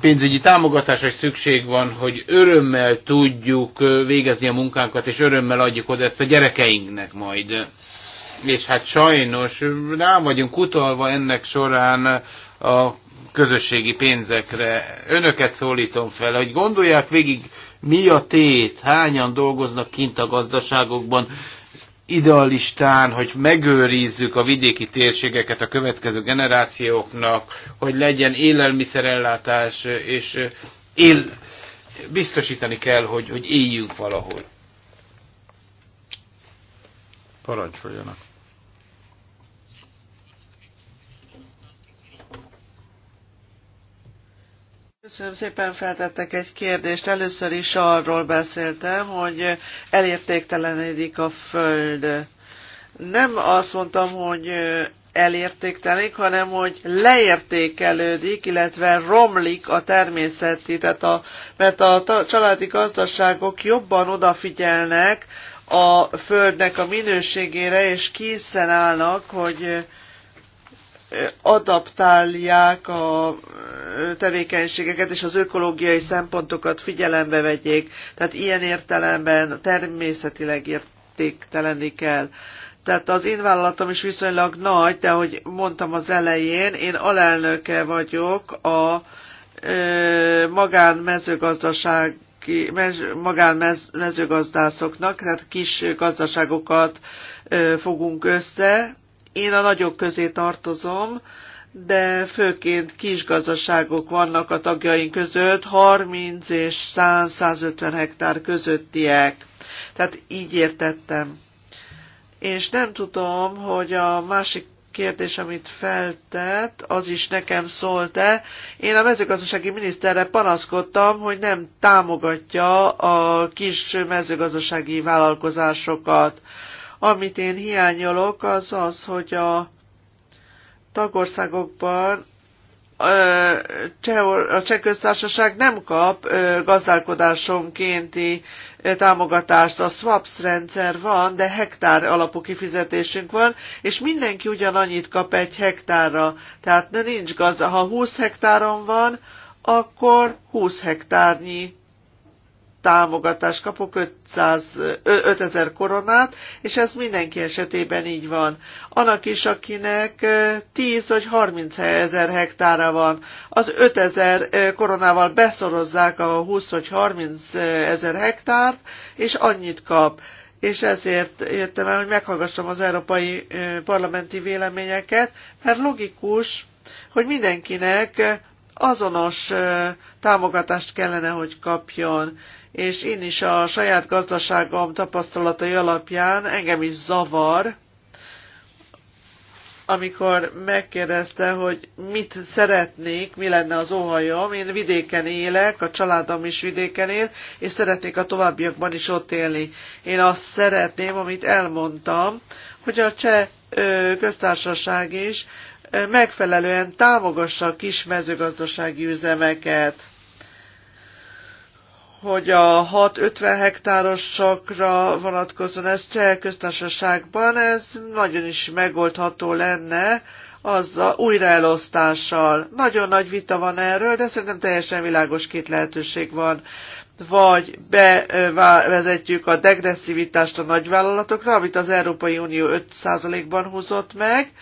pénzügyi támogatásra is szükség van, hogy örömmel tudjuk végezni a munkánkat, és örömmel adjuk oda ezt a gyerekeinknek majd. És hát sajnos rá vagyunk utalva ennek során a közösségi pénzekre. Önöket szólítom fel, hogy gondolják végig, mi a tét, hányan dolgoznak kint a gazdaságokban, idealistán, hogy megőrizzük a vidéki térségeket a következő generációknak, hogy legyen élelmiszerellátás, és eh, él, biztosítani kell, hogy, hogy éljünk valahol. Parancsoljanak. Köszönöm szépen, feltettek egy kérdést. Először is arról beszéltem, hogy elértéktelenedik a Föld. Nem azt mondtam, hogy elértéktelenik, hanem hogy leértékelődik, illetve romlik a természeti, tehát a, mert a családi gazdaságok jobban odafigyelnek a földnek a minőségére, és készen állnak, hogy adaptálják a tevékenységeket és az ökológiai szempontokat figyelembe vegyék. Tehát ilyen értelemben természetileg értéktelenni kell. Tehát az én vállalatom is viszonylag nagy, de ahogy mondtam az elején, én alelnöke vagyok a magánmezőgazdaság magánmezőgazdászoknak, tehát kis gazdaságokat fogunk össze, én a nagyok közé tartozom, de főként kis gazdaságok vannak a tagjaink között, 30 és 100-150 hektár közöttiek. Tehát így értettem. És nem tudom, hogy a másik kérdés, amit feltett, az is nekem szólt-e. Én a mezőgazdasági miniszterre panaszkodtam, hogy nem támogatja a kis mezőgazdasági vállalkozásokat. Amit én hiányolok, az az, hogy a tagországokban a cseh köztársaság nem kap gazdálkodásonkénti támogatást. A swaps rendszer van, de hektár alapú kifizetésünk van, és mindenki ugyanannyit kap egy hektárra. Tehát nincs gazda. Ha 20 hektáron van, akkor 20 hektárnyi támogatást kapok 500, 5000 koronát, és ez mindenki esetében így van. Annak is, akinek 10 vagy 30 ezer hektára van, az 5000 koronával beszorozzák a 20 vagy 30 ezer hektárt, és annyit kap és ezért jöttem el, hogy meghallgassam az európai parlamenti véleményeket, mert logikus, hogy mindenkinek azonos támogatást kellene, hogy kapjon és én is a saját gazdaságom tapasztalatai alapján engem is zavar, amikor megkérdezte, hogy mit szeretnék, mi lenne az óhajom, én vidéken élek, a családom is vidéken él, és szeretnék a továbbiakban is ott élni. Én azt szeretném, amit elmondtam, hogy a cseh köztársaság is megfelelően támogassa a kis mezőgazdasági üzemeket hogy a 6-50 hektáros csakra vonatkozóan ez cseh köztársaságban, ez nagyon is megoldható lenne az újraelosztással. Nagyon nagy vita van erről, de szerintem teljesen világos két lehetőség van vagy bevezetjük a degresszivitást a nagyvállalatokra, amit az Európai Unió 5%-ban húzott meg,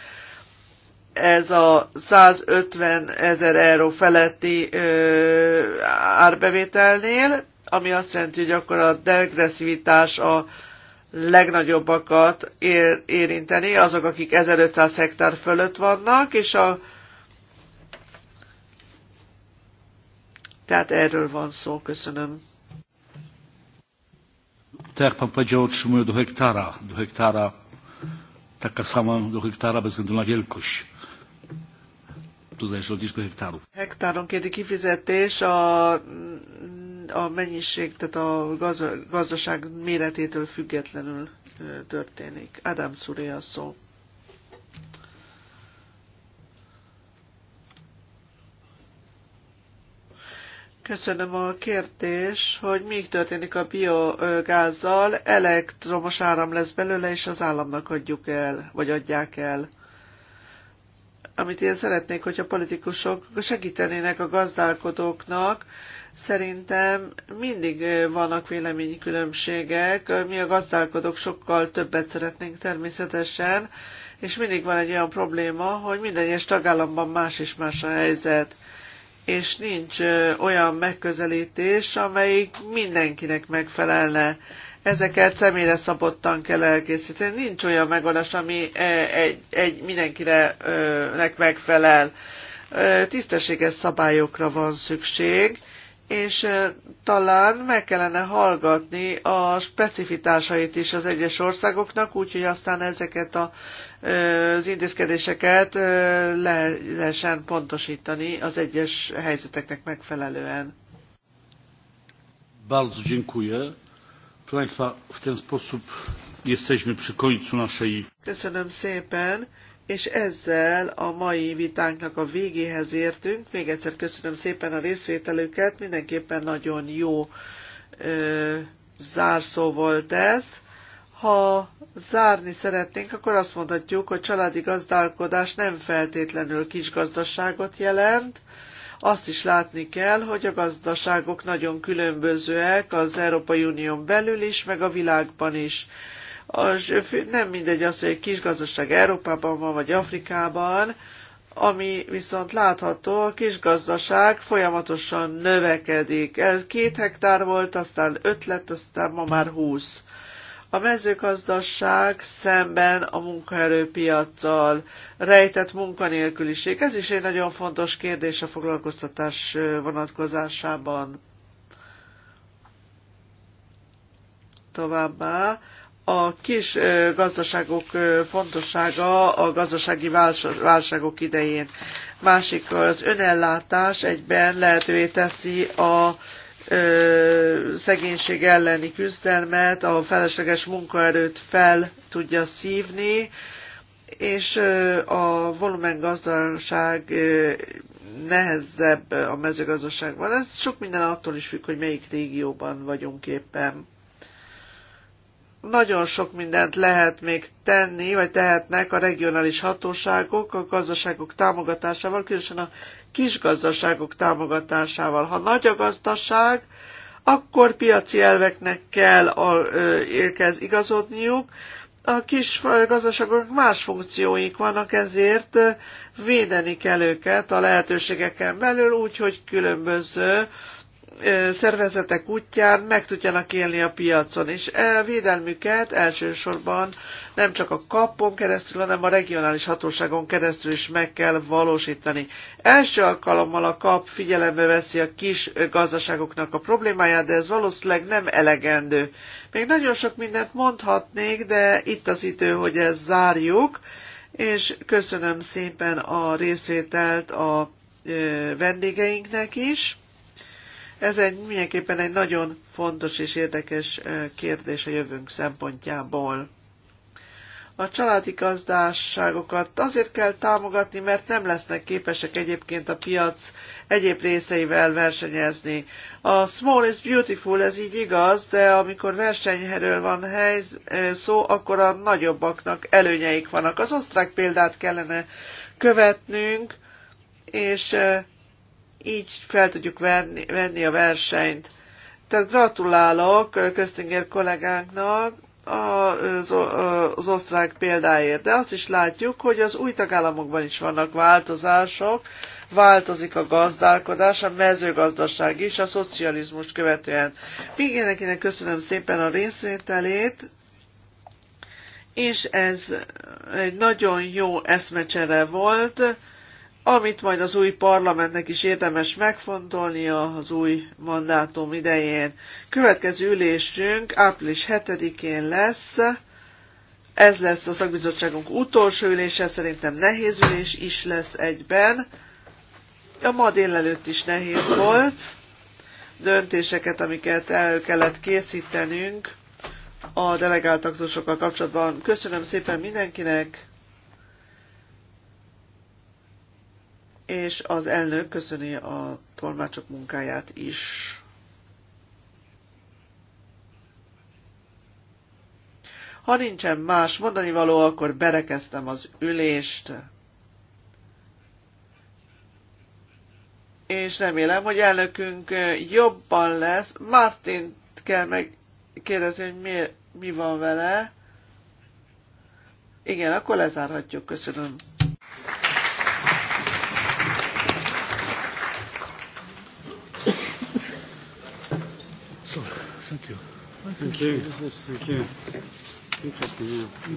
ez a 150 ezer euró feletti ö, árbevételnél, ami azt jelenti, hogy akkor a degresszivitás a legnagyobbakat ér, érinteni, azok, akik 1500 hektár fölött vannak, és a Tehát erről van szó, köszönöm. Tak jak pan powiedział, otrzymują do hektara. Do hektara taka sama, do hektara bez względu tudásról is Hektáron Hektáronkénti kifizetés a, a mennyiség, tehát a gaz, gazdaság méretétől függetlenül történik. Ádám Szuré a szó. Köszönöm a kérdés, hogy mi történik a biogázzal, elektromos áram lesz belőle, és az államnak adjuk el, vagy adják el amit én szeretnék, hogy a politikusok segítenének a gazdálkodóknak, Szerintem mindig vannak véleménykülönbségek. Mi a gazdálkodók sokkal többet szeretnénk természetesen, és mindig van egy olyan probléma, hogy minden egyes tagállamban más és más a helyzet, és nincs olyan megközelítés, amelyik mindenkinek megfelelne ezeket személyre szabottan kell elkészíteni. Nincs olyan megoldás, ami e, egy, egy mindenkinek megfelel. E, tisztességes szabályokra van szükség, és e, talán meg kellene hallgatni a specifitásait is az egyes országoknak, úgyhogy aztán ezeket a, az intézkedéseket lehessen pontosítani az egyes helyzeteknek megfelelően. Bardzo dziękuję. Köszönöm szépen, és ezzel a mai vitánknak a végéhez értünk. Még egyszer köszönöm szépen a részvételüket, mindenképpen nagyon jó ö, zárszó volt ez. Ha zárni szeretnénk, akkor azt mondhatjuk, hogy családi gazdálkodás nem feltétlenül kis gazdaságot jelent, azt is látni kell, hogy a gazdaságok nagyon különbözőek az Európai Unión belül is, meg a világban is. Az, nem mindegy az, hogy egy kis gazdaság Európában van, vagy Afrikában, ami viszont látható, a kis gazdaság folyamatosan növekedik. El Két hektár volt, aztán öt lett, aztán ma már húsz. A mezőgazdaság szemben a munkaerőpiacsal, rejtett munkanélküliség, ez is egy nagyon fontos kérdés a foglalkoztatás vonatkozásában. Továbbá a kis gazdaságok fontossága a gazdasági válságok idején. Másik az önellátás egyben lehetővé teszi a szegénység elleni küzdelmet, a felesleges munkaerőt fel tudja szívni, és a volumengazdaság nehezebb a mezőgazdaságban. Ez sok minden attól is függ, hogy melyik régióban vagyunk éppen. Nagyon sok mindent lehet még tenni, vagy tehetnek a regionális hatóságok a gazdaságok támogatásával, különösen a kis gazdaságok támogatásával. Ha nagy a gazdaság, akkor piaci elveknek kell a, kell igazodniuk. A kis gazdaságok más funkcióik vannak, ezért védeni kell őket a lehetőségeken belül, úgyhogy különböző szervezetek útján meg tudjanak élni a piacon, és a e, védelmüket elsősorban nem csak a kapon keresztül, hanem a regionális hatóságon keresztül is meg kell valósítani. Első alkalommal a kap figyelembe veszi a kis gazdaságoknak a problémáját, de ez valószínűleg nem elegendő. Még nagyon sok mindent mondhatnék, de itt az idő, hogy ezt zárjuk, és köszönöm szépen a részvételt a vendégeinknek is ez egy, mindenképpen egy nagyon fontos és érdekes kérdés a jövőnk szempontjából. A családi gazdásságokat azért kell támogatni, mert nem lesznek képesek egyébként a piac egyéb részeivel versenyezni. A small is beautiful, ez így igaz, de amikor versenyherről van hely, szó, akkor a nagyobbaknak előnyeik vannak. Az osztrák példát kellene követnünk, és így fel tudjuk venni, venni a versenyt. Tehát gratulálok Köztinger kollégánknak az, az osztrák példáért, de azt is látjuk, hogy az új tagállamokban is vannak változások, változik a gazdálkodás, a mezőgazdaság is, a szocializmust követően. Mindenkinek köszönöm szépen a részvételét, és ez egy nagyon jó eszmecsere volt amit majd az új parlamentnek is érdemes megfontolnia az új mandátum idején. Következő ülésünk április 7-én lesz. Ez lesz a szakbizottságunk utolsó ülése, szerintem nehéz ülés is lesz egyben. A ma délelőtt is nehéz volt. Döntéseket, amiket el kellett készítenünk a delegált aktusokkal kapcsolatban. Köszönöm szépen mindenkinek! és az elnök köszöni a tolmácsok munkáját is. Ha nincsen más mondani való, akkor berekeztem az ülést. És remélem, hogy elnökünk jobban lesz. Martin kell megkérdezni, hogy mi, mi van vele. Igen, akkor lezárhatjuk. Köszönöm. Thank you. Thank you. Interesting, yeah.